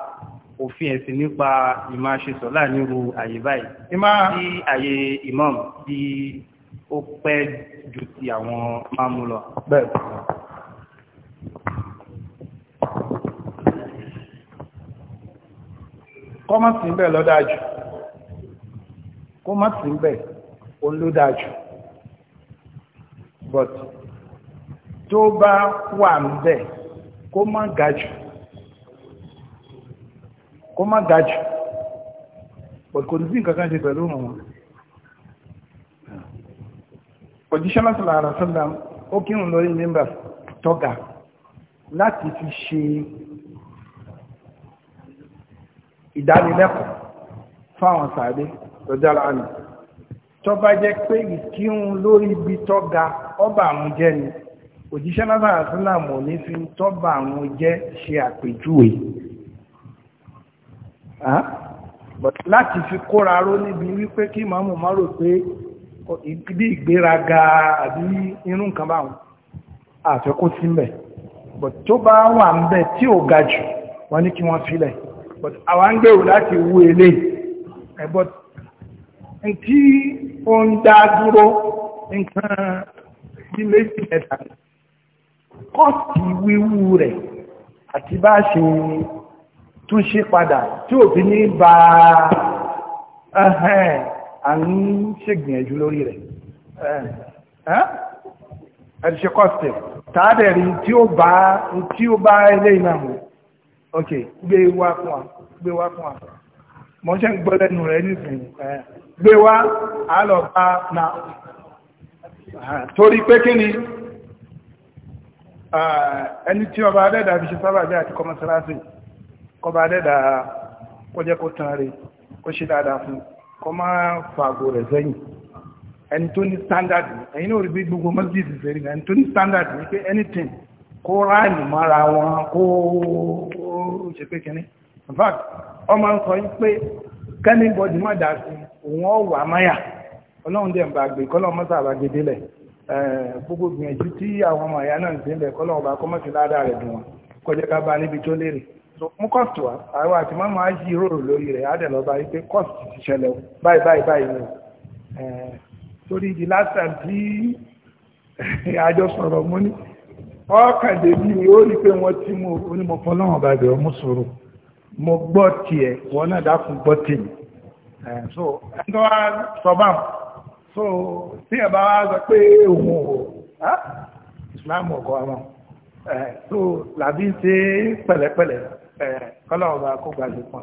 òfin ẹ̀sìn nípa ìmáa ṣe sọ̀lá nírú àyè báyìí tí àyè imam tí ó pẹ́ ju ti àwọn máàmù lọ. kọ́ má sí bẹ́ẹ̀ ló dáa jù kó má sí bẹ́ẹ̀ òun ló dáa but tó bá wà ń bẹ̀ kó má ga kó má ga jù kò ní sí nǹkan kan ṣe pẹ̀lú òun òjíṣẹ́ lọ́sọ̀lá àrà sọ́dà ó kírun lórí mẹ́mbà tọ́gà láti fi ṣe ìdánilẹ́kọ̀ọ́ fáwọn sàádé lọ́jọ́ láàánú tó bá jẹ́ pé ìkírun lórí ibi tọ́gà ọba àrùn jẹ́ ni òjíṣẹ́ lọ́sọ̀lá àrà sọ́dà mọ̀ ní fi tọ́ba àrùn jẹ́ ṣe àpèjúwe láti fi kóra ró níbi wípé kí màmú má rò pé bí ìgbéraga àbí irú nǹkan báwọn àfẹ́kó sí mbẹ̀ but tó bá wà ń bẹ̀ tí ò ga jù wọ́n ní kí wọ́n filẹ̀ but àwa ń gbèrò láti wú ilé ẹ̀ eh, but tí ó ń dá dúró nǹkan bí méjì mẹ́ta kọ́ọ̀tì wíwú rẹ̀ àti bá ṣe tún ṣe padà tí ò fi ní bá a ń ṣègbìyànjú lórí rẹ̀ ẹ̀ṣẹ̀ kọ́sìtì tààdẹ̀rí tí ó bá tí ó bá ilé iná mú ok gbé wá fún wa gbé wá fún wa mọ́ ṣe ń gbọ́ lẹ́nu rẹ̀ nísìnyí gbé wá a lọ bá na torí pé kí ni ẹni tí ọba adẹ́dàbí ṣe sábàbí àti kọmọsáráṣì kọba dẹ́dà kọjẹ́ kó tán rẹ̀ kó ṣe dáadáa fún kọ máa fàgò rẹ̀ sẹ́yìn ẹni tó ní standard ẹ̀yìn náà rí bí gbogbo masjid sẹ́yìn ẹni tó ní standard ní pé anything kó ráàlì mọ́ra wọn kó ṣe pé kínní in fact ọmọ ń sọ pé kẹ́nìbọ̀dì má dà sí òun ọ̀wà máyà ọlọ́run dẹ̀ ń bá gbé kọ́lọ́ mọ́sà àbágbé délẹ̀ gbogbo gbìyànjú tí àwọn ọmọ ìyá náà ń sí ń bẹ̀ kọ́lọ́ ọba kọ́mọ́sí ládàá rẹ̀ dùn wọn kọjá ká bá níbi tó lérè so mú kọ́ọ̀tù wa àwọn àti mọ́mọ́ á yí ròrò lórí rẹ̀ á dẹ̀ lọ bá rí pé kọ́ọ̀tù ti ṣẹlẹ̀ báyìí báyìí báyìí ni torí di látàn tí àjọ sọ̀rọ̀ mú ní ọkàndèmí ni ó rí pé wọ́n ti mú onímọ̀pọ̀ lọ́wọ́n bá bẹ̀rẹ̀ mú sọ̀rọ̀ mo gbọ́ tiẹ̀ wọ́n náà dákun gbọ́ tèmi so ẹni tó wá sọ bá so tí ẹ̀ bá wá sọ pé òun ò Islam ọ̀gọ́ àwọn so làbí ṣe pẹ̀lẹ́pẹ̀lẹ́ kọ́lọ̀ ọba kó gbàgbé pọ̀.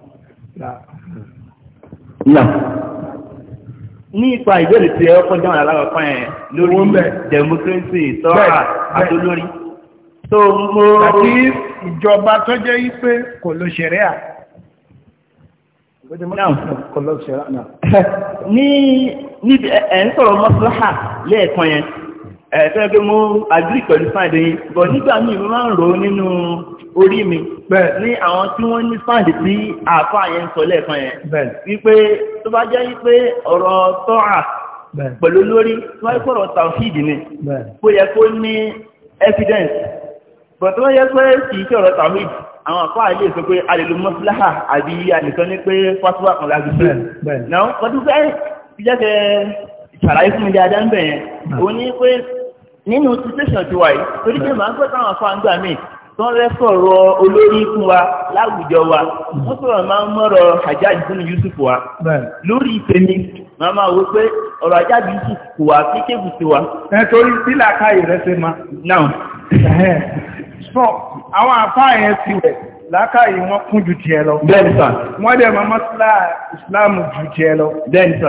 ní ipa ìbéèrè tí ẹ kọjá wọn aláwọ̀ kan ẹ̀ lórí democracy sọ́ra àti olórí. so mo. àti ìjọba tó jẹ́ wípé kò lo ṣẹ̀ríà. ní níbi ẹ̀ ń sọ̀rọ̀ mọ́sálásà lẹ́ẹ̀kan yẹn ẹ̀ẹ́fẹ́ pé mo agree pẹ̀lú fáìdì yìí bọ̀ nígbà míì mo máa ń rò ó nínú orí mi ní àwọn tí wọ́n ní fáìdì tí àáfà yẹn ń sọ lẹ́ẹ̀kan yẹn wípé tó bá jẹ́ wípé ọ̀rọ̀ tọ́ra pẹ̀lú lórí tó bá kọ̀rọ̀ tawhid ni kó yẹ kó ní evidence bọ̀ tó bá yẹ pé kì í ṣe ọ̀rọ̀ tawhid àwọn àpá ilé sọ pé alèlò mọ́síláhà àbí ànìkan ní pé fásitì kan láti ṣe náà kọ́dún fẹ́ ìjẹ́kẹ́ ìṣàlàyé fún mi dáadáa ń bẹ̀yẹn òun ní pé nínú situation ti wáyé torí pé màá gbọ́dọ̀ àwọn afáńgbà míì tí wọ́n fẹ́ sọ̀rọ̀ olórí fún wa láwùjọ wa wọ́n sọ̀rọ̀ máa ń mọ̀rọ̀ Hajjaj fún Yusuf wa lórí ìpèmí màá máa wọ pé ọ̀rọ̀ Hajjaj Yusuf kò wá wa. ẹ torí sílẹ̀ akáyè rẹ ma. so àwọn afáà ti wẹ̀ lákàyè wọn kún ju lọ. sà.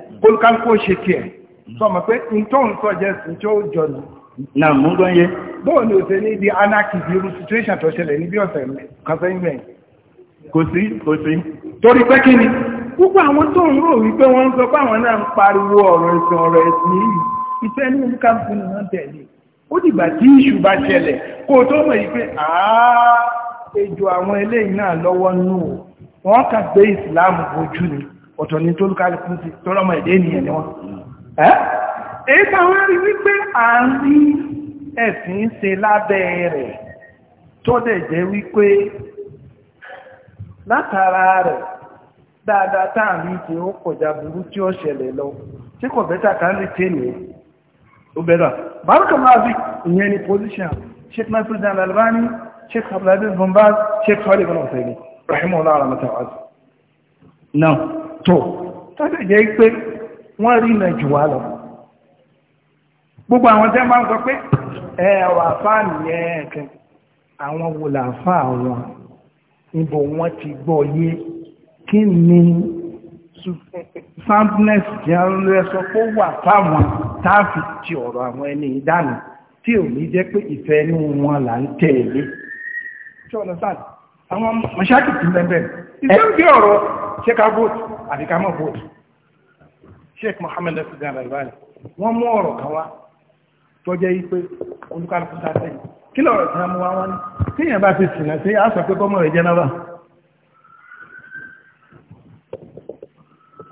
kólúkálùkù ó ṣe tiẹ̀ hmm. sọ ma pé ntọ́hún sọ jẹ́ sí tí ní. na mú gbọ́ yé. bóò ni òsè ní anarchy situation tó ṣẹlẹ̀ níbi ọ̀sẹ̀ kan kò sí kò sí. torí pé kí ni púpọ̀ àwọn tó ń rò wípé wọ́n sọ pé àwọn náà ń pariwo ọ̀rọ̀ ẹ̀sìn ọ̀rọ̀ ẹ̀sìn yìí ní olúkàmùkù tẹ̀lé ó dìgbà ọ̀tọ̀ ni tó lúkálùkù ti tọ́lọ́mọ èdè ènìyàn ni wọ́n èyí táwọn rí wípé à ń rí ẹ̀sìn ṣe lábẹ́ rẹ̀ tó dẹ̀ jẹ́ wípé látara rẹ̀ dáadáa táàrí tí ó kọjá burú tí ó ṣẹlẹ̀ lọ tí kò bẹ́tà kan rí tèmi ó bẹ̀rẹ̀ bárúkà máa fi ìyẹn ni position sheikh nasir dan albani sheikh abdulaziz bombaz sheikh fali bin ọ̀sẹ̀ ni rahimahullah alamata wa'azi now tó tọ́jọ́ jẹ́ pé wọ́n rí ilẹ̀ jù wá lọ gbogbo àwọn tẹ́ máa ń sọ pé ẹ ọ̀rọ̀ àfáà nìyẹn ẹ̀kẹ́ àwọn wo làáfáà wọn níbo wọ́n ti gbọ́ yé kí ni soundness jẹ́ lẹ́sọ pé wà fáwọn táàfì ti ọ̀rọ̀ àwọn ẹni ìdánù tí ò ní jẹ́ pé ìfẹ́ inú wọn là ń tẹ̀lé ṣé ká vote àbí ká mọ̀ vote sheikh muhammed ẹ̀sìn àlàyé wọ́n mú ọ̀rọ̀ kan wá tó jẹ́ yí pé olúkálùkù sá sẹ́yìn kí lọ́rọ̀ tí a mú wá wọ́n ní téèyàn bá ti sìnà sí àṣà pé kọ́mọ̀ rẹ̀ jẹ́ náà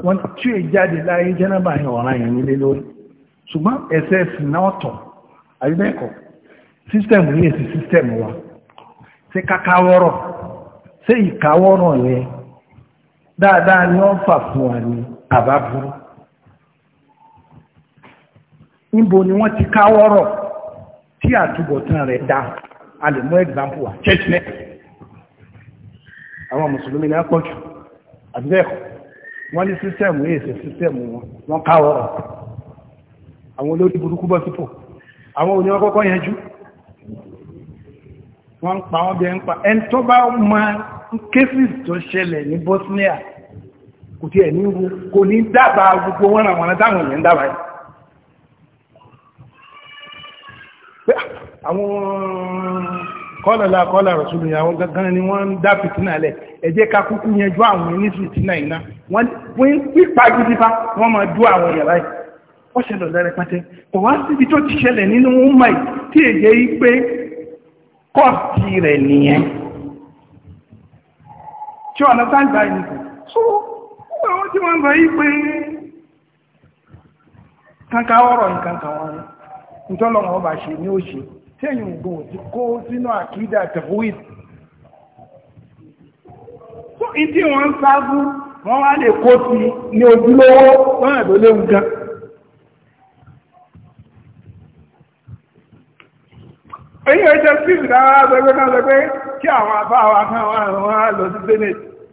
wọ́n tí ó jáde láyé jẹ́ náà báyìí ọ̀ràn yẹn nílé lórí ṣùgbọ́n ẹ̀sẹ̀ sìnà ọ̀tọ̀ àbíbẹ́ẹ̀kọ́ sísítẹ̀mù yìí èsì sísítẹ̀mù wa ṣé kákáwọ́rọ̀ ṣé ìkáwọ́rọ̀ yẹn dáadáa ni wọ́n fà fún wa ní àbá burú níbo ni wọ́n ti káwọ́rọ̀ tí àtúbọ̀tán rẹ̀ dá a lè mú example wa church net àwọn mùsùlùmí ní apọ̀jù àbíbẹ̀kọ̀ wọ́n ní sísẹ̀mù èsè sísẹ̀mù wọn wọ́n káwọ́rọ̀ àwọn olórí burúkú bọ́ sípò àwọn òní wọn kọ́kọ́ yẹn jú wọ́n ń pa wọ́n bí ẹ ń pa ẹni tó bá máa cases tó ṣẹlẹ̀ ní Bosnia kò tí ẹ̀ ní wo kò ní dábàá gbogbo wọn àwọn ọ̀nà táwọn èèyàn dábàá yìí pé àwọn kọ́lọ̀lá kọ́lọ̀ rọ̀sùlù àwọn gangan ni wọ́n ń dá fìtínà lẹ̀ ẹ jẹ́ ká kúkú yẹnjú àwọn ní fìtínà iná wọ́n pípa gidipa wọ́n máa dú àwọn yàrá yìí wọ́n ṣẹlẹ̀ lẹ́rẹ̀ pẹ́tẹ́ kò wá síbi tó ti ṣẹlẹ̀ nínú mọ́ tí èyẹ yìí pé kọ́ọ̀tì rẹ̀ nìyẹn tí ọ̀nà sáǹgbà yìí nìkan so wọ́n wọ́n tí wọ́n ń sọ yìí pé kankan ọ̀rọ̀ nǹkan kan wọn ìtọ́lọ́wọ́n ọba ṣe ní òṣè tẹ́yìn ògbò ti kó sínú àkídà tẹ̀fúwìt so ìdí wọn ń sáájú wọn wá lè kó sí ní ojúlówó lọ́nà tó léwu gan èyí ẹjẹ sí ìdára sọ pé náà sọ pé kí àwọn àbá wa kan wà lọ sí senate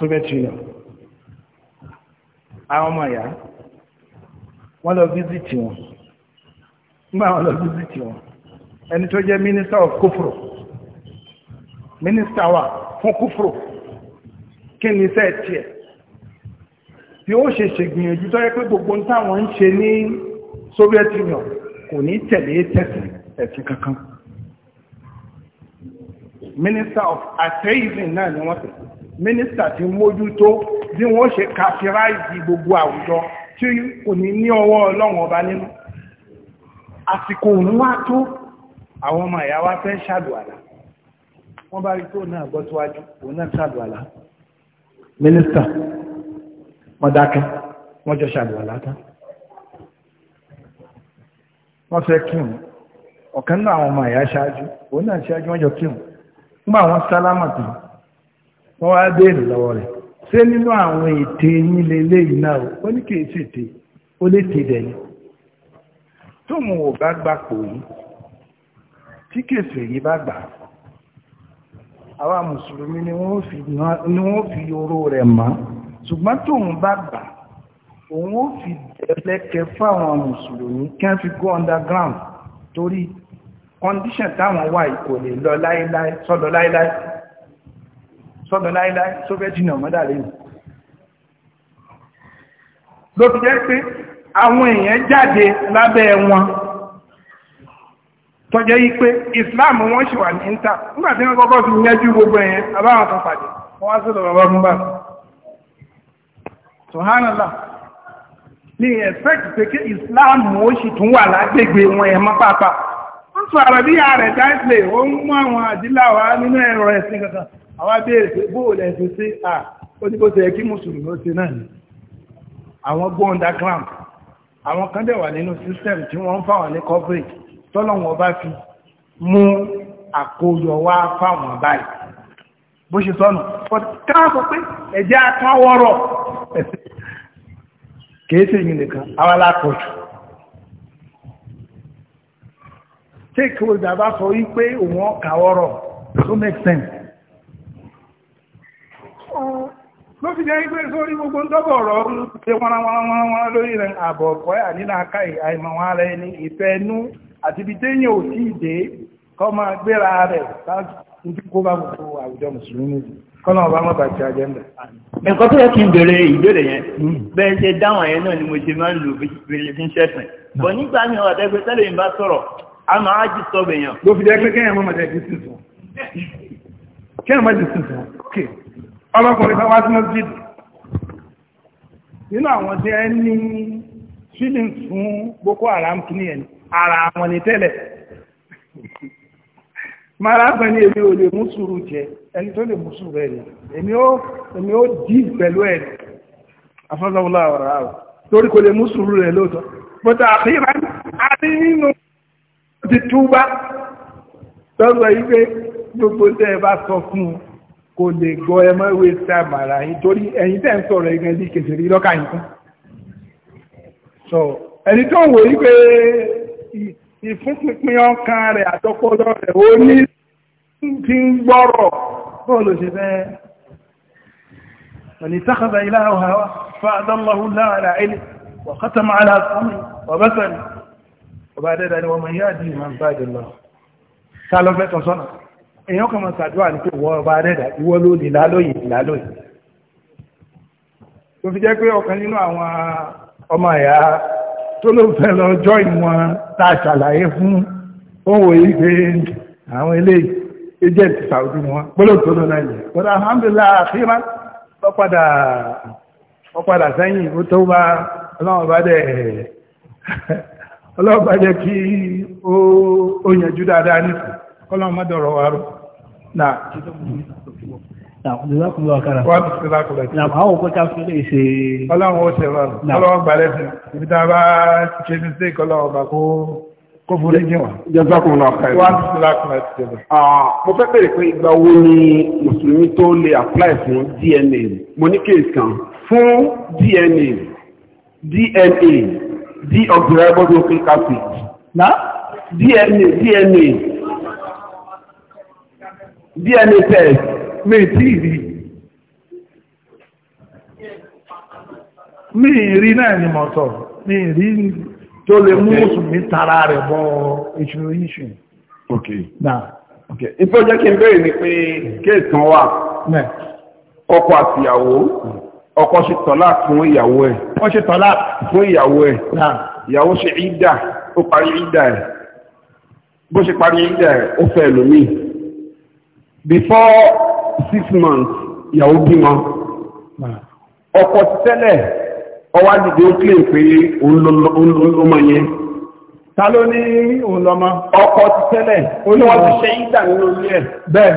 Soviet Union àwọn ọmọ ìyá wọ́n lọ fíìsìtì wọn nígbà wọn lọ fíìsìtì wọn ẹni tó jẹ́ minister of kufro minister wa fún kufro kí ni iṣẹ́ tiẹ̀ bí ó ṣe ṣègbìyànjú tó yẹ pé gbogbo táwọn ń ṣe ní Soviet Union kò ní tẹ̀lé tẹ̀sìn ẹ̀sìn kankan minister of atheism náà ni wọ́n tẹ̀lé mínísítà ti mójútó bí wọ́n ṣe kàtíráìdì gbogbo àwùjọ tí kò ní ní ọwọ́ ọlọ́run ọba nínú àsìkò òun wá tó àwọn ọmọ ìyá wa fẹ́ ṣàdùàlà wọ́n bá rí tó náà gbọ́ síwájú òun náà ṣàdùàlà mínísítà wọ́n dákẹ́ wọ́n jọ ṣàdùàlà tán wọ́n fẹ́ kírun ọ̀kan náà àwọn ọmọ ìyá ṣáájú òun náà ṣáájú wọ́n jọ kírun nígbà wọn sálámà tán wọ́n wá béèrè lọ́wọ́ rẹ̀ ṣé nínú àwọn ète yín leléyìí náà ó ní kì í ṣètè ó lè tè dẹ̀yìn tóun ò bá gbapò yìí tí kèsì yìí bá gbà àwa mùsùlùmí ni wọ́n fi oró rẹ̀ mọ́ ṣùgbọ́n tóun bá gbà òun ó fi dẹ̀lẹ́kẹ̀ fáwọn mùsùlùmí kẹ́ fi go underground torí condition táwọn wà kò lè lọ láéláé sọ́dọ̀ láéláé sọ́dọ̀ láíláí tó fẹ́ jìnà mọ́dà lẹ́yìn ló fi jẹ́ pé àwọn èèyàn jáde lábẹ́ wọn tọ́jẹ́ yí pé Islam wọ́n ṣe wà ní ìta nígbàtí wọ́n kọ́kọ́ fi yẹjú gbogbo ẹ̀yẹn abáwọn kan pàdé wọ́n wá sọ́dọ̀ bàbá fún bá sọ̀hánàlá ní ẹ̀fẹ́kì pé kí Islam wọ́n sì tún wà lágbègbè wọn ẹ̀mọ́ pàápàá tó àrẹ̀bíyà rẹ̀ dáìsìlẹ̀ ó ń mú àwọn àdíláwà nínú ẹ̀rọ ẹ̀sìn kankan àwọn abẹ́rẹ̀ pé bóòlù ẹ̀sìn sí à ó ní kó ṣe kí mùsùlùmí ó ṣe náà ni àwọn go underground àwọn kan dẹ̀ wà nínú system tí wọ́n ń fáwọn ní coverage tọ́lọ́wọ́n bá fi mú àkóyọ wá fáwọn báyìí bó ṣe sọnù káàkó pé ẹ̀jẹ̀ àtàwọ̀rọ̀ kìí ṣe yìí nìkan àwọn alákọ̀ọ́jù stakeholder bá sọ wípé òun ọkà ọrọ̀ so make sense ló fi jẹ́ pé sórí gbogbo ń tọ́bọ̀ ọ̀rọ̀ ṣe wọ́n wọ́n wọ́n lórí rẹ̀ àbọ̀ ọ̀kọ́ àníná aká àìmọ̀ wọn ara ẹni ìfẹ́ ẹnu àti ibi téèyàn ò tí ì dé kọ́ máa gbéra rẹ̀ láti kó bá gbogbo àwùjọ mùsùlùmí kọ́nà ọba má bàjẹ́ àjẹ́mbẹ̀. nǹkan tó yẹ kí n béèrè ìbéèrè yẹn hmm. bẹ́ẹ̀ ṣe dáhùn yẹn náà ni mo ṣe máa ń lò fi ń ṣẹ̀sìn hmm. bọ̀ nígbà mi ọ̀rọ̀ àtẹ́gbẹ́ tẹ́lẹ̀ mi bá sọ̀rọ̀ a máa jí sọ bèèyàn. ló fi jẹ́ pé kẹ́yàn mọ́ màjẹ̀ ìsìn sọ kẹ́yàn màjẹ̀ ìsìn sọ ok ọlọ́kùnrin bá wá sí masjid nínú àwọn tí ẹ feeling fún boko haram kìíní ẹ̀ ara àwọn ní tẹ́lẹ̀ mara pẹ̀lú èmi ò lè mú sùúrù jẹ to tó lè mú sùúrù ẹ̀ èmi ó èmi ó dì pẹ̀lú ẹ̀ afọ́nàwọ́lá ọ̀rọ̀ àrùn torí kò lè mú sùúrù rẹ̀ lóòótọ́ bọ́tà àfihàn àti nínú ti túbá tọ́sọ̀ yìí pé gbogbo tẹ́ ẹ bá sọ fún un kò lè gbọ́ ẹ mọ́ ìwé sáàmà ara yìí torí ẹ̀yin tẹ́ ń sọ̀rọ̀ ẹ̀gàn bí kèsìrí lọ́kà yìí fún. sọ ẹni tó ń wò yí pé ìfúnpinpin ọkàn rẹ̀ àtọkọ́dọ̀ rẹ̀ ó ní fi ń gbọ́rọ̀ bọ́ọ̀lù ṣe fẹ́ wani takasa ilá hawa fa'adallahu láàrá ilé wa khatama ala sami wa basari ọba adẹ́dà ni wọ́n mọ̀ yá dì ìmọ̀ bá dì lọ ta lọ fẹ́ tọ́sọ́nà èèyàn kan máa ṣàdúrà ní pé ìwọ ọba adẹ́dà ìwọ ló lè lálóyè lálóyè tó fi jẹ́ pé ọ̀kan nínú àwọn ọmọ ẹ̀yà tó ló fẹ́ lọ jọ́ ìwọ̀n ta ṣàlàyé fún òwò yìí pé àwọn eléyìí agent Saudi wọn gbọ́dọ̀ tó lọ náà yìí but alhamdulillah àfihàn ọ̀padà ọ̀padà sẹ́yìn ó tó bá ọlọ́run bá dẹ̀ ọlọ́ọ̀bá jẹ́ kí ó yànjú dáadáa nìkù kọ́lọ́ọ̀ má dọ̀rọ̀ wa rú náà Àwọn òkúta fi lè ṣe ọlọ́run ó ṣe rọrùn, ọlọ́run gbà lẹ́sìn, ibi tá bá ṣe ní sí ìkọlọ́run bà kó kó fún ní jíwọ̀n. Jẹ́sọ́kùn lọ kàí. Wọ́n ti lákùnrin ti jẹ́ bẹ̀. Mo fẹ́ pèrè pé ìgbà wo ni Mùsùlùmí tó lè apply fún DNA? Mo ní kéèsì kan fún DNA, DNA DNA ribonucleic acid na DNA DNA DNA test Me TV. Me mi rí náà ni mo sọ mi rí tó lè mú mùsùlùmí tara rẹ̀ bọ́ ìṣòro ìṣìn ok náà ok ìfọ́jẹ́ kí n bẹ́ẹ̀ ni pé kéèkàn wà ọkọ àtìyàwó hmm ọkọ ṣe tọ́lá fún ìyàwó ẹ̀ wọ́n ṣe tọ́lá fún ìyàwó ẹ̀ ìyàwó ṣe ìdà ó parí ìdà ẹ̀ bó ṣe parí ìdà ẹ̀ ó fẹ́ lómi before six months ìyàwó bímọ ọkọ tẹ́lẹ̀ ọwá dìde ó kílè pé olómọ yẹn ta ló ní òun lọ́mọ ọkọ tẹ́lẹ̀ ó ní wọ́n ti ṣe ìdà nínú ilé ẹ̀ bẹ́ẹ̀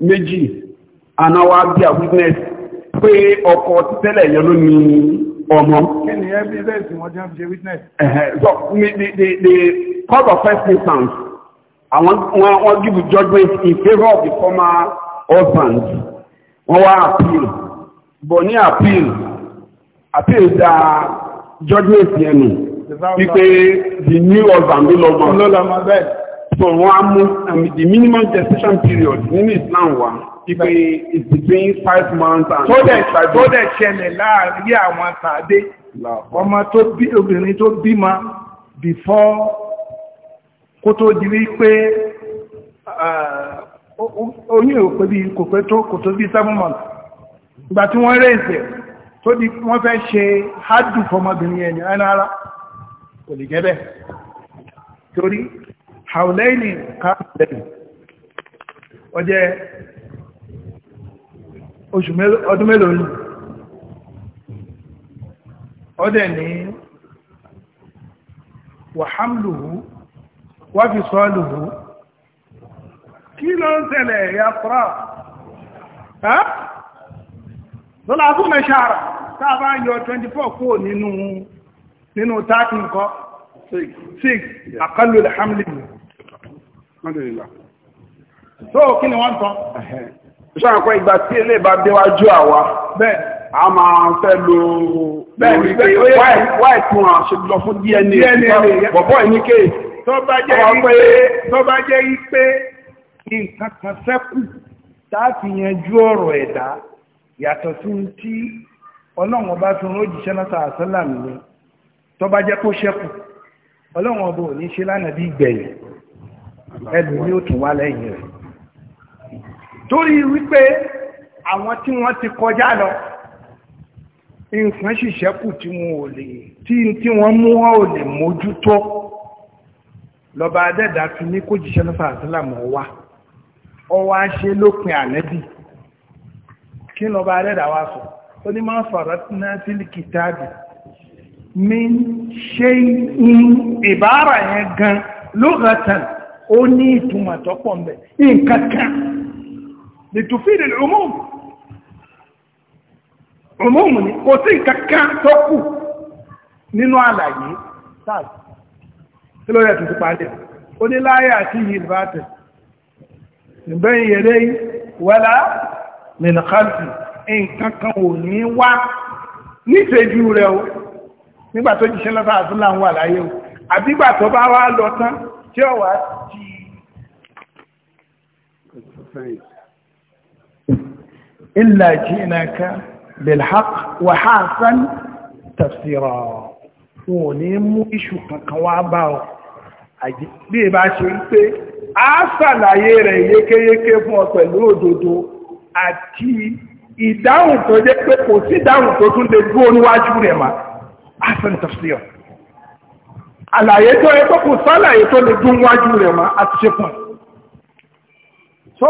méjì àná wa bí a witness pé ọkọ títẹ́lẹ̀ yẹn ló ní ọmọ. kí ni evidence wọ́n jẹ́ fi ṣe witness. so the the the court of first instance àwọn wọn wọn give judgment in favour of the former husband wọ́n wá appeal but ní appeal appeal da judgment yẹn nù wípé the new husband ló lọ́mọ. ló lọ́mọ bẹ́ẹ̀ so one month and the minimum gestation period nínú Islam wa ipe is between five months and. tó dẹ̀ tó dẹ̀ ṣẹlẹ̀ láàárín àwọn tàdé ọmọ tó bí obìnrin tó bímọ before kó tó di wípé uh, oyún ò pé bí kò pé tó kò tó bí seven months ìgbà tí wọ́n rèézẹ̀ tó di wọ́n fẹ́ ṣe hádùn fọmọbìnrin ẹ̀yìn rárá kò lè jẹ́ bẹ́ẹ̀ torí haulaini káàkiri ó jẹ́ oṣù ọdún mélòó ní ó dẹ̀ ní wàhámlùhù wáfi sọ́ọ̀lùhù kí ló ń tẹ̀lẹ̀ ya kúrò ha? lọ́la fún mẹ́ṣàrà tàà yọ 24 kó nínú nínú 30 nǹkan 6 àkọlù alhamdulillah alhamdulillah so kí ni wọ́n tán ṣàkọ́ ìgbà tí ilé bá déwájú àwa bẹ́ẹ̀ a máa fẹ́ lo bẹ́ẹ̀ pé wáì tún à ṣe lọ fún DNA bọ̀bọ̀ ìní kéè tó bá jẹ́ pé nǹkan kan sẹ́kù táàfì yanjú ọ̀rọ̀ ẹ̀dá yàtọ̀ sí tí ọlọ́run ọba fi rán òjíṣẹ́ náà sàásálàmù ni tó bá jẹ́ kó sẹ́kù ọlọ́run ọba ò ní ṣe lánàá bí gbẹ̀yìn ẹlòmí ò tún wá lẹ́yìn rẹ̀ torí wípé àwọn tí wọ́n ti kọjá lọ nǹkan ṣìṣẹ́kù tí wọ́n ò lè tí wọ́n mú wọn ò lè mójútó lọ́ba adẹ́dà fi ní kó jíṣẹ́ lọ́fà àtìlámù ọwá ọwá ṣe lópin ànẹ́bì kí lọ́ba adẹ́dà wá sọ ó ní máa fọ̀rọ̀ náà sí kìtàbì mi ṣe ìbára yẹn gan lóògàtàn ó ní ìtumọ̀ tó pọ̀ ń bẹ̀ nǹkankan lè tó fi ìrìnlẹ̀ òmóòmù ni kò sí nǹkankan tó kù nínú àlàyé sáàsì tí ló yẹ tuntun parí ó ní láyé àti yìí ìbátẹ̀ ìbẹ́yìn yẹlé wẹ́lá mìnàkàtì nǹkankan ò ní wá níṣẹ́jú rẹ̀ o nígbà tó jíṣẹ́ lọ́sàásùn láwọn àlàyé o àbígbà tó bá wá lọ tán tí ó wà tí illa jinaka bilhaq wa hasan tafsira wọn ò ní mú iṣu kankan wá bá ọ bí ìbá ṣe ń pé a ṣàlàyé rẹ̀ yékéyéké fún ọ pẹ̀lú òdodo àti ìdáhùn tó jẹ́ pé kò sí ìdáhùn tó tún lè gbó níwájú rẹ̀ mà hasan tafsira àlàyé tó ẹ kókò sálàyé tó lè dún wájú rẹ̀ mọ́ àti ṣe pọ̀ so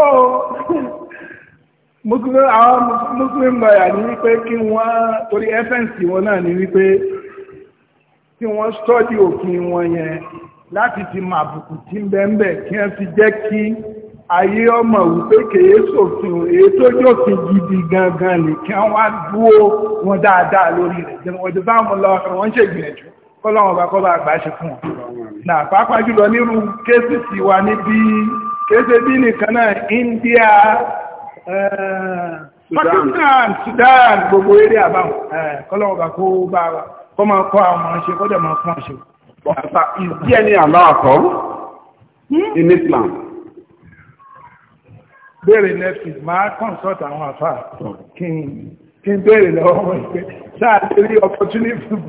muslim àwọn muslim bàyà ní wípé kí wọ́n torí ẹ́fẹ́ǹsì wọn náà ní wípé kí wọ́n stọ́dí òfin wọn yẹn láti ti mọ àbùkù tí ń bẹ ń bẹ kí wọ́n fi jẹ́ kí ayé ọmọ wípé kèé sòfin èyí tó jófin gidi gangan lè kí wọ́n wá dúró wọn dáadáa lórí rẹ̀ jẹ́ wọ́n ti bá wọn lọ wọ́n ṣègbìyànjú kọ́lọ́wọ́n bá kọ́ bá àgbà ṣe fún wọn náà pàápàá jùlọ India eh, Pakistan Sudan gbogbo eré àbáwọn eh, kọ́lọ́wọ́n bá kó bá wa kọ́ máa kọ́ àwọn ọmọ ṣe kọ́dẹ̀ máa fún àṣẹ. Is there any Allah at all hmm? in Islam? Béèrè Netflix, máa consult àwọn àfáà kí ń bèèrè lọ́wọ́ wọn pé sáà lè rí opportunity fún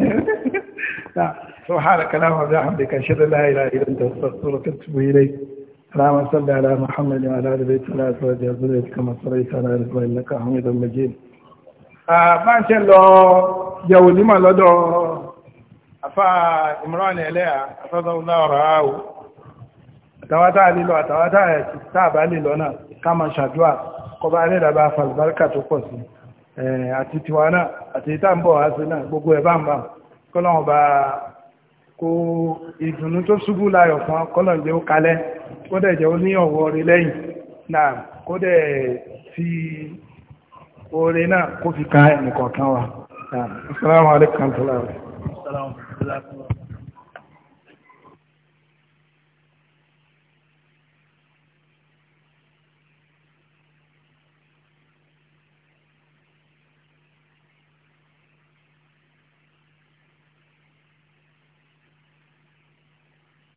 un سبحانك اللهم وبحمدك اشهد ان لا اله الا انت استغفرك واتوب اليك اللهم صل على محمد وعلى ال بيت وعلى ازواج ذريتك كما صليت على ال ابراهيم انك حميد مجيد máa ṣe lọ yẹ̀wò nímọ̀ lọ́dọ̀ afá Imran ẹlẹ́à afẹ́sọ́lá ọ̀rọ̀ àwò àtàwátà lílọ àtàwátà ẹ̀sì tàbá lílọ náà ká máa ṣàdúà kọba rẹ̀ falbarka tó pọ̀ sí Eh, àti tiwa náà àti ìtàǹbọ̀ àti náà gbogbo ẹ̀ bá ń bá kọ́lọ́wọ́n bá kó ìdùnnú tó ṣubú láyọ̀ fún kọ́lọ́wọ́n jẹ́ ó kalẹ̀ kó dẹ̀ jẹ́ ó ní ọ̀wọ́ rí lẹ́yìn náà kó dẹ̀ fi oore náà kó fi ka ẹnìkọ̀ọ̀kan wa. Assalamu alaikum warahmatullahi wabarakatuh.